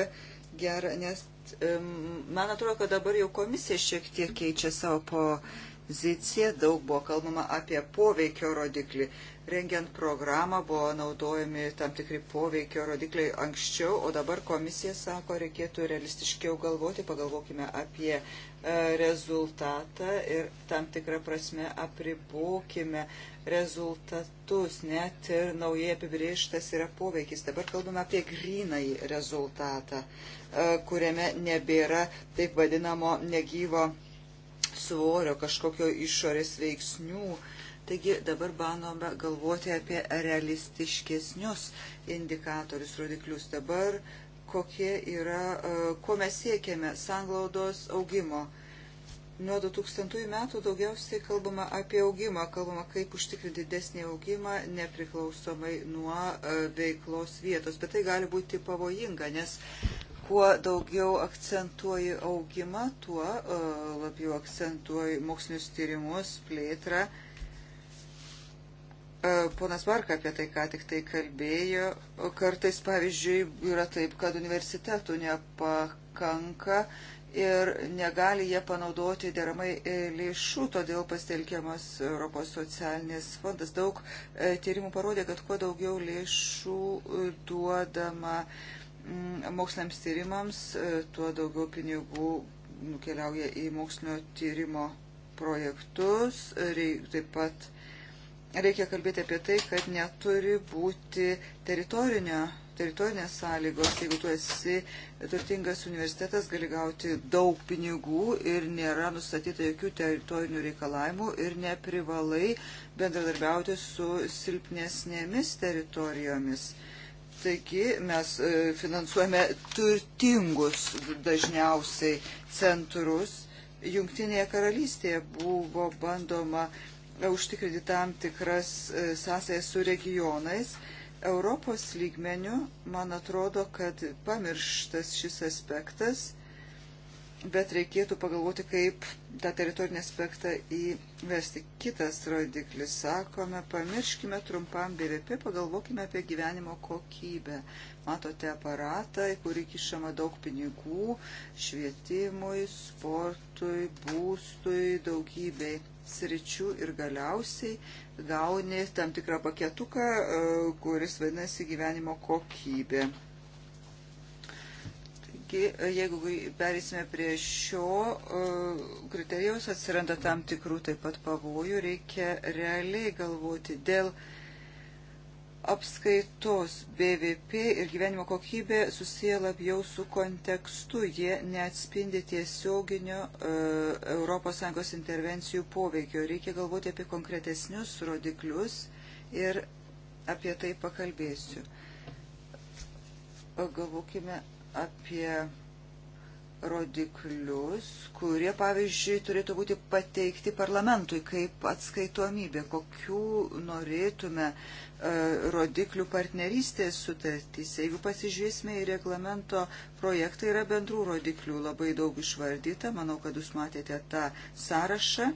gerą, nes man atrodo, kad dabar jau komisija šiek tiek keičia savo poziciją, daug buvo kalbama apie poveikio rodiklį. Rengiant programą buvo naudojami tam tikri poveikio rodikliai anksčiau, o dabar komisija sako, reikėtų realistiškiau galvoti, pagalvokime apie E, rezultatą ir tam tikrą prasme apribokime rezultatus, net ir naujai apibrieštas yra poveikis. Dabar kalbame apie grinai rezultatą, e, kuriame nebėra taip vadinamo negyvo svorio, kažkokio išorės veiksnių. Taigi dabar bandome galvoti apie realistiškesnius indikatorius, rodiklius. Dabar uh, kokie yra, e, ko mes siekiame sanglaudos augimo. Nuo 2000 metų daugiausiai kalbama apie augimą, kalbama kaip užtikrinti didesnį augimą nepriklausomai nuo e, veiklos vietos. Bet tai gali būti pavojinga, nes kuo daugiau akcentuoji augimą, tuo e, labiau akcentuoji mokslinius tyrimus, plėtrą. Uh, E, ponas Barka apie tai, ką tik tai kalbėjo, kartais, pavyzdžiui, yra taip, kad universitetų nepakanka ir negali jie panaudoti deramai e, lėšų, todėl pasitelkiamas Europos socialinės fondas. Daug e, tyrimų parodė, kad kuo daugiau lėšų duodama mm, moksliniams tyrimams, tuo daugiau pinigų nukeliauja į mokslinio tyrimo projektus, taip pat reikia kalbėti apie tai, kad neturi būti teritorinio, teritorinės sąlygos. Jeigu tu esi turtingas universitetas, gali gauti daug pinigų ir nėra nustatyta jokių teritorinių reikalavimų ir neprivalai bendradarbiauti su silpnesnėmis teritorijomis. Taigi mes e, finansuojame turtingus dažniausiai centrus. Jungtinėje karalystėje buvo bandoma uh, užtikrinti tam tikras e, sąsajas su regionais. Europos lygmenių, man atrodo, kad pamirštas šis aspektas, bet reikėtų pagalvoti, kaip tą teritorinį aspektą įvesti. Kitas rodiklis, sakome, pamirškime trumpam BVP, pagalvokime apie gyvenimo kokybę. Matote aparatą, į kurį kišama daug pinigų švietimui, sportui, būstui, daugybei sričių ir galiausiai gauni tam tikrą paketuką, e, kuris vadinasi gyvenimo kokybė. Taigi, e, jeigu perėsime prie šio e, kriterijaus, atsiranda tam tikrų taip pat pavojų, reikia realiai galvoti dėl uh, apskaitos BVP ir gyvenimo kokybė susiję labiau su kontekstu, jie neatspindi tiesioginio uh, e, ES intervencijų poveikio. Reikia galvoti apie konkretesnius rodiklius ir apie tai pakalbėsiu. Galvokime apie rodiklius, kurie, pavyzdžiui, turėtų būti pateikti parlamentui kaip atskaitomybė, kokių norėtume e, rodiklių partnerystės sutartys. Jeigu pasižiūrėsime į reglamento projektą, yra bendrų rodiklių labai daug išvardyta. Manau, kad jūs matėte tą sąrašą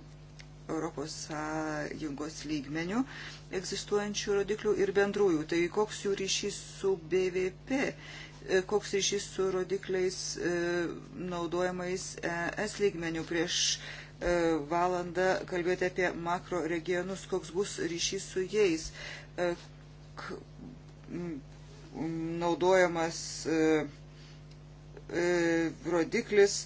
Europos Sąjungos lygmenių egzistuojančių rodiklių ir bendrųjų. Tai koks jų ryšys su BVP? E, koks ryšys su rodikliais e, naudojamais ES lygmenių. Prieš e, valandą kalbėjote apie makro regionus, koks bus ryšys su jais. Naudojamas rodiklis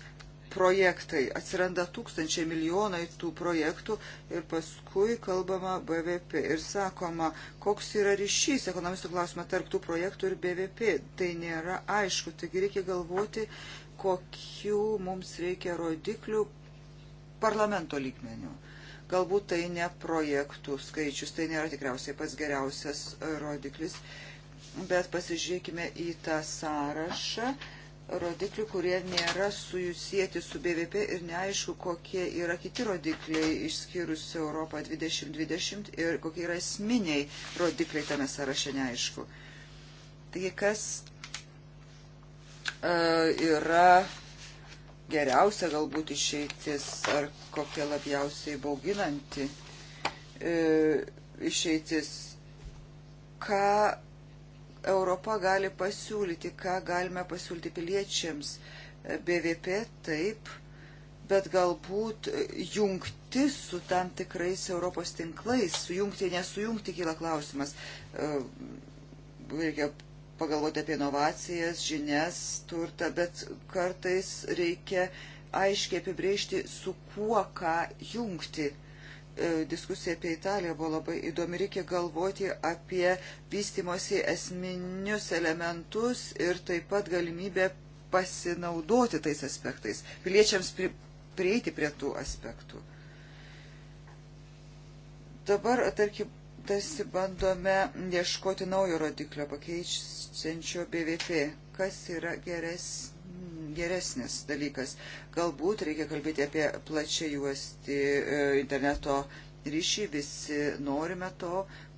projektai. Atsiranda tūkstančiai milijonai tų projektų ir paskui kalbama BVP ir sakoma, koks yra ryšys ekonomistų klausimą tarp tų projektų ir BVP. Tai nėra aišku, taigi reikia galvoti, kokių mums reikia rodiklių parlamento lygmenių. Galbūt tai ne projektų skaičius, tai nėra tikriausiai pats geriausias rodiklis, bet pasižiūrėkime į tą sąrašą rodiklių, kurie nėra susieti su BVP ir neaišku, kokie yra kiti rodikliai išskyrus Europą 2020 ir kokie yra esminiai rodikliai tame sąraše neaišku. Taigi kas e, yra geriausia galbūt išeitis ar kokia labiausiai bauginanti e, išeitis? Ką Europa gali pasiūlyti, ką galime pasiūlyti piliečiams. BVP taip, bet galbūt jungti su tam tikrais Europos tinklais, sujungti, nesujungti kyla klausimas. E, reikia pagalvoti apie inovacijas, žinias, turtą, bet kartais reikia aiškiai apibrėžti, su kuo ką jungti. E, diskusija apie Italiją buvo labai įdomi. Reikia galvoti apie vystimosi esminius elementus ir taip pat galimybę pasinaudoti tais aspektais, piliečiams pri, prieiti prie tų aspektų. Dabar, tarkim, tarsi bandome ieškoti naujo rodiklio pakeičiančio BVP. Kas yra geresnis? geresnis dalykas. Galbūt reikia kalbėti apie plačiai juosti e, interneto ryšį, visi norime to,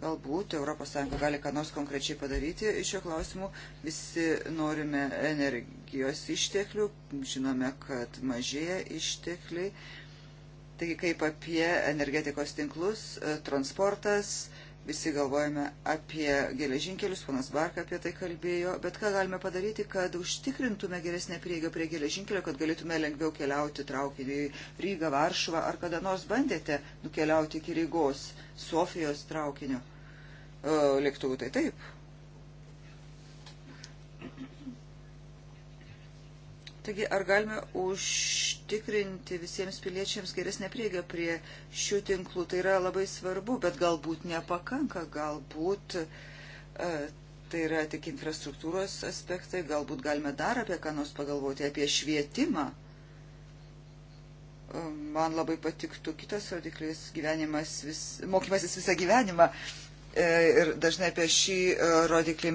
galbūt ES gali ką nors konkrečiai padaryti iš šio klausimų, visi norime energijos išteklių, žinome, kad mažėja ištekliai, taigi kaip apie energetikos tinklus, e, transportas, Visi galvojame apie geležinkelius, ponas Barka apie tai kalbėjo, bet ką galime padaryti, kad užtikrintume geresnę prieigą prie geležinkelio, kad galėtume lengviau keliauti traukiniu į Rygą, Varšuvą, ar kada nors bandėte nukeliauti iki Rygos, Sofijos traukiniu? E, Lėktuvų tai taip, Taigi, ar galime užtikrinti visiems piliečiams geresnę prieigą prie šių tinklų? Tai yra labai svarbu, bet galbūt nepakanka, galbūt e, tai yra tik infrastruktūros aspektai, galbūt galime dar apie ką nors pagalvoti, apie švietimą. E, man labai patiktų kitas rodiklis gyvenimas, vis, mokymasis visą gyvenimą. E, ir dažnai apie šį rodiklį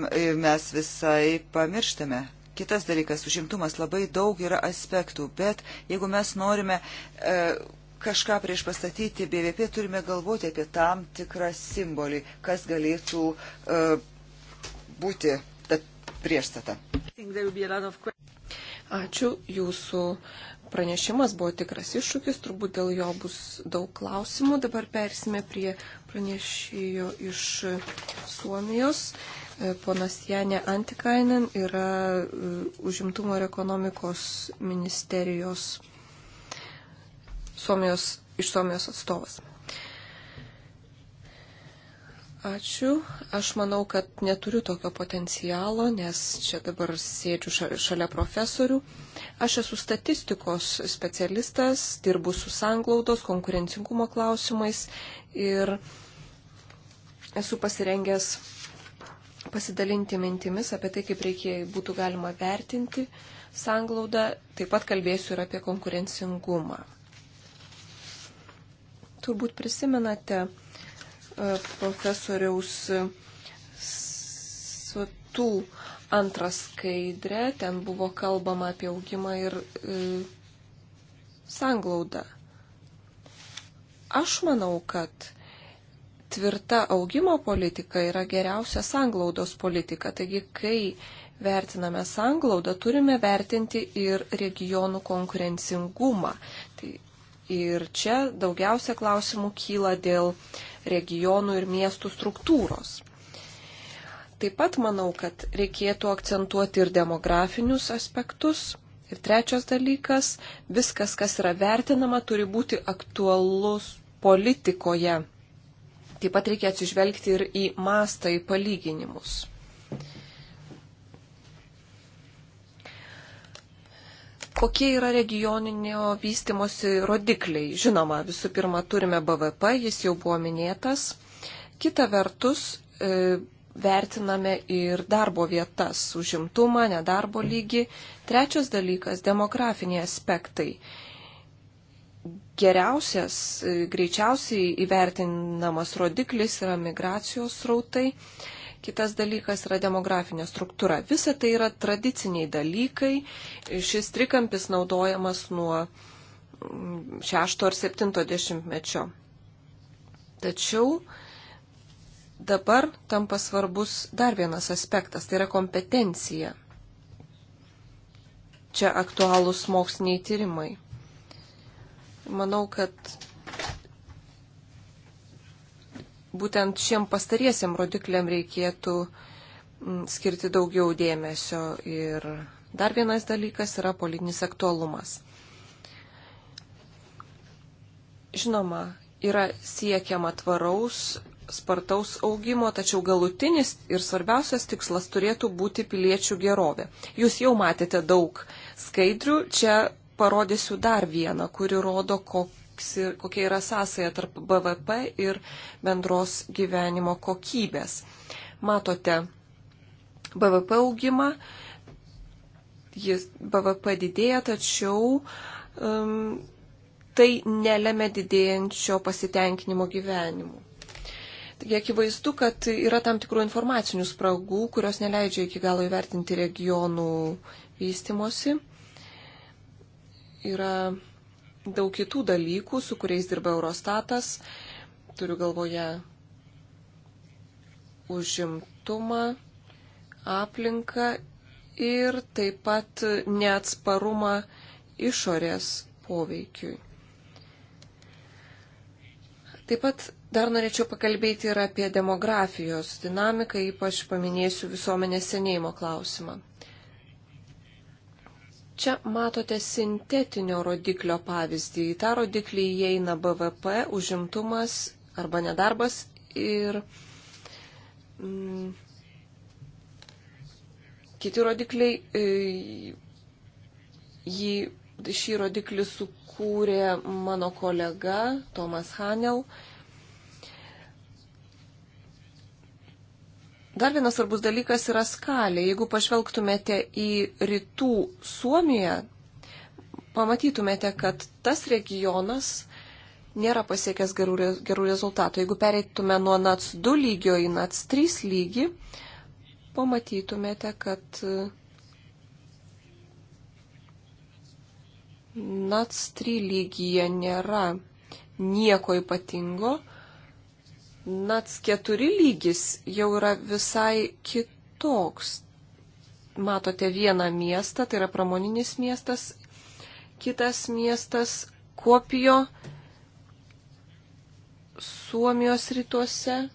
mes visai pamirštame. Kitas dalykas, užimtumas labai daug yra aspektų, bet jeigu mes norime e, kažką prieš pastatyti BVP, turime galvoti apie tam tikrą simbolį, kas galėtų e, būti ta priešstata. Ačiū, jūsų pranešimas buvo tikras iššūkis, turbūt dėl jo bus daug klausimų. Dabar persime prie pranešėjo iš Suomijos. E, ponas Janė Antikainen yra e, užimtumo ir ekonomikos ministerijos Suomijos, iš Suomijos atstovas. Ačiū. Aš manau, kad neturiu tokio potencialo, nes čia dabar sėdžiu šalia profesorių. Aš esu statistikos specialistas, dirbu su sanglaudos, konkurencingumo klausimais ir esu pasirengęs pasidalinti mintimis apie tai, kaip reikia būtų galima vertinti sanglaudą. Taip pat kalbėsiu ir apie konkurencingumą. Turbūt prisimenate e, profesoriaus Svatų antrą skaidrę. Ten buvo kalbama apie augimą ir e, sanglaudą. Aš manau, kad tvirta augimo politika yra geriausia sanglaudos politika. Taigi, kai vertiname sanglaudą, turime vertinti ir regionų konkurencingumą. Tai ir čia daugiausia klausimų kyla dėl regionų ir miestų struktūros. Taip pat manau, kad reikėtų akcentuoti ir demografinius aspektus. Ir trečias dalykas, viskas, kas yra vertinama, turi būti aktualus politikoje Taip pat reikia atsižvelgti ir į mastą, į palyginimus. Kokie yra regioninio vystimosi rodikliai? Žinoma, visų pirma, turime BVP, jis jau buvo minėtas. Kita vertus, e, vertiname ir darbo vietas, užimtumą, nedarbo lygį. Trečias dalykas - demografiniai aspektai geriausias, e, greičiausiai įvertinamas rodiklis yra migracijos srautai. Kitas dalykas yra demografinė struktūra. Visa tai yra tradiciniai dalykai. Šis trikampis naudojamas nuo 6 mm, ar 70 mečio. Tačiau dabar tampa svarbus dar vienas aspektas, tai yra kompetencija. Čia aktualūs moksliniai tyrimai. Manau, kad būtent šiem pastariesiam rodikliam reikėtų mm, skirti daugiau dėmesio. Ir dar vienas dalykas yra politinis aktualumas. Žinoma, yra siekiama tvaraus, spartaus augimo, tačiau galutinis ir svarbiausias tikslas turėtų būti piliečių gerovė. Jūs jau matėte daug skaidrių, čia parodysiu dar vieną, kuri rodo, ir, kokia yra sąsaja tarp BVP ir bendros gyvenimo kokybės. Matote BVP augimą, jis BVP didėja, tačiau um, tai nelėmė didėjančio pasitenkinimo gyvenimu. Taigi akivaizdu, kad yra tam tikrų informacinių spragų, kurios neleidžia iki galo įvertinti regionų vystimosi yra daug kitų dalykų, su kuriais dirba Eurostatas. Turiu galvoje užimtumą, aplinką ir taip pat neatsparumą išorės poveikiui. Taip pat dar norėčiau pakalbėti ir apie demografijos dinamiką, ypač paminėsiu visuomenės senėjimo klausimą. Čia matote sintetinio rodiklio pavyzdį. Į tą rodiklį įeina BVP, užimtumas arba nedarbas ir mm, kiti rodikliai, e, jį, šį rodiklį sukūrė mano kolega Tomas Hanel. Dar vienas svarbus dalykas yra skalė. Jeigu pažvelgtumėte į rytų Suomiją, pamatytumėte, kad tas regionas nėra pasiekęs gerų, gerų rezultatų. Jeigu pereitume nuo NATS 2 lygio į NATS 3 lygį, pamatytumėte, kad e, NATS 3 lygyje nėra nieko ypatingo, NATS 4 lygis jau yra visai kitoks. Matote vieną miestą, tai yra pramoninis miestas, kitas miestas Kopijo, Suomijos rytuose.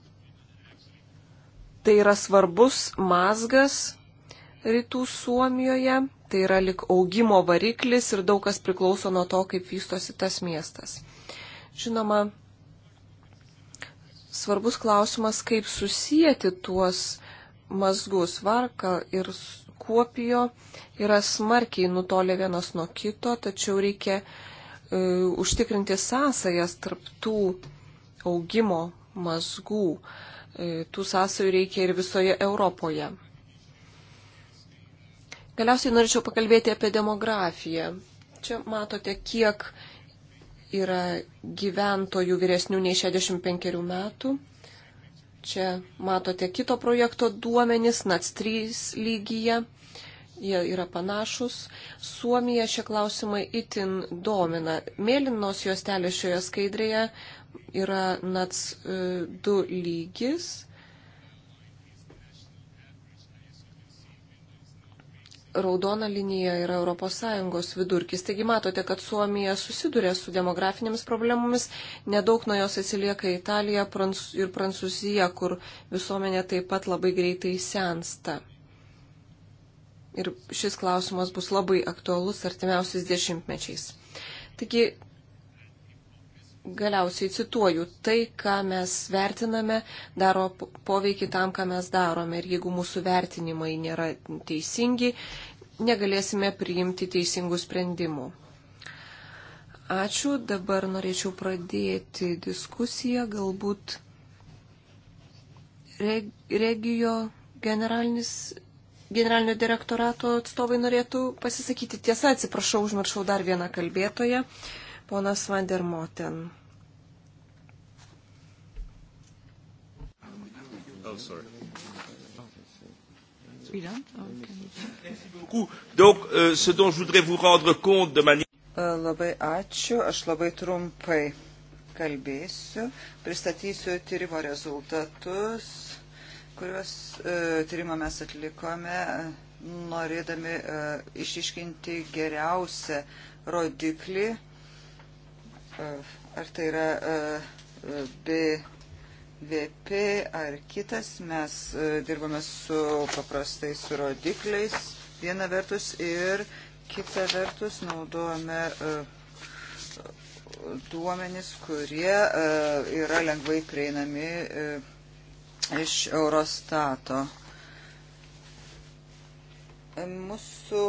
Tai yra svarbus mazgas rytų Suomijoje, tai yra lik augimo variklis ir daug kas priklauso nuo to, kaip vystosi tas miestas. Žinoma, svarbus klausimas, kaip susijęti tuos mazgus. Varka ir kuopijo yra smarkiai nutolę vienas nuo kito, tačiau reikia e, užtikrinti sąsajas tarp tų augimo mazgų. E, tų sąsajų reikia ir visoje Europoje. Galiausiai norėčiau pakalbėti apie demografiją. Čia matote, kiek yra gyventojų vyresnių nei 65 metų. Čia matote kito projekto duomenis, NAC 3 lygyje. Jie yra panašus. Suomija šie klausimai itin domina. Mėlynos juostelės šioje skaidrėje yra NAC 2 e, lygis raudona linija yra ES vidurkis. Taigi matote, kad Suomija susiduria su demografinėmis problemomis, nedaug nuo jos atsilieka Italija ir Prancūzija, kur visuomenė taip pat labai greitai sensta. Ir šis klausimas bus labai aktualus artimiausiais dešimtmečiais. Taigi galiausiai cituoju, tai, ką mes vertiname, daro poveikį tam, ką mes darome. Ir jeigu mūsų vertinimai nėra teisingi, negalėsime priimti teisingų sprendimų. Ačiū. Dabar norėčiau pradėti diskusiją. Galbūt regijo generalinis. Generalinio direktorato atstovai norėtų pasisakyti. Tiesa, atsiprašau, užmiršau dar vieną kalbėtoją. Uh, Ponas Vandermoten. Oh, sorry. Euh, euh, labai ačiū, aš labai trumpai kalbėsiu, pristatysiu tyrimo rezultatus, kuriuos e, tyrimą mes atlikome, norėdami e, išiškinti geriausią rodiklį ar tai yra BVP ar kitas, mes dirbame su paprastais rodikliais viena vertus ir kita vertus naudojame duomenis, kurie yra lengvai prieinami iš Eurostato. Mūsų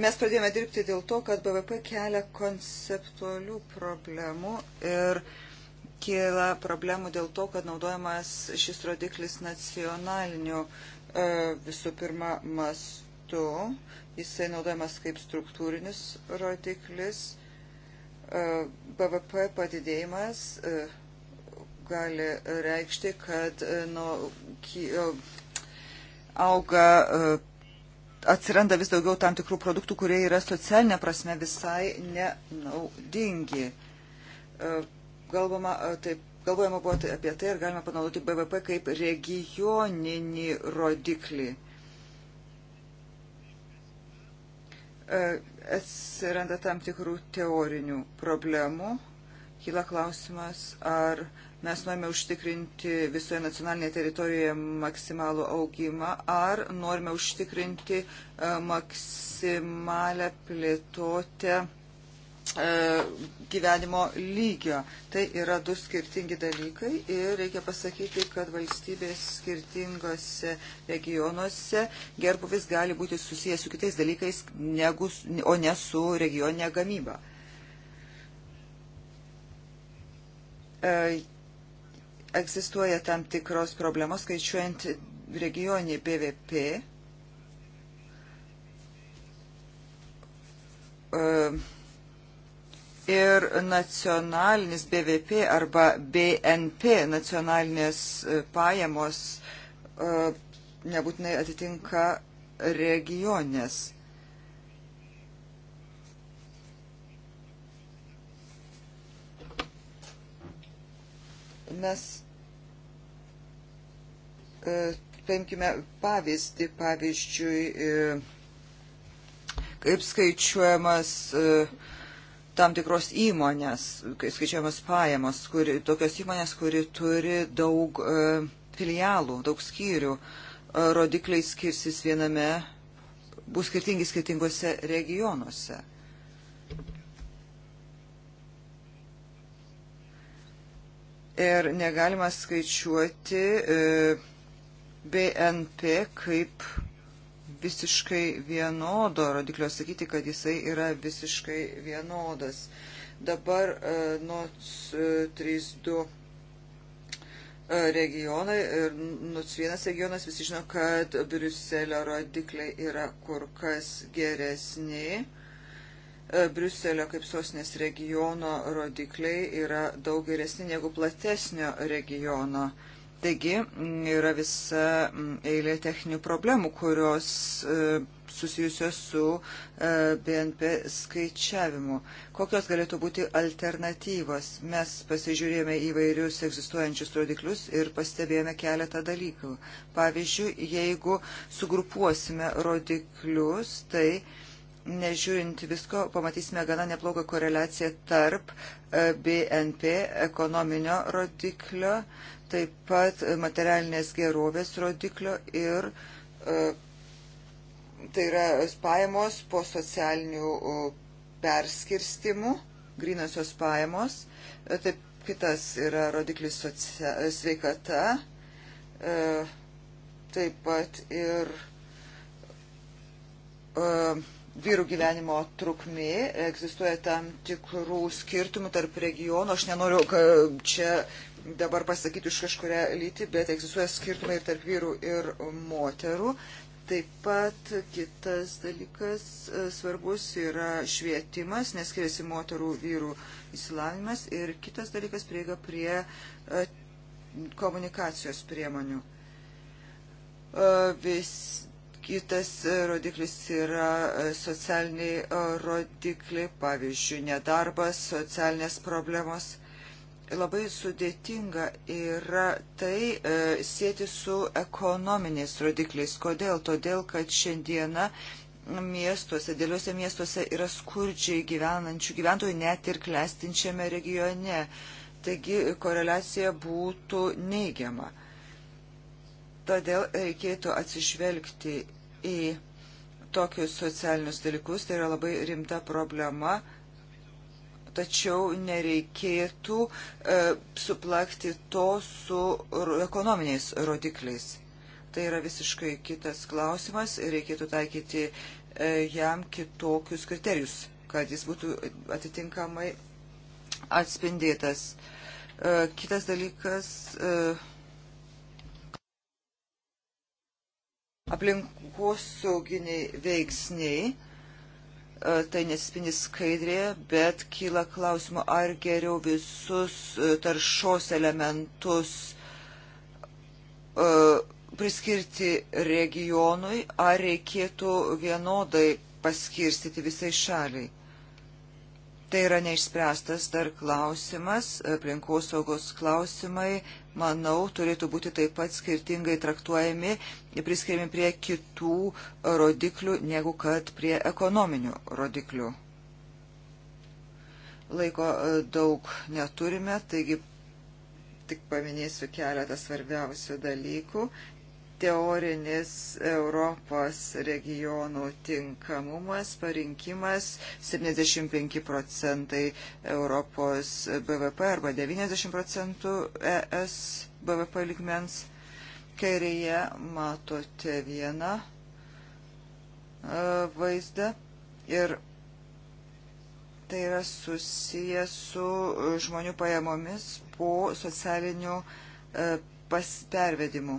Mes pradėjome dirbti dėl to, kad BVP kelia konceptualių problemų ir kyla problemų dėl to, kad naudojamas šis rodiklis nacionaliniu e, visų pirma mastu. Jisai naudojamas kaip struktūrinis rodiklis. E, BVP padidėjimas e, gali reikšti, kad nu, auga atsiranda vis daugiau tam tikrų produktų, kurie yra socialinė prasme visai nenaudingi. E, Galvama, e, taip, galvojama buvo tai apie tai, ar galima panaudoti BVP kaip regioninį rodiklį. E, atsiranda tam tikrų teorinių problemų kyla klausimas, ar mes norime užtikrinti visoje nacionalinėje teritorijoje maksimalų augimą, ar norime užtikrinti e, maksimalę plėtotę e, gyvenimo lygio. Tai yra du skirtingi dalykai ir reikia pasakyti, kad valstybės skirtingose regionuose gerbuvis gali būti susijęs su kitais dalykais, negu, o ne su regioninė gamyba. E, egzistuoja tam tikros problemos, skaičiuojant regionį BVP. E, ir nacionalinis BVP arba BNP, nacionalinės e, pajamos, nebūtinai atitinka regionės Mes e, paimkime pavyzdį, pavyzdžiui, e, kaip skaičiuojamas e, tam tikros įmonės, kai skaičiuojamas pajamos, kuri, tokios įmonės, kuri turi daug filialų, daug skyrių, rodikliai skirsis viename, bus skirtingi skirtingose regionuose. ir negalima skaičiuoti e, BNP kaip visiškai vienodo rodiklio, sakyti, kad jisai yra visiškai vienodas. Dabar e, NOTS e, 3.2 regionai ir NUTS vienas regionas visi žino, kad Briuselio rodikliai yra kur kas geresni E, Briuselio kaip sostinės regiono rodikliai yra daug geresni negu platesnio regiono. Taigi yra visa eilė techninių problemų, kurios e, susijusios su e, BNP skaičiavimu. Kokios galėtų būti alternatyvos? Mes pasižiūrėjome įvairius egzistuojančius rodiklius ir pastebėjome keletą dalykų. Pavyzdžiui, jeigu sugrupuosime rodiklius, tai nežiūrint visko, pamatysime gana neblogą koreliaciją tarp e, BNP ekonominio rodiklio, taip pat materialinės gerovės rodiklio ir e, tai yra pajamos po socialinių perskirstimų, grinosios pajamos. E, taip, kitas yra rodiklis socia, sveikata, taip pat ir vyrų gyvenimo trukmė, egzistuoja tam tikrų skirtumų tarp regionų, aš nenoriu čia dabar pasakyti už kažkuria lytį, bet egzistuoja skirtumai ir tarp vyrų ir moterų. Taip pat kitas dalykas e, svarbus yra švietimas, nes skiriasi moterų vyrų įsilavinimas ir kitas dalykas prieiga prie e, komunikacijos priemonių. E, vis Kitas rodiklis yra e, socialiniai e, rodikliai, pavyzdžiui, nedarbas, socialinės problemos. Labai sudėtinga yra tai e, sėti su ekonominiais rodikliais. Kodėl? Todėl, kad šiandieną miestuose, dėliuose miestuose yra skurdžiai gyvenančių gyventojų net ir klestinčiame regione. Taigi koreliacija būtų neigiama. Todėl reikėtų atsižvelgti į tokius socialinius dalykus, tai yra labai rimta problema, tačiau nereikėtų e, suplakti to su ekonominiais rodikliais. Tai yra visiškai kitas klausimas ir reikėtų taikyti e, jam kitokius kriterijus, kad jis būtų atitinkamai atspindėtas. E, kitas dalykas. E, aplinkosauginiai veiksniai, e, tai nesispindi skaidrėje, bet kyla klausimų, ar geriau visus e, taršos elementus e, priskirti regionui, ar reikėtų vienodai paskirstyti visai šaliai. Tai yra neišspręstas dar klausimas, aplinkosaugos klausimai manau, turėtų būti taip pat skirtingai traktuojami ir priskiriami prie kitų rodiklių, negu kad prie ekonominių rodiklių. Laiko e, daug neturime, taigi tik paminėsiu keletą svarbiausių dalykų teorinis Europos regionų tinkamumas, parinkimas 75 procentai Europos BVP arba 90 procentų ES BVP ligmens. Kairėje matote vieną e, vaizdą ir tai yra susiję su žmonių pajamomis po socialinių e, pervedimu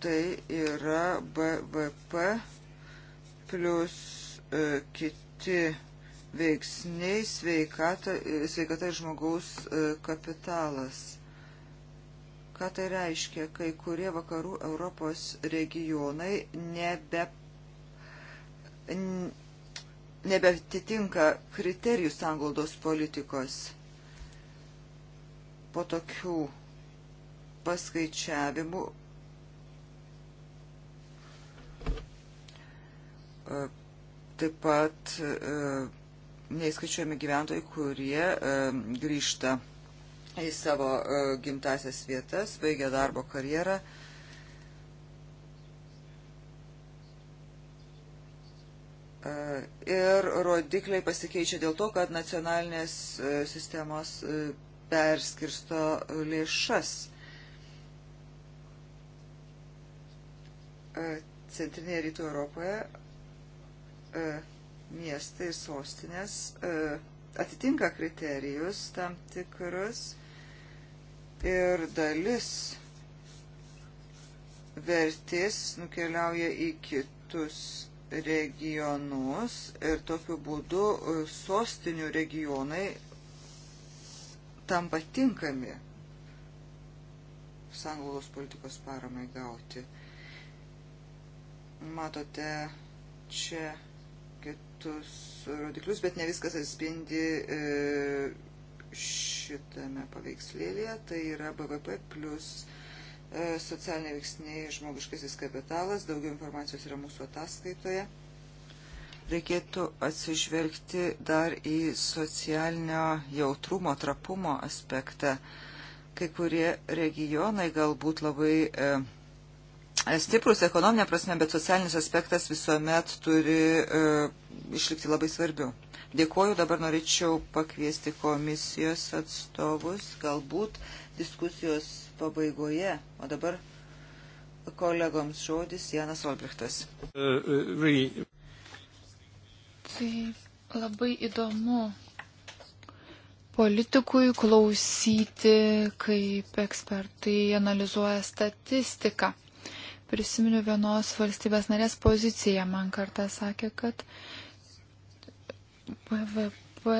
tai yra BVP plus e, kiti veiksniai sveikata, e, sveikata ir žmogaus e, kapitalas. Ką tai reiškia, kai kurie vakarų Europos regionai nebe, nebetitinka kriterijų sanglaudos politikos po tokių paskaičiavimų E, taip pat e, neįskaičiuojami gyventojai, kurie e, grįžta į savo gimtasias vietas, baigia darbo karjerą. Ir rodikliai pasikeičia dėl to, kad nacionalinės sistemos perskirsto lėšas. Centrinėje rytų Europoje E, miestai, sostinės e, atitinka kriterijus tam tikrus ir dalis vertės nukeliauja į kitus regionus ir tokiu būdu e, sostinių regionai tampa tinkami sanglaudos politikos paramai gauti. Matote, čia kitus rodiklius, bet ne viskas atspindi e, šitame paveikslėlėje. Tai yra BVP plus e, socialiniai veiksniai žmogiškasis kapitalas. Daugiau informacijos yra mūsų ataskaitoje. Reikėtų atsižvelgti dar į socialinio jautrumo, trapumo aspektą. Kai kurie regionai galbūt labai e, stiprus ekonominė prasme, bet socialinis aspektas visuomet turi e, išlikti labai svarbiu. Dėkuoju, dabar norėčiau pakviesti komisijos atstovus, galbūt diskusijos pabaigoje, o dabar kolegoms žodis Janas Olbrichtas. E, e, tai labai įdomu politikui klausyti, kaip ekspertai analizuoja statistiką prisiminiu vienos valstybės narės poziciją. Man kartą sakė, kad BVP.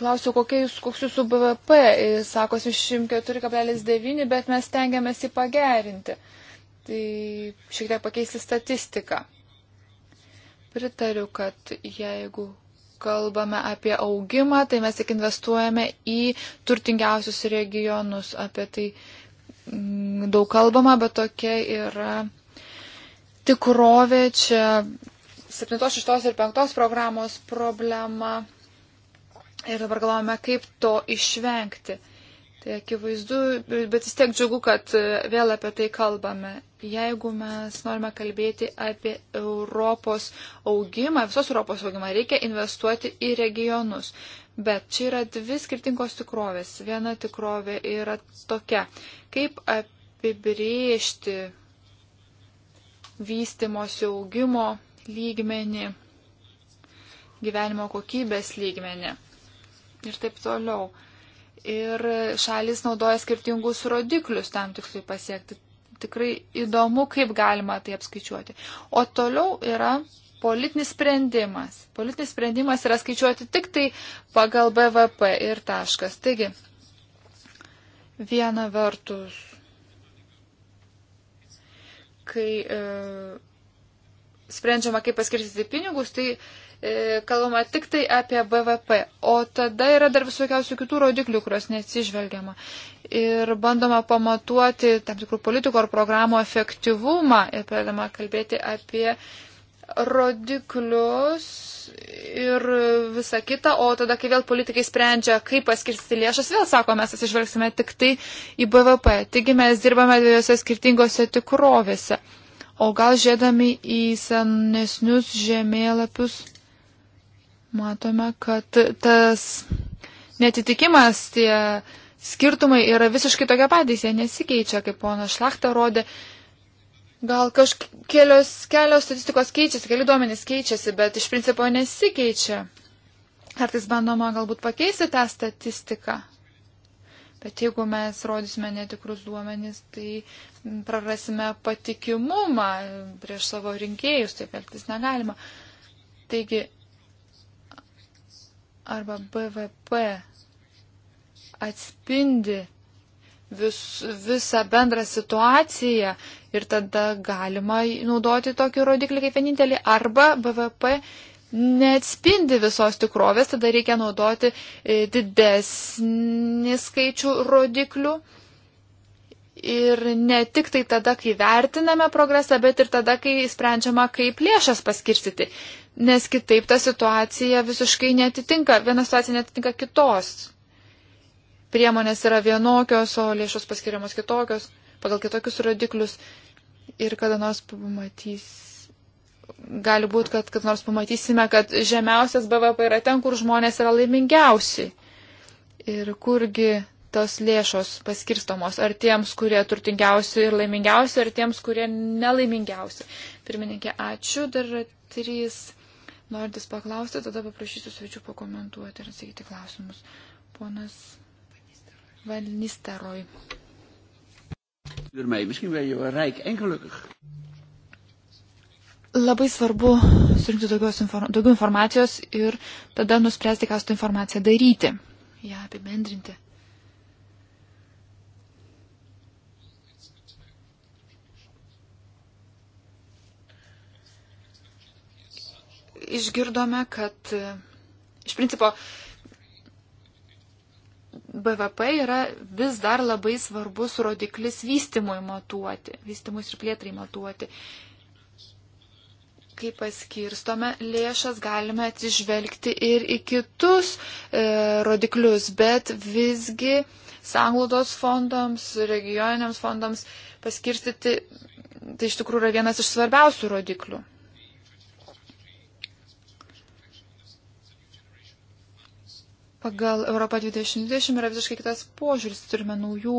Klausiu, jūs, koks jūsų BVP, sako 104,9, bet mes tengiamės jį pagerinti. Tai šiek tiek pakeisti statistiką. Pritariu, kad jeigu kalbame apie augimą, tai mes tik investuojame į turtingiausius regionus. Apie tai Mm, daug kalbama, bet tokia yra tikrovė. Čia 7, 6 ir 5 programos problema. Ir dabar galvojame, kaip to išvengti. Tai akivaizdu, bet vis tiek džiugu, kad e, vėl apie tai kalbame. Jeigu mes norime kalbėti apie Europos augimą, visos Europos augimą, reikia investuoti į regionus. Bet čia yra dvi skirtingos tikrovės. Viena tikrovė yra tokia. Kaip apibriežti vystimosi augimo lygmenį, gyvenimo kokybės lygmenį ir taip toliau ir šalis naudoja skirtingus rodiklius tam tikslui pasiekti. Tikrai įdomu, kaip galima tai apskaičiuoti. O toliau yra politinis sprendimas. Politinis sprendimas yra skaičiuoti tik tai pagal BVP ir taškas. Taigi, viena vertus, kai e, sprendžiama, kaip paskirstyti pinigus, tai E, kalbama tik tai apie BVP, o tada yra dar visokiausių kitų rodiklių, kurios neatsižvelgiama. Ir bandoma pamatuoti tam tikrų politikų ar programų efektyvumą ir pradama kalbėti apie rodiklius ir visa kita, o tada, kai vėl politikai sprendžia, kaip paskirsti lėšas, vėl sako, mes atsižvelgsime tik tai į BVP. Taigi mes dirbame dviejose skirtingose tikrovėse. O gal žiedami į senesnius žemėlapius matome, kad tas netitikimas, tie skirtumai yra visiškai tokia patys, jie nesikeičia, kaip pono Šlachtą rodė. Gal kažkelios kelios statistikos keičiasi, keli duomenys keičiasi, bet iš principo nesikeičia. Kartais bandoma galbūt pakeisti tą statistiką. Bet jeigu mes rodysime netikrus duomenys, tai prarasime patikimumą prieš savo rinkėjus, taip elgtis negalima. Taigi arba BVP atspindi vis, visą bendrą situaciją ir tada galima naudoti tokį rodiklį kaip vienintelį arba BVP neatspindi visos tikrovės, tada reikia naudoti e, didesnį skaičių rodiklių. Ir ne tik tai tada, kai vertiname progresą, bet ir tada, kai sprendžiama, kaip lėšas paskirstyti nes kitaip ta situacija visiškai netitinka, viena situacija netitinka kitos. Priemonės yra vienokios, o lėšos paskiriamos kitokios, pagal kitokius rodiklius. Ir kada nors pamatys, gali būti, kad kada nors pamatysime, kad žemiausias BVP yra ten, kur žmonės yra laimingiausi. Ir kurgi tos lėšos paskirstomos, ar tiems, kurie turtingiausi ir laimingiausi, ar tiems, kurie nelaimingiausi. Pirmininkė, ačiū, dar yra trys norintis paklausti, tada paprašysiu svečių pakomentuoti ir atsakyti klausimus. Ponas Valnisteroj. Labai svarbu surinkti daugiau informacijos ir tada nuspręsti, ką su tą informacija daryti, ją apibendrinti. išgirdome, kad e, iš principo BVP yra vis dar labai svarbus rodiklis vystimui matuoti, vystimui ir plėtrai matuoti. Kai paskirstome lėšas, galime atsižvelgti ir į kitus e, rodiklius, bet visgi sanglaudos fondams, regioniniams fondams paskirstyti, tai iš tikrųjų yra vienas iš svarbiausių rodiklių. pagal Europą 2020 yra visiškai kitas požiūris, turime naujų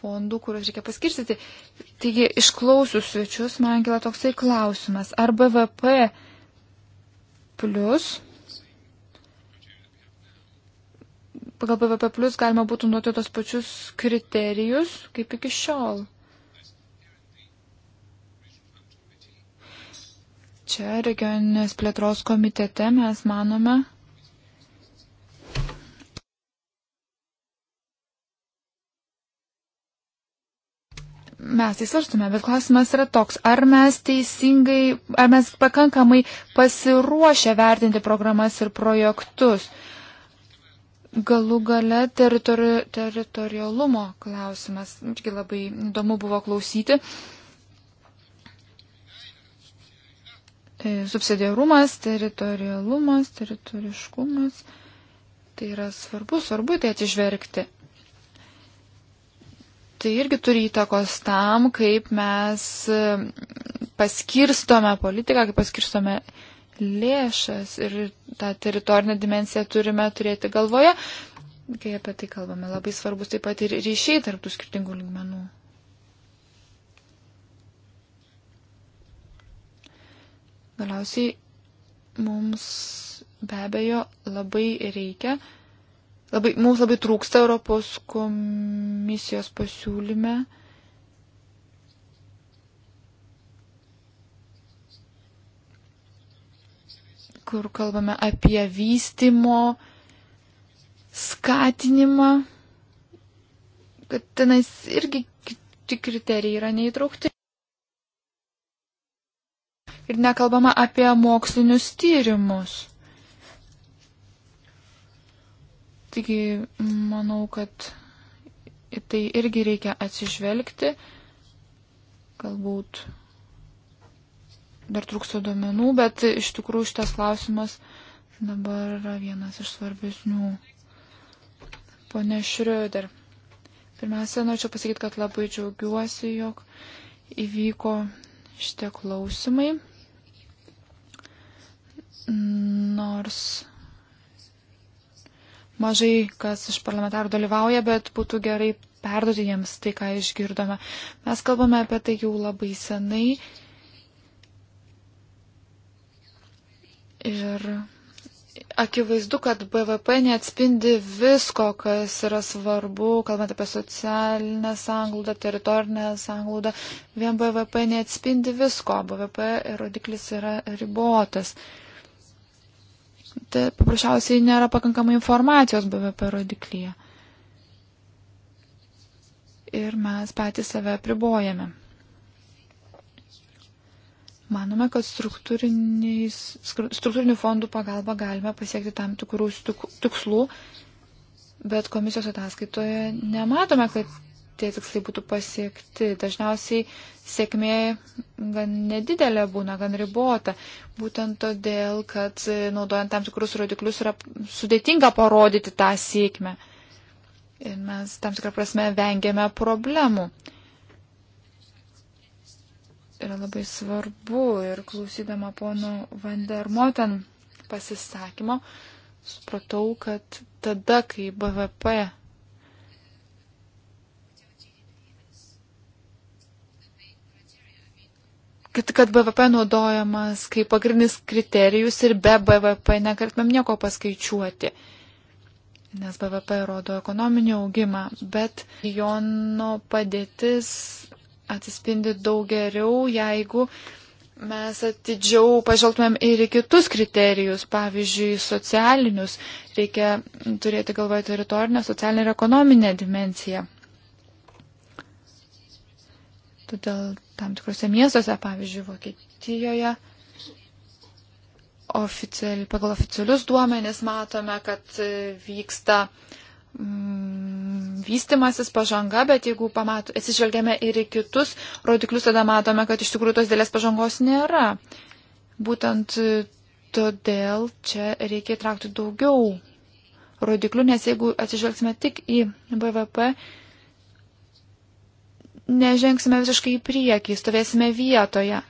fondų, kuriuos reikia paskirstyti. Taigi, išklausius svečius, man kila toksai klausimas, ar BVP plus, pagal BVP plus galima būtų nuoti tos pačius kriterijus kaip iki šiol. Čia regioninės plėtros komitete mes manome, mes tai svarstume, bet klausimas yra toks, ar mes teisingai, ar mes pakankamai pasiruošę vertinti programas ir projektus. Galų gale teritori, teritorialumo klausimas, irgi labai įdomu buvo klausyti. E, subsidiarumas, teritorialumas, teritoriškumas. Tai yra svarbu, svarbu tai atsižvelgti tai irgi turi įtakos tam, kaip mes mm, paskirstome politiką, kaip paskirstome lėšas ir tą teritorinę dimensiją turime turėti galvoje, kai apie tai kalbame. Labai svarbus taip pat ir ryšiai tarptų skirtingų lygmenų. Galiausiai mums be abejo labai reikia labai, mums labai trūksta Europos komisijos pasiūlyme. kur kalbame apie vystimo skatinimą, kad tenais irgi kiti kriterijai yra neįtraukti. Ir nekalbama apie mokslinius tyrimus. Taigi, manau, kad į tai irgi reikia atsižvelgti. Galbūt dar trūksta duomenų, bet iš tikrųjų šitas klausimas dabar yra vienas iš svarbesnių. Pone Šriuder, pirmiausia, norėčiau pasakyti, kad labai džiaugiuosi, jog įvyko šitie klausimai. Nors mažai kas iš parlamentarų dalyvauja, bet būtų gerai perduoti jiems tai, ką išgirdome. Mes kalbame apie tai jau labai senai. Ir akivaizdu, kad BVP neatspindi visko, kas yra svarbu, kalbant apie socialinę sąnglaudą, teritorinę sąnglaudą. Vien BVP neatspindi visko. BVP rodiklis yra ribotas tai paprasčiausiai nėra pakankamai informacijos BVP rodiklyje. Ir mes patys save pribojame. Manome, kad struktūrinių fondų pagalba galime pasiekti tam tikrų tikslų, bet komisijos ataskaitoje nematome, kad tie tikslai būtų pasiekti. Dažniausiai sėkmė gan nedidelė būna, gan ribota. Būtent todėl, kad naudojant tam tikrus rodiklius yra sudėtinga parodyti tą sėkmę. Ir mes tam tikrą prasme vengiame problemų. Yra labai svarbu ir klausydama pono Vandermoten pasisakymo, supratau, kad tada, kai BVP kad, kad BVP naudojamas kaip pagrindinis kriterijus ir be BVP negalėtumėm nieko paskaičiuoti, nes BVP rodo ekonominį augimą, bet regiono padėtis atsispindi daug geriau, jeigu mes atidžiau pažvelgtumėm ir į kitus kriterijus, pavyzdžiui, socialinius. Reikia turėti galvoje teritorinę, socialinę ir ekonominę dimenciją. Todėl tam tikrose miestuose, pavyzdžiui, Vokietijoje, oficiali, pagal oficialius duomenis matome, kad e, vyksta mm, vystimasis pažanga, bet jeigu pamatų, atsižvelgiame ir į kitus rodiklius, tada matome, kad iš tikrųjų tos dėlės pažangos nėra. Būtent e, todėl čia reikia įtraukti daugiau rodiklių, nes jeigu atsižvelgsime tik į BVP, nežengsime visiškai į priekį, stovėsime vietoje.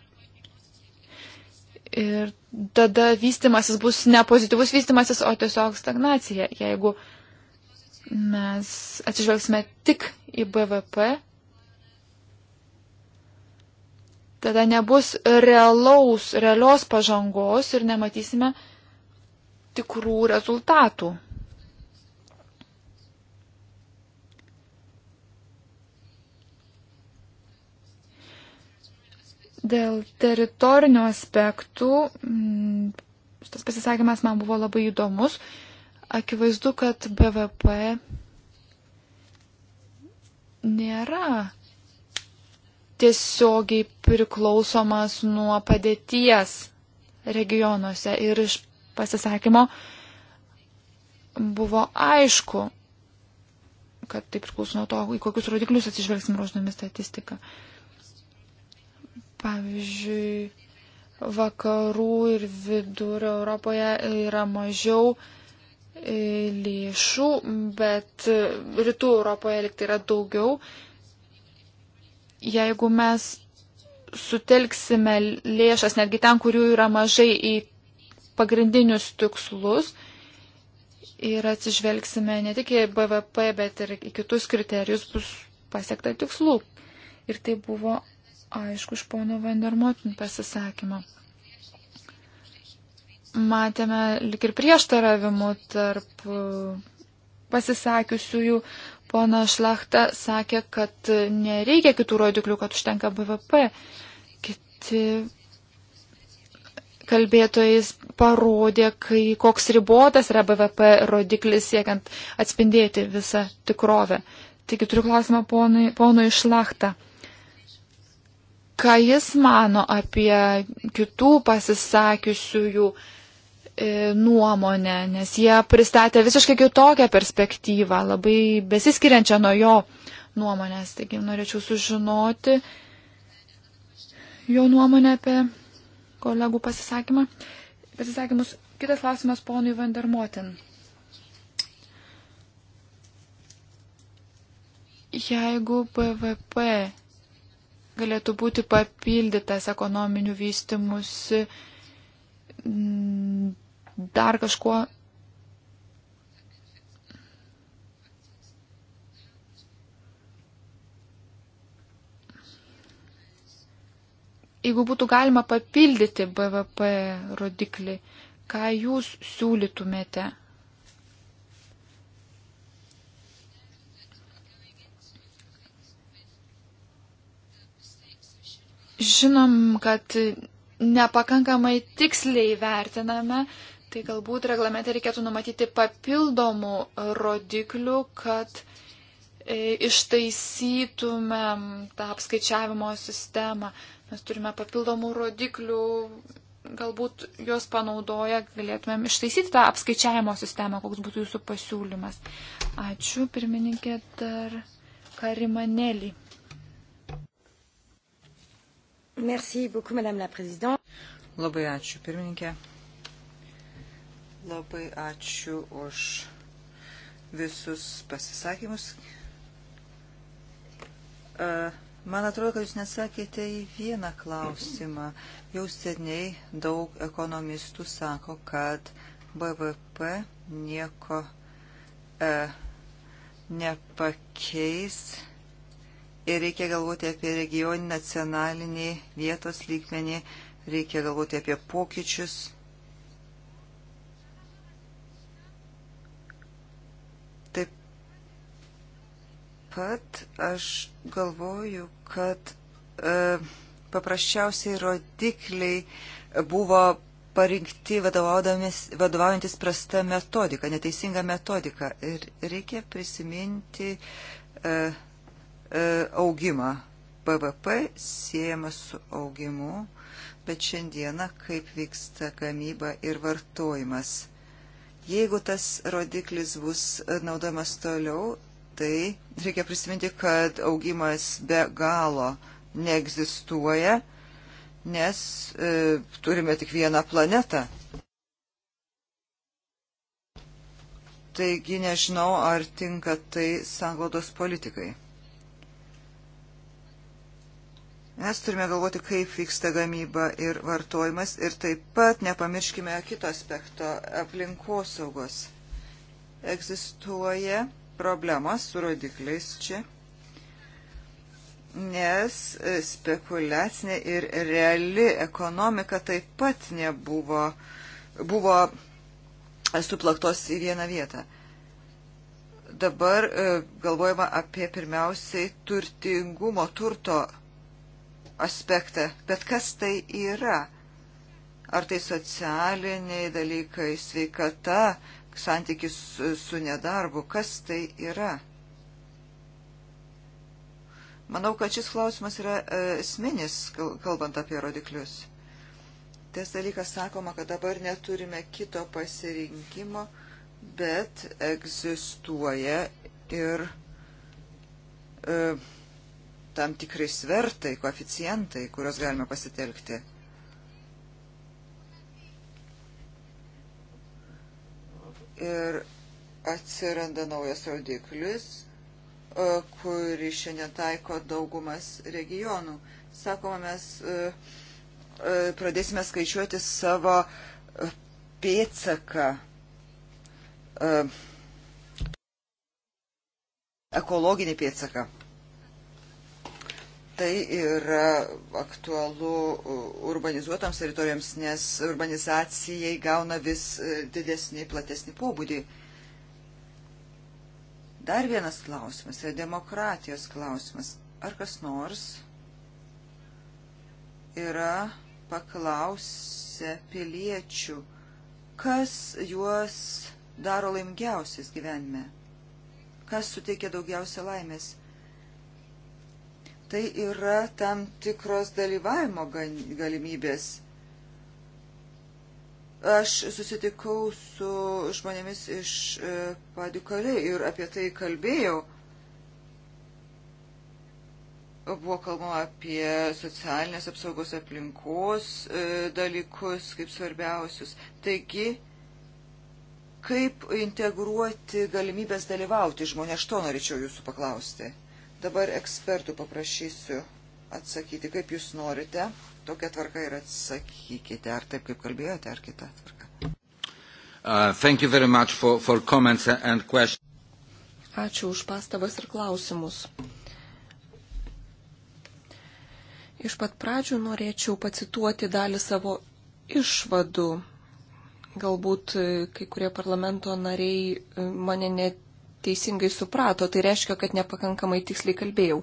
Ir tada vystimasis bus ne pozityvus vystimasis, o tiesiog stagnacija. Jeigu mes atsižvelgsime tik į BVP, tada nebus realaus, realios pažangos ir nematysime tikrų rezultatų. Dėl teritorinių aspektų, mm, tas pasisakymas man buvo labai įdomus. Akivaizdu, kad BVP nėra tiesiogiai priklausomas nuo padėties regionuose. Ir iš pasisakymo buvo aišku, kad tai priklauso nuo to, į kokius rodiklius atsižvelgsim ruoždami statistiką. Uh, Pavyzdžiui, vakarų ir vidurio Europoje yra mažiau e, lėšų, bet e, rytų Europoje liktai yra daugiau. Jeigu mes sutelksime lėšas netgi ten, kurių yra mažai į pagrindinius tikslus ir atsižvelgsime ne tik į BVP, bet ir į kitus kriterijus bus pasiekta tikslų. Ir tai buvo aišku iš pono Vandermotin pasisakymo. Matėme lik ir prieštaravimų tarp uh, pasisakiusiųjų. Pona Šlachta sakė, kad nereikia kitų rodiklių, kad užtenka BVP. Kiti kalbėtojais parodė, kai, koks ribotas yra BVP rodiklis siekiant atspindėti visą tikrovę. Taigi turiu klausimą ponui, ponui Šlachtą ką jis mano apie kitų pasisakiusiųjų e, nuomonę, nes jie pristatė visiškai kitokią perspektyvą, labai besiskiriančią nuo jo nuomonės. Taigi norėčiau sužinoti jo nuomonę apie kolegų pasisakymą. pasisakymus. Kitas klausimas ponui Vandermotin. Jeigu PVP galėtų būti papildytas ekonominių vystimus mm, dar kažkuo. Jeigu būtų galima papildyti BVP rodiklį, ką jūs siūlytumėte? žinom, kad nepakankamai tiksliai vertiname, tai galbūt reglamente reikėtų numatyti papildomų rodiklių, kad e, ištaisytumėm tą apskaičiavimo sistemą. Mes turime papildomų rodiklių, galbūt juos panaudoja, galėtumėm ištaisyti tą apskaičiavimo sistemą, koks būtų jūsų pasiūlymas. Ačiū, pirmininkė, dar Karimanelį. Merci beaucoup, Madame la Présidente. Labai ačiū, pirmininkė. Labai ačiū už visus pasisakymus. E, man atrodo, kad jūs nesakėte į vieną klausimą. Jau seniai daug ekonomistų sako, kad BVP nieko e, nepakeis Ir reikia galvoti apie regioninį, nacionalinį, vietos lygmenį, reikia galvoti apie pokyčius. Taip pat aš galvoju, kad e, paprasčiausiai rodikliai buvo parinkti vadovaujantis prasta metodika, neteisinga metodika. Ir reikia prisiminti e, E, augimą. PVP siejamas su augimu, bet šiandieną kaip vyksta gamyba ir vartojimas. Jeigu tas rodiklis bus naudojamas toliau, tai reikia prisiminti, kad augimas be galo neegzistuoja, nes e, turime tik vieną planetą. Taigi nežinau, ar tinka tai sanglaudos politikai. Mes turime galvoti, kaip vyksta gamyba ir vartojimas ir taip pat nepamirškime kito aspekto - aplinkosaugos. Egzistuoja problemas su rodikliais čia, nes spekulacinė ir reali ekonomika taip pat nebuvo buvo suplaktos į vieną vietą dabar e, galvojama apie pirmiausiai turtingumo turto aspektą. Bet kas tai yra? Ar tai socialiniai dalykai, sveikata, santykis su nedarbu? Kas tai yra? Manau, kad šis klausimas yra e, esminis, kalbant apie rodiklius. Tas dalykas sakoma, kad dabar neturime kito pasirinkimo, bet egzistuoja ir e, tam tikrai svertai, koeficientai, kuriuos galime pasitelkti. Ir atsiranda naujas rodiklis, e, kurį šiandien taiko daugumas regionų. Sakoma, mes e, e, pradėsime skaičiuoti savo pėtsaką ekologinį pėtsaką. Tai yra aktualu urbanizuotams teritorijoms, nes urbanizacijai gauna vis e, didesnį, platesnį pobūdį. Dar vienas klausimas yra demokratijos klausimas. Ar kas nors yra paklausę piliečių, kas juos daro laimingiausiais gyvenime, kas suteikia daugiausia laimės tai yra tam tikros dalyvavimo galimybės. Aš susitikau su žmonėmis iš e, padikaliai ir apie tai kalbėjau. Buvo kalbama apie socialinės apsaugos aplinkos e, dalykus kaip svarbiausius. Taigi, kaip integruoti galimybės dalyvauti žmonės, aš to norėčiau jūsų paklausti. Dabar ekspertų paprašysiu atsakyti, kaip jūs norite. Tokia tvarka ir atsakykite, ar taip, kaip kalbėjote, ar kita tvarka. Uh, for, for Ačiū už pastabas ir klausimus. Iš pat pradžių norėčiau pacituoti dalį savo išvadų. Galbūt e, kai kurie parlamento nariai e, mane net teisingai suprato, tai reiškia, kad nepakankamai tiksliai kalbėjau.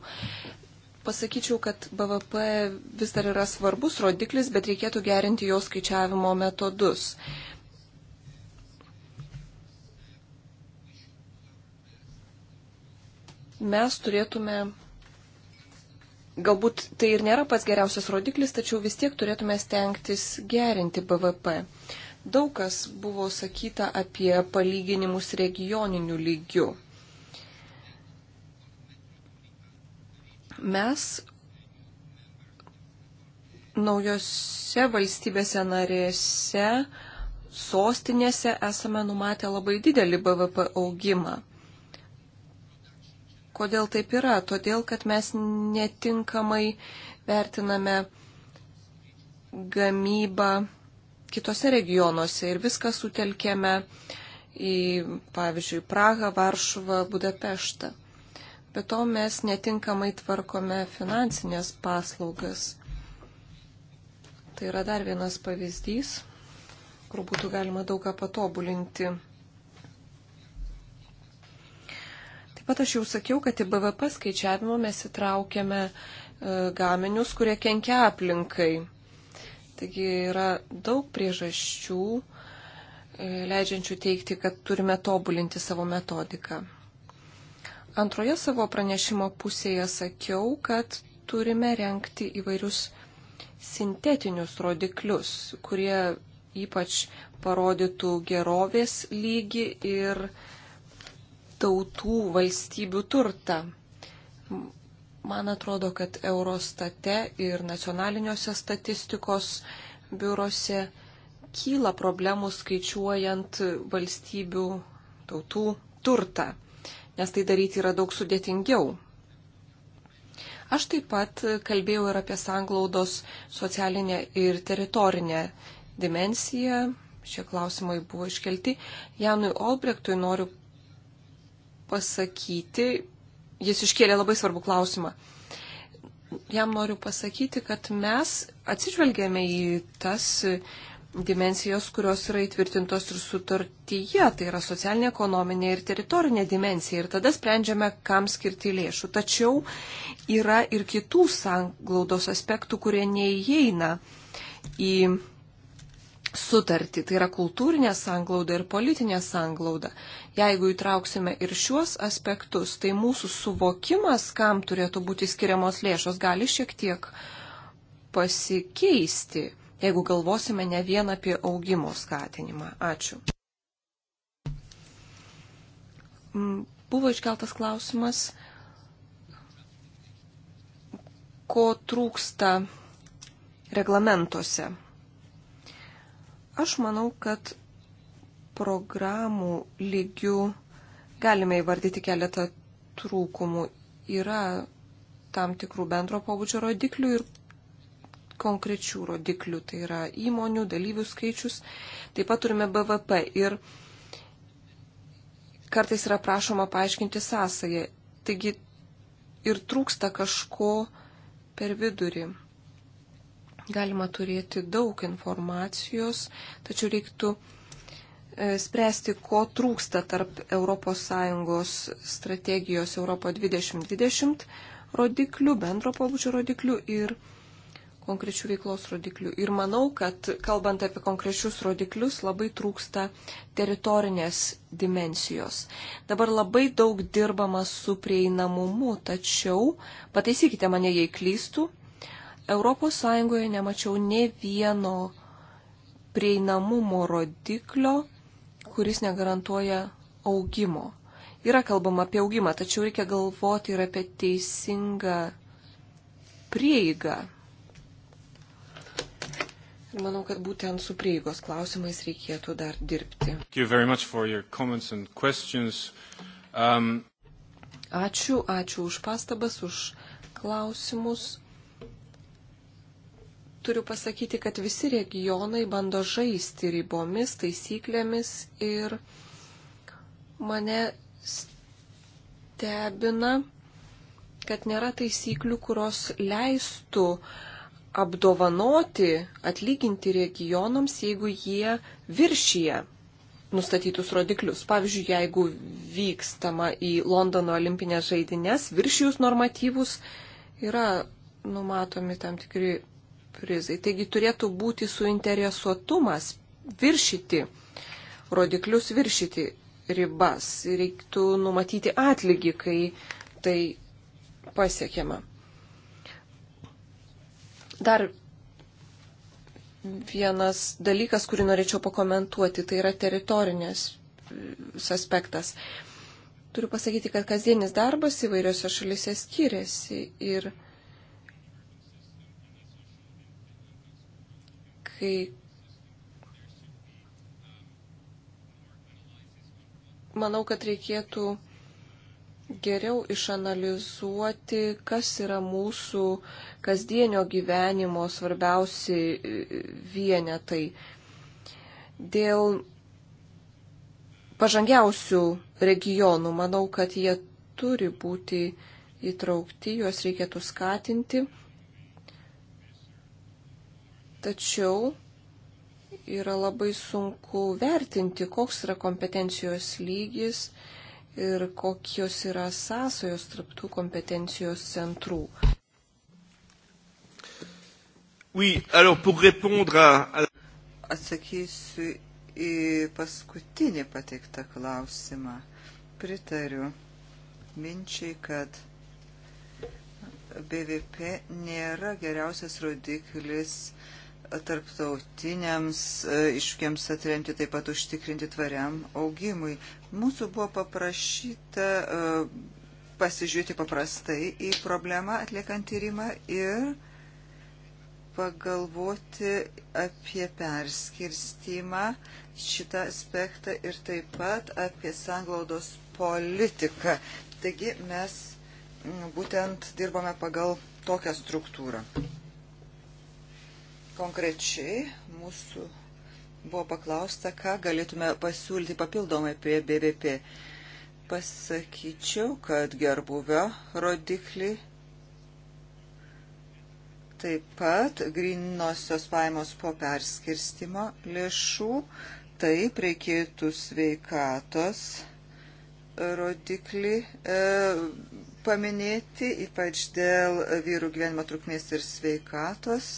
Pasakyčiau, kad BVP vis dar yra svarbus rodiklis, bet reikėtų gerinti jo skaičiavimo metodus. Mes turėtume, galbūt tai ir nėra pats geriausias rodiklis, tačiau vis tiek turėtume stengtis gerinti BVP. Daug kas buvo sakyta apie palyginimus regioninių lygių. Mes naujose valstybėse narėse, sostinėse esame numatę labai didelį BVP augimą. Kodėl taip yra? Todėl, kad mes netinkamai vertiname gamybą kitose regionuose ir viską sutelkėme į, pavyzdžiui, Prahą, Varšuvą, Budapeštą. Be to mes netinkamai tvarkome finansinės paslaugas. Tai yra dar vienas pavyzdys, kur būtų galima daug ką patobulinti. Taip pat aš jau sakiau, kad į BVP skaičiavimą mes įtraukiame e, gaminius, kurie kenkia aplinkai. Taigi yra daug priežasčių, e, leidžiančių teikti, kad turime tobulinti savo metodiką. Antroje savo pranešimo pusėje sakiau, kad turime renkti įvairius sintetinius rodiklius, kurie ypač parodytų gerovės lygį ir tautų valstybių turtą. Man atrodo, kad Eurostate ir nacionaliniuose statistikos biurose kyla problemų skaičiuojant valstybių tautų turtą, nes tai daryti yra daug sudėtingiau. Aš taip pat kalbėjau ir apie sanglaudos socialinę ir teritorinę dimensiją. Šie klausimai buvo iškelti. Janui Olbrechtui noriu pasakyti, jis iškėlė labai svarbų klausimą. Jam noriu pasakyti, kad mes atsižvelgėme į tas dimensijos, kurios yra įtvirtintos ir sutartyje, tai yra socialinė, ekonominė ir teritorinė dimensija. Ir tada sprendžiame, kam skirti lėšų. Tačiau yra ir kitų sanglaudos aspektų, kurie neįeina į sutartį, tai yra kultūrinė sanglauda ir politinė sanglauda. Jeigu įtrauksime ir šiuos aspektus, tai mūsų suvokimas, kam turėtų būti skiriamos lėšos, gali šiek tiek pasikeisti, jeigu galvosime ne vien apie augimo skatinimą. Ačiū. Mm, buvo iškeltas klausimas, ko trūksta reglamentuose Aš manau, kad programų lygių galime įvardyti keletą trūkumų. Yra tam tikrų bendro pobūdžio rodiklių ir konkrečių rodiklių, tai yra įmonių, dalyvių skaičius. Taip pat turime BVP ir kartais yra prašoma paaiškinti sąsąją. Taigi ir trūksta kažko per vidurį. Galima turėti daug informacijos, tačiau reiktų e, spręsti, ko trūksta tarp ES strategijos Europo 2020 rodiklių, bendro pobūdžio rodiklių ir konkrečių veiklos rodiklių. Ir manau, kad kalbant apie konkrečius rodiklius, labai trūksta teritorinės dimensijos. Dabar labai daug dirbama su prieinamumu, tačiau pataisykite mane, jei klystų, ES nemačiau ne vieno prieinamumo rodiklio, kuris negarantuoja augimo. Yra kalbama apie augimą, tačiau reikia galvoti ir apie teisingą prieigą. Ir manau, kad būtent su prieigos klausimais reikėtų dar dirbti. Um... Ačiū, ačiū už pastabas, už klausimus turiu pasakyti, kad visi regionai bando žaisti ribomis, taisyklėmis ir mane stebina, kad nėra taisyklių, kurios leistų apdovanoti, atlyginti regionams, jeigu jie viršyje nustatytus rodiklius. Pavyzdžiui, jeigu vykstama į Londono olimpinės žaidinės, viršijus normatyvus yra numatomi tam tikri prizai. Taigi turėtų būti suinteresuotumas viršyti, rodiklius viršyti ribas. Reiktų numatyti atlygį, kai tai pasiekiama. Dar vienas dalykas, kurį norėčiau pakomentuoti, tai yra teritorinės mm, aspektas. Turiu pasakyti, kad kasdienis darbas įvairiose šalise skiriasi ir kai manau, kad reikėtų geriau išanalizuoti, kas yra mūsų kasdienio gyvenimo svarbiausi e, vienetai. Dėl pažangiausių regionų manau, kad jie turi būti įtraukti, juos reikėtų skatinti. Tačiau yra labai sunku vertinti, koks yra kompetencijos lygis ir kokios yra sąsojos traptų kompetencijos centrų. Oui, alors pour répondre à... Atsakysiu į paskutinį pateiktą klausimą. Pritariu minčiai, kad BVP nėra geriausias rodiklis uh, tarptautiniams e, iššūkiams atremti, taip pat užtikrinti tvariam augimui. Mūsų buvo paprašyta e, pasižiūrėti paprastai į problemą atliekant tyrimą ir pagalvoti apie perskirstimą šitą aspektą ir taip pat apie sanglaudos politiką. Taigi mes būtent dirbame pagal tokią struktūrą. Konkrečiai mūsų buvo paklausta, ką galėtume pasiūlyti papildomai apie BVP. Pasakyčiau, kad gerbuvio rodiklį taip pat grinosios paimos po perskirstimo lėšų, taip reikėtų sveikatos rodiklį e, paminėti, ypač dėl vyrų gyvenimo trukmės ir sveikatos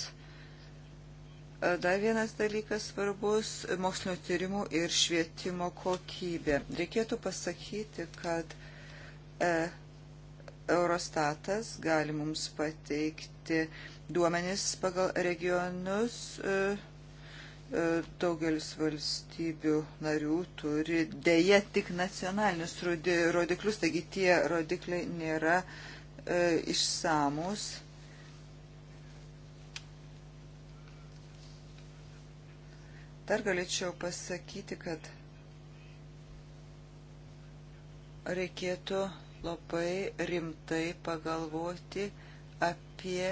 Dar vienas dalykas svarbus - mokslinio tyrimų ir švietimo kokybė. Reikėtų pasakyti, kad e, Eurostatas gali mums pateikti duomenis pagal regionus. E, e daugelis valstybių narių turi dėje tik nacionalinius rodiklius, taigi tie rodikliai nėra e, išsamus. E, Dar galėčiau pasakyti, kad reikėtų labai rimtai pagalvoti apie e,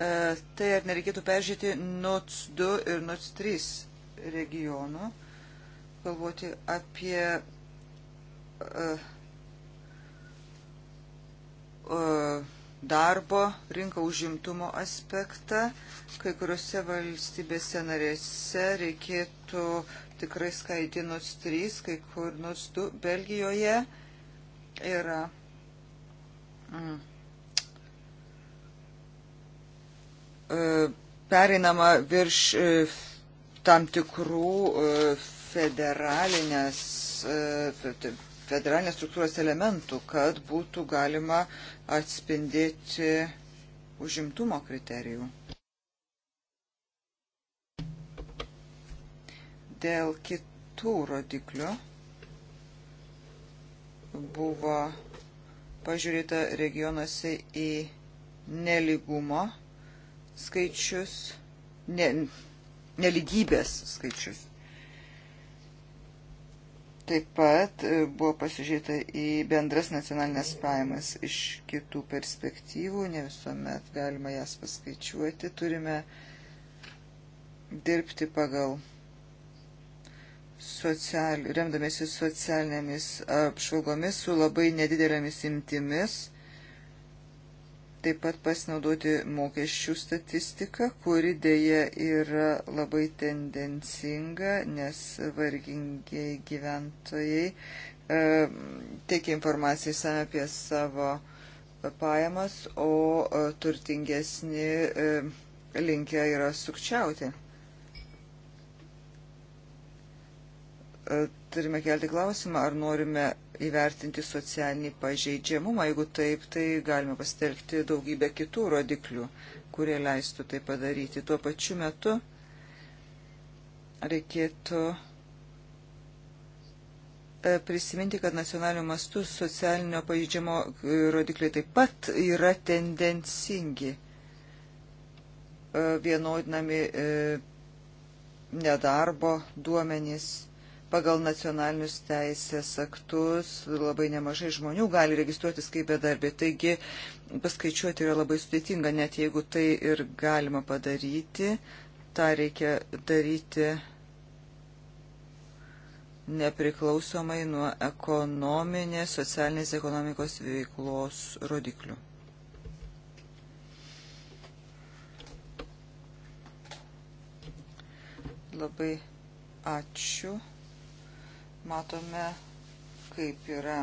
tai, ar nereikėtų peržiūrėti NOTS 2 ir NOTS 3 regionų, galvoti apie e, e, darbo rinką užimtumo aspektą. Kai kuriuose valstybėse narėse reikėtų tikrai skaityti nors 3, kai kur nors 2. Belgijoje yra. Mm. E, pereinama virš e, tam tikrų e, federalinės, federalinės struktūros elementų, kad būtų galima atspindėti užimtumo kriterijų. Dėl kitų rodiklių buvo pažiūrėta regionuose į neligumo skaičius, ne, neligybės skaičius. Taip pat e, buvo pasižiūrėta į bendras nacionalinės pajamas iš kitų perspektyvų, ne visuomet galima jas paskaičiuoti. Turime dirbti pagal social, remdamėsi socialinėmis apšvalgomis su labai nedidelėmis imtimis taip pat pasinaudoti mokesčių statistiką, kuri dėja yra labai tendencinga, nes vargingiai gyventojai e, teikia informaciją įsame apie savo pajamas, o e, turtingesni e, linkia yra sukčiauti. E, turime kelti klausimą, ar norime įvertinti socialinį pažeidžiamumą. Jeigu taip, tai galime pasitelkti daugybę kitų rodiklių, kurie leistų tai padaryti. Tuo pačiu metu reikėtų e, prisiminti, kad nacionaliniu mastu socialinio pažydžiamo e, rodikliai taip pat yra tendencingi. Vienodinami nedarbo duomenys pagal nacionalinius teisės aktus labai nemažai žmonių gali registruotis kaip bedarbė. Taigi paskaičiuoti yra labai sudėtinga, net jeigu tai ir galima padaryti, tą reikia daryti nepriklausomai nuo ekonominės, socialinės ekonomikos veiklos rodiklių. Labai ačiū. Matome, kaip yra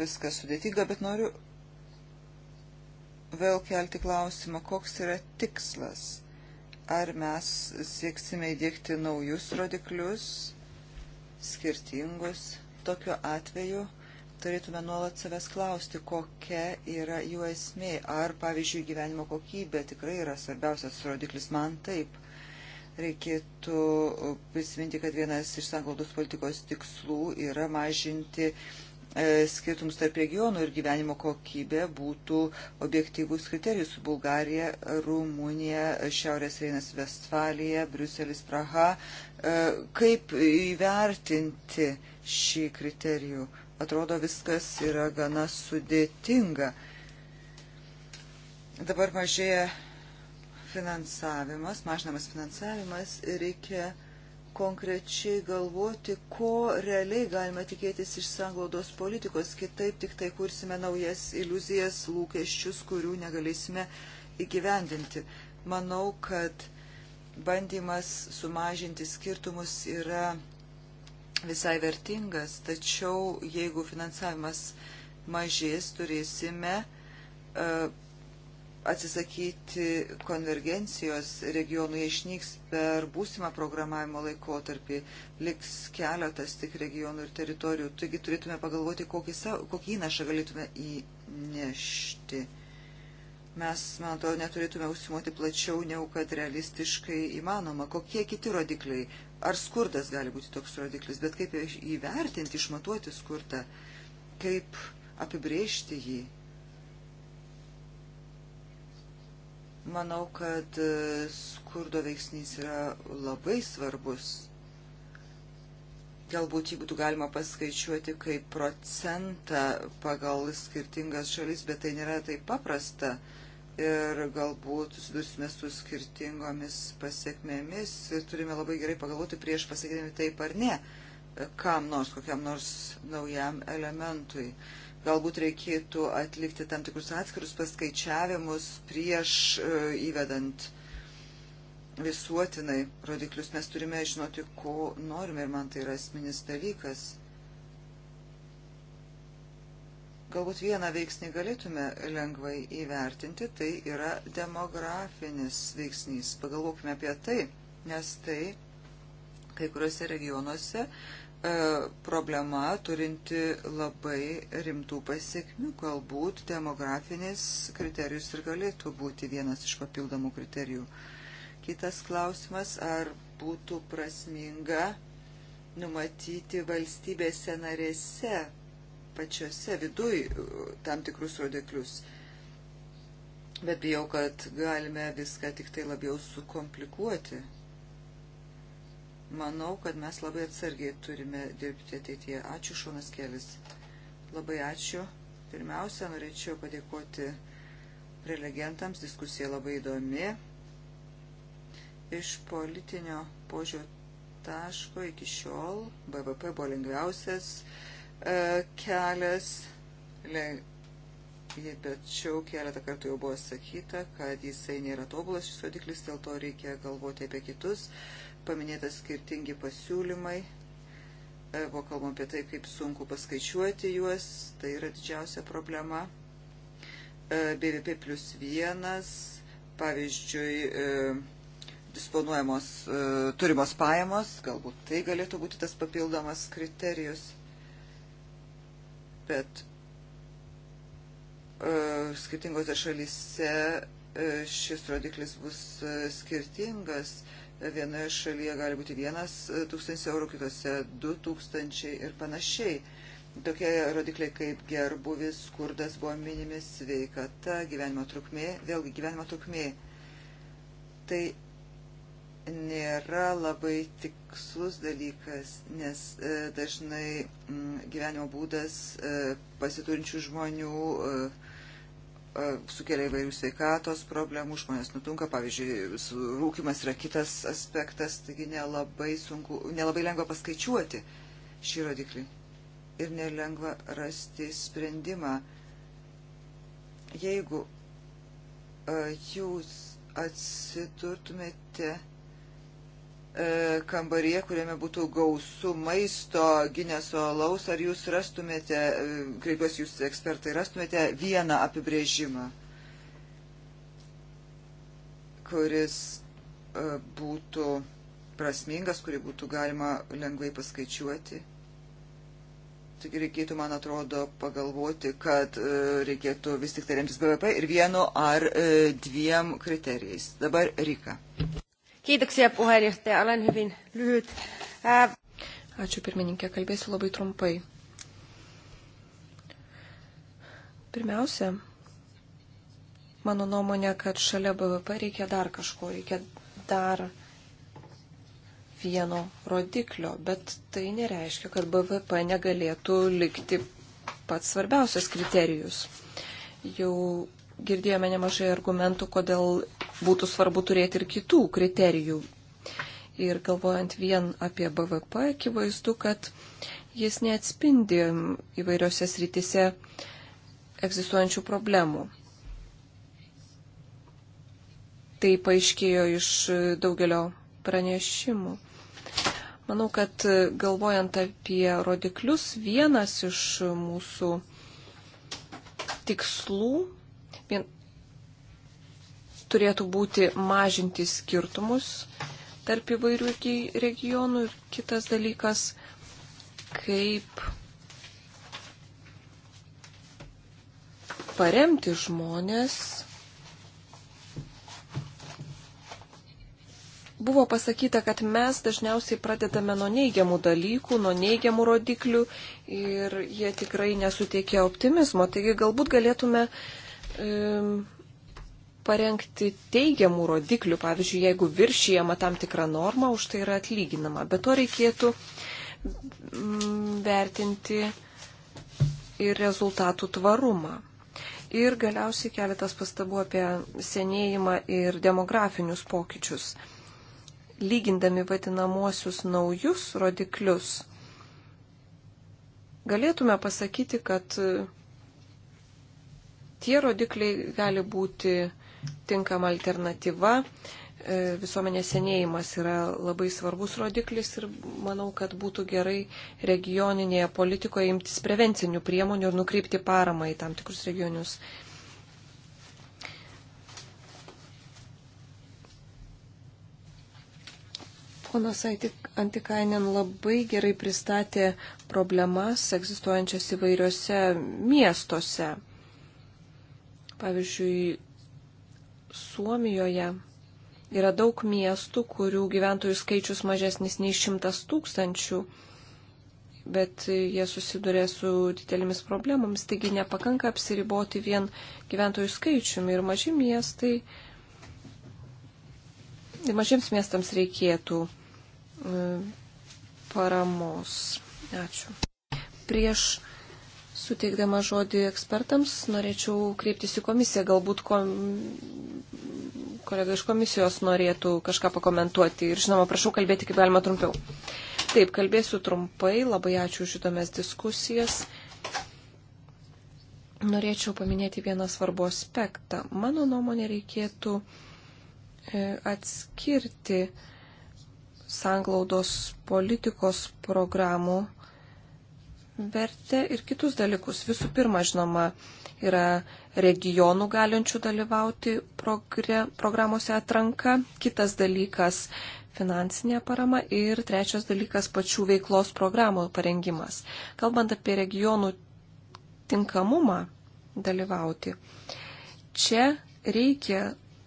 viskas sudėtinga, bet noriu vėl kelti klausimą, koks yra tikslas. Ar mes sieksime įdėkti naujus rodiklius, skirtingus, tokiu atveju turėtume nuolat savęs klausti, kokia yra jų esmė. Ar, pavyzdžiui, gyvenimo kokybė tikrai yra svarbiausias rodiklis man taip. Reikėtų prisiminti, kad vienas iš sanglaudos politikos tikslų yra mažinti e, skirtumus tarp regionų ir gyvenimo kokybė būtų objektyvus kriterijus. Bulgarija, Rumunija, Šiaurės Reinas Vestfalija, Briuselis, Praha. E, kaip įvertinti šį kriterijų? Atrodo, viskas yra gana sudėtinga. Dabar mažėja finansavimas, mažinamas finansavimas ir reikia konkrečiai galvoti, ko realiai galime tikėtis iš sanglaudos politikos, kitaip tik tai kursime naujas iliuzijas, lūkesčius, kurių negalėsime įgyvendinti. Manau, kad bandymas sumažinti skirtumus yra visai vertingas, tačiau jeigu finansavimas mažės, turėsime uh, atsisakyti konvergencijos regionų išnyks per būsimą programavimo laikotarpį, liks keletas tik regionų ir teritorijų. Taigi turėtume pagalvoti, kokį, savo, kokį įnašą galėtume įnešti. Mes, man atrodo, neturėtume užsimoti plačiau, negu kad realistiškai įmanoma. Kokie kiti rodikliai? Ar skurdas gali būti toks rodiklis, bet kaip įvertinti, išmatuoti skurdą, kaip apibrėžti jį, Manau, kad e, skurdo veiksnys yra labai svarbus. Galbūt jį būtų galima paskaičiuoti kaip procentą pagal skirtingas šalis, bet tai nėra taip paprasta ir galbūt susidursime su skirtingomis pasiekmėmis ir turime labai gerai pagalvoti prieš pasakydami taip ar ne, kam nors, kokiam nors naujam elementui. Galbūt reikėtų atlikti tam tikrus atskirus paskaičiavimus prieš e, įvedant visuotinai rodiklius. Mes turime žinoti, ko norime ir man tai yra asmenis dalykas. Galbūt vieną veiksnį galėtume lengvai įvertinti, tai yra demografinis veiksnys. Pagalvokime apie tai, nes tai kai kuriuose regionuose E, problema turinti labai rimtų pasiekmių, galbūt demografinis kriterijus ir galėtų būti vienas iš papildomų kriterijų. Kitas klausimas, ar būtų prasminga numatyti valstybėse narėse pačiose viduj tam tikrus rodiklius. Bet bijau, kad galime viską tik tai labiau sukomplikuoti. Manau, kad mes labai atsargiai turime dirbti ateityje. Ačiū, Šonas Kelis. Labai ačiū. Pirmiausia, norėčiau padėkoti prelegentams. Diskusija labai įdomi. Iš politinio požiūrio taško iki šiol BVP buvo lengviausias e, kelias, Leng... tačiau keletą kartų jau buvo sakyta, kad jisai nėra tobulas šis rodiklis, dėl to reikia galvoti apie kitus paminėtas skirtingi pasiūlymai, e, buvo kalbama apie tai, kaip sunku paskaičiuoti juos, tai yra didžiausia problema. E, BVP plus vienas, pavyzdžiui, e, disponuojamos turimos pajamos, galbūt tai galėtų būti tas papildomas kriterijus, bet skirtingose šalyse šis rodiklis bus skirtingas Vienoje šalyje gali būti vienas e, tūkstantis eurų, kitose du tūkstančiai ir panašiai. Tokie rodikliai kaip gerbuvis, skurdas buvo minimi, sveikata, gyvenimo trukmė, vėlgi gyvenimo trukmė. Tai nėra labai tikslus dalykas, nes e, dažnai m, gyvenimo būdas e, pasiturinčių žmonių e, E, sukelia įvairių sveikatos problemų, žmonės nutunka, pavyzdžiui, rūkimas yra kitas aspektas, taigi nelabai, sunku, nelabai lengva paskaičiuoti šį rodiklį ir nelengva rasti sprendimą. Jeigu e, jūs atsidurtumėte E, kambaryje, kuriame būtų gausu maisto, gineso alaus, ar jūs rastumėte, e, kreipiuosi jūs ekspertai, rastumėte vieną apibrėžimą, kuris e, būtų prasmingas, kurį būtų galima lengvai paskaičiuoti. Tik reikėtų, man atrodo, pagalvoti, kad reikėtų vis tik tai remtis BVP ir vienu ar dviem kriterijais. Dabar Rika. Kiitoksia puheenjohtaja, olen hyvin lyhyt. Ää... Ačiū pirmininkė, kalbėsiu labai trumpai. Pirmiausia, mano nuomonė, kad šalia BVP reikia dar kažko, reikia dar vieno rodiklio, bet tai nereiškia, kad BVP negalėtų likti pats svarbiausias kriterijus. Jau girdėjome nemažai argumentų, kodėl būtų svarbu turėti ir kitų kriterijų. Ir galvojant vien apie BVP, akivaizdu, kad jis neatspindi įvairiose srityse egzistuojančių problemų. Tai paaiškėjo iš daugelio pranešimų. Manau, kad galvojant apie rodiklius, vienas iš mūsų tikslų, vien, turėtų būti mažinti skirtumus tarp įvairių regionų ir kitas dalykas, kaip paremti žmonės. Buvo pasakyta, kad mes dažniausiai pradedame nuo neigiamų dalykų, nuo neigiamų rodiklių ir jie tikrai nesuteikia optimizmo. Taigi galbūt galėtume um, parengti teigiamų rodiklių, pavyzdžiui, jeigu viršijama tam tikrą normą, už tai yra atlyginama. Bet to reikėtų mm, vertinti ir rezultatų tvarumą. Ir galiausiai keletas pastabų apie senėjimą ir demografinius pokyčius. Lygindami vadinamuosius naujus rodiklius, galėtume pasakyti, kad tie rodikliai gali būti tinkama alternatyva. E, visuomenės senėjimas yra labai svarbus rodiklis ir manau, kad būtų gerai regioninėje politikoje imtis prevencinių priemonių ir nukreipti paramą į tam tikrus regionius. Ponas Antikainen labai gerai pristatė problemas egzistuojančias įvairiuose miestuose. Pavyzdžiui, Suomijoje yra daug miestų, kurių gyventojų skaičius mažesnis nei šimtas tūkstančių, bet jie susiduria su didelėmis problemomis, taigi nepakanka apsiriboti vien gyventojų skaičiumi ir maži miestai. Ir mažiems miestams reikėtų e, paramos. Ačiū. Prieš Suteikdama žodį ekspertams, norėčiau kreiptis į komisiją. Galbūt kom... kolega iš komisijos norėtų kažką pakomentuoti. Ir žinoma, prašau kalbėti kaip galima trumpiau. Taip, kalbėsiu trumpai. Labai ačiū už įdomias diskusijas. Norėčiau paminėti vieną svarbų aspektą. Mano nuomonė reikėtų e, atskirti sanglaudos politikos programų vertę ir kitus dalykus. Visų pirma, žinoma, yra regionų galinčių dalyvauti progre, programuose atranka, kitas dalykas - finansinė parama ir trečias dalykas - pačių veiklos programų parengimas. Kalbant apie regionų tinkamumą dalyvauti, čia reikia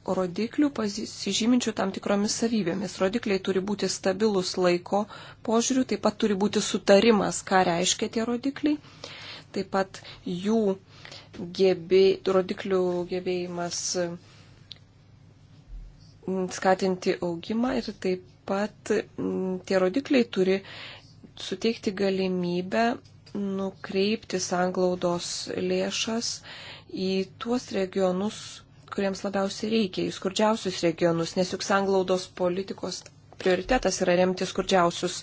rodiklių pasižyminčių tam tikromis savybėmis. Rodikliai turi būti stabilus laiko požiūrių, taip pat turi būti sutarimas, ką reiškia tie rodikliai, taip pat jų gebė, rodiklių gebėjimas mm, skatinti augimą ir taip pat mm, tie rodikliai turi suteikti galimybę nukreipti sanglaudos lėšas į tuos regionus, kuriems labiausiai reikia, į skurdžiausius regionus, nes juk sanglaudos politikos prioritetas yra remti skurdžiausius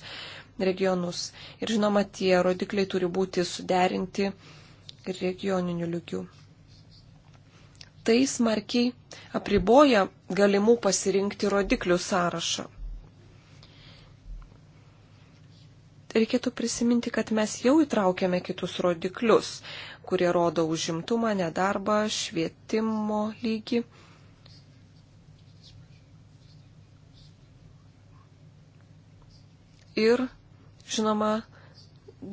regionus. Ir žinoma, tie rodikliai turi būti suderinti ir regioniniu lygiu. Tai smarkiai apriboja galimų pasirinkti rodiklių sąrašą. reikėtų prisiminti, kad mes jau įtraukėme kitus rodiklius, kurie rodo užimtumą, nedarbą, švietimo lygį. Ir, žinoma,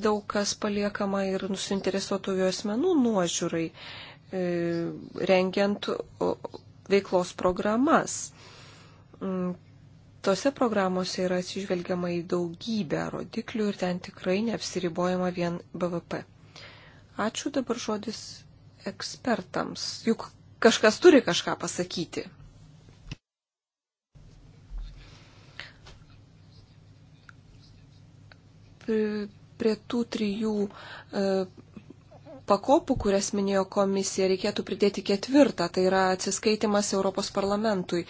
daug kas paliekama ir nusinteresuotųjų asmenų nuožiūrai, e, rengiant veiklos programas mm, Tose programose yra atsižvelgiama į daugybę rodiklių ir ten tikrai neapsiribojama vien BVP. Ačiū dabar žodis ekspertams. Juk kažkas turi kažką pasakyti. Prie tų trijų e, pakopų, kurias minėjo komisija, reikėtų pridėti ketvirtą, tai yra atsiskaitimas Europos parlamentui.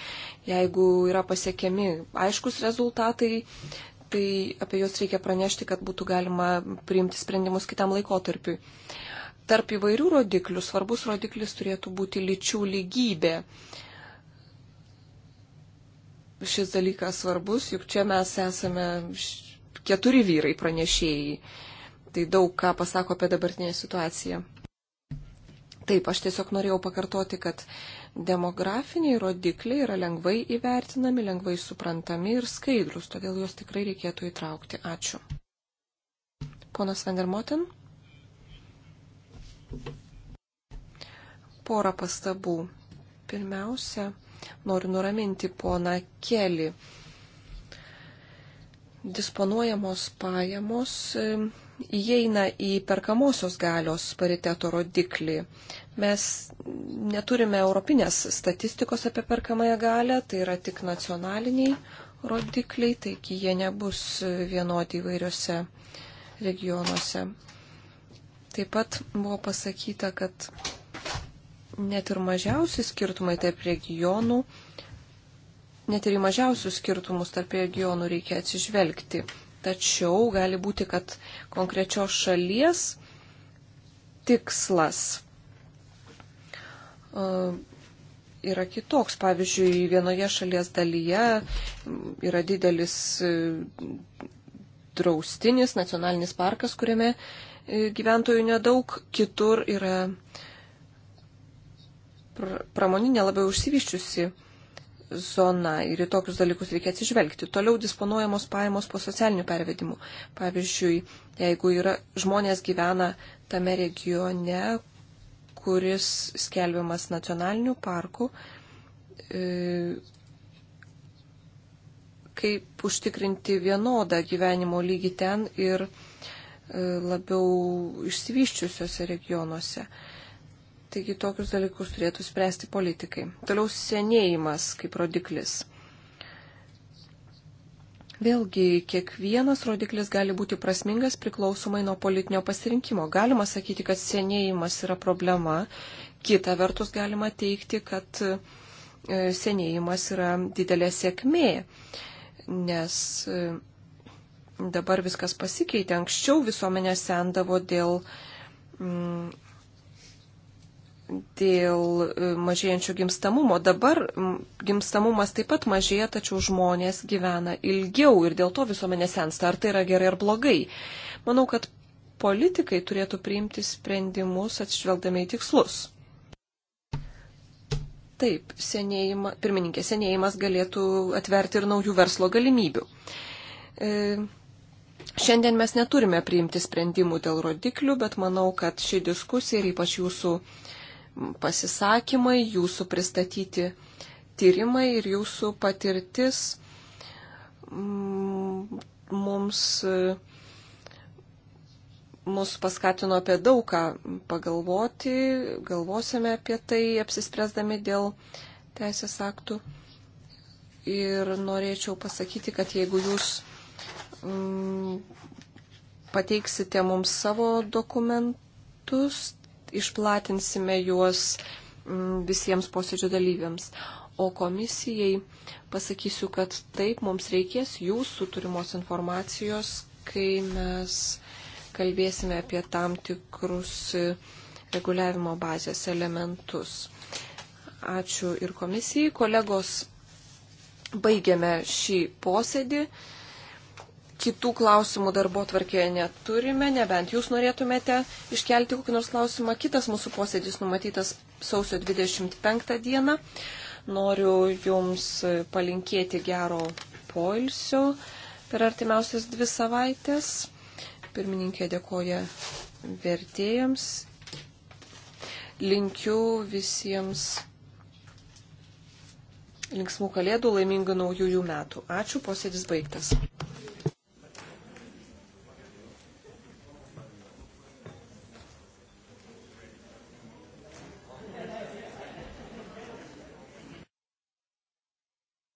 Jeigu yra pasiekiami aiškus rezultatai, tai apie juos reikia pranešti, kad būtų galima priimti sprendimus kitam laikotarpiui. Tarp įvairių rodiklių svarbus rodiklis turėtų būti lyčių lygybė šis dalykas svarbus, juk čia mes esame keturi vyrai pranešėjai tai daug ką pasako apie dabartinę situaciją. Taip, aš tiesiog norėjau pakartoti, kad demografiniai rodikliai yra lengvai įvertinami, lengvai suprantami ir skaidrus, todėl juos tikrai reikėtų įtraukti. Ačiū. Ponas Vandermoten. Porą pastabų. Pirmiausia, noriu nuraminti poną Kelį disponuojamos pajamos e, įeina į perkamosios galios pariteto rodiklį. Mes neturime europinės statistikos apie perkamąją galę, tai yra tik nacionaliniai rodikliai, taigi jie nebus vienodi įvairiose regionuose. Taip pat buvo pasakyta, kad net ir mažiausi skirtumai tarp regionų, net ir į mažiausius skirtumus tarp regionų reikia atsižvelgti tačiau gali būti, kad konkrečios šalies tikslas e, yra kitoks. Pavyzdžiui, vienoje šalies dalyje yra didelis e, draustinis, nacionalinis parkas, kuriame e, gyventojų nedaug, kitur yra pramoninė labiau užsivyščiusi zona ir į tokius dalykus reikia atsižvelgti. Toliau disponuojamos pajamos po socialinių pervedimų. Pavyzdžiui, jeigu yra, žmonės gyvena tame regione, kuris skelbiamas nacionaliniu parku, e, kaip užtikrinti vienodą gyvenimo lygį ten ir e, labiau išsivyščiusiuose regionuose. Taigi tokius dalykus turėtų spręsti politikai. Toliau senėjimas kaip rodiklis. Vėlgi, kiekvienas rodiklis gali būti prasmingas priklausomai nuo politinio pasirinkimo. Galima sakyti, kad senėjimas yra problema, kita vertus galima teikti, kad e, senėjimas yra didelė sėkmė, nes e, dabar viskas pasikeitė. Anksčiau visuomenė sendavo dėl dėl e, mažėjančio gimstamumo. Dabar gimstamumas taip pat mažėja, tačiau žmonės gyvena ilgiau ir dėl to visuomenė sensta. Ar tai yra gerai ar blogai? Manau, kad politikai turėtų priimti sprendimus atsižvelgdami į tikslus. Taip, senėjima, pirmininkė, senėjimas galėtų atverti ir naujų verslo galimybių. E, šiandien mes neturime priimti sprendimų dėl rodiklių, bet manau, kad ši diskusija ir ypač jūsų pasisakymai, jūsų pristatyti tyrimai ir jūsų patirtis mm, mums mus paskatino apie daug ką pagalvoti, galvosime apie tai, apsispręsdami dėl teisės aktų. Ir norėčiau pasakyti, kad jeigu jūs mm, pateiksite mums savo dokumentus, išplatinsime juos mm, visiems posėdžio dalyviams. O komisijai pasakysiu, kad taip mums reikės jūsų turimos informacijos, kai mes kalbėsime apie tam tikrus reguliavimo bazės elementus. Ačiū ir komisijai. Kolegos, baigiame šį posėdį. Kitų klausimų darbo tvarkėje neturime, nebent jūs norėtumėte iškelti kokį nors klausimą. Kitas mūsų posėdis numatytas sausio 25 dieną. Noriu jums palinkėti gero poilsio per artimiausias dvi savaitės. Pirmininkė dėkoja vertėjams. Linkiu visiems linksmų kalėdų, laimingų naujųjų metų. Ačiū, posėdis baigtas.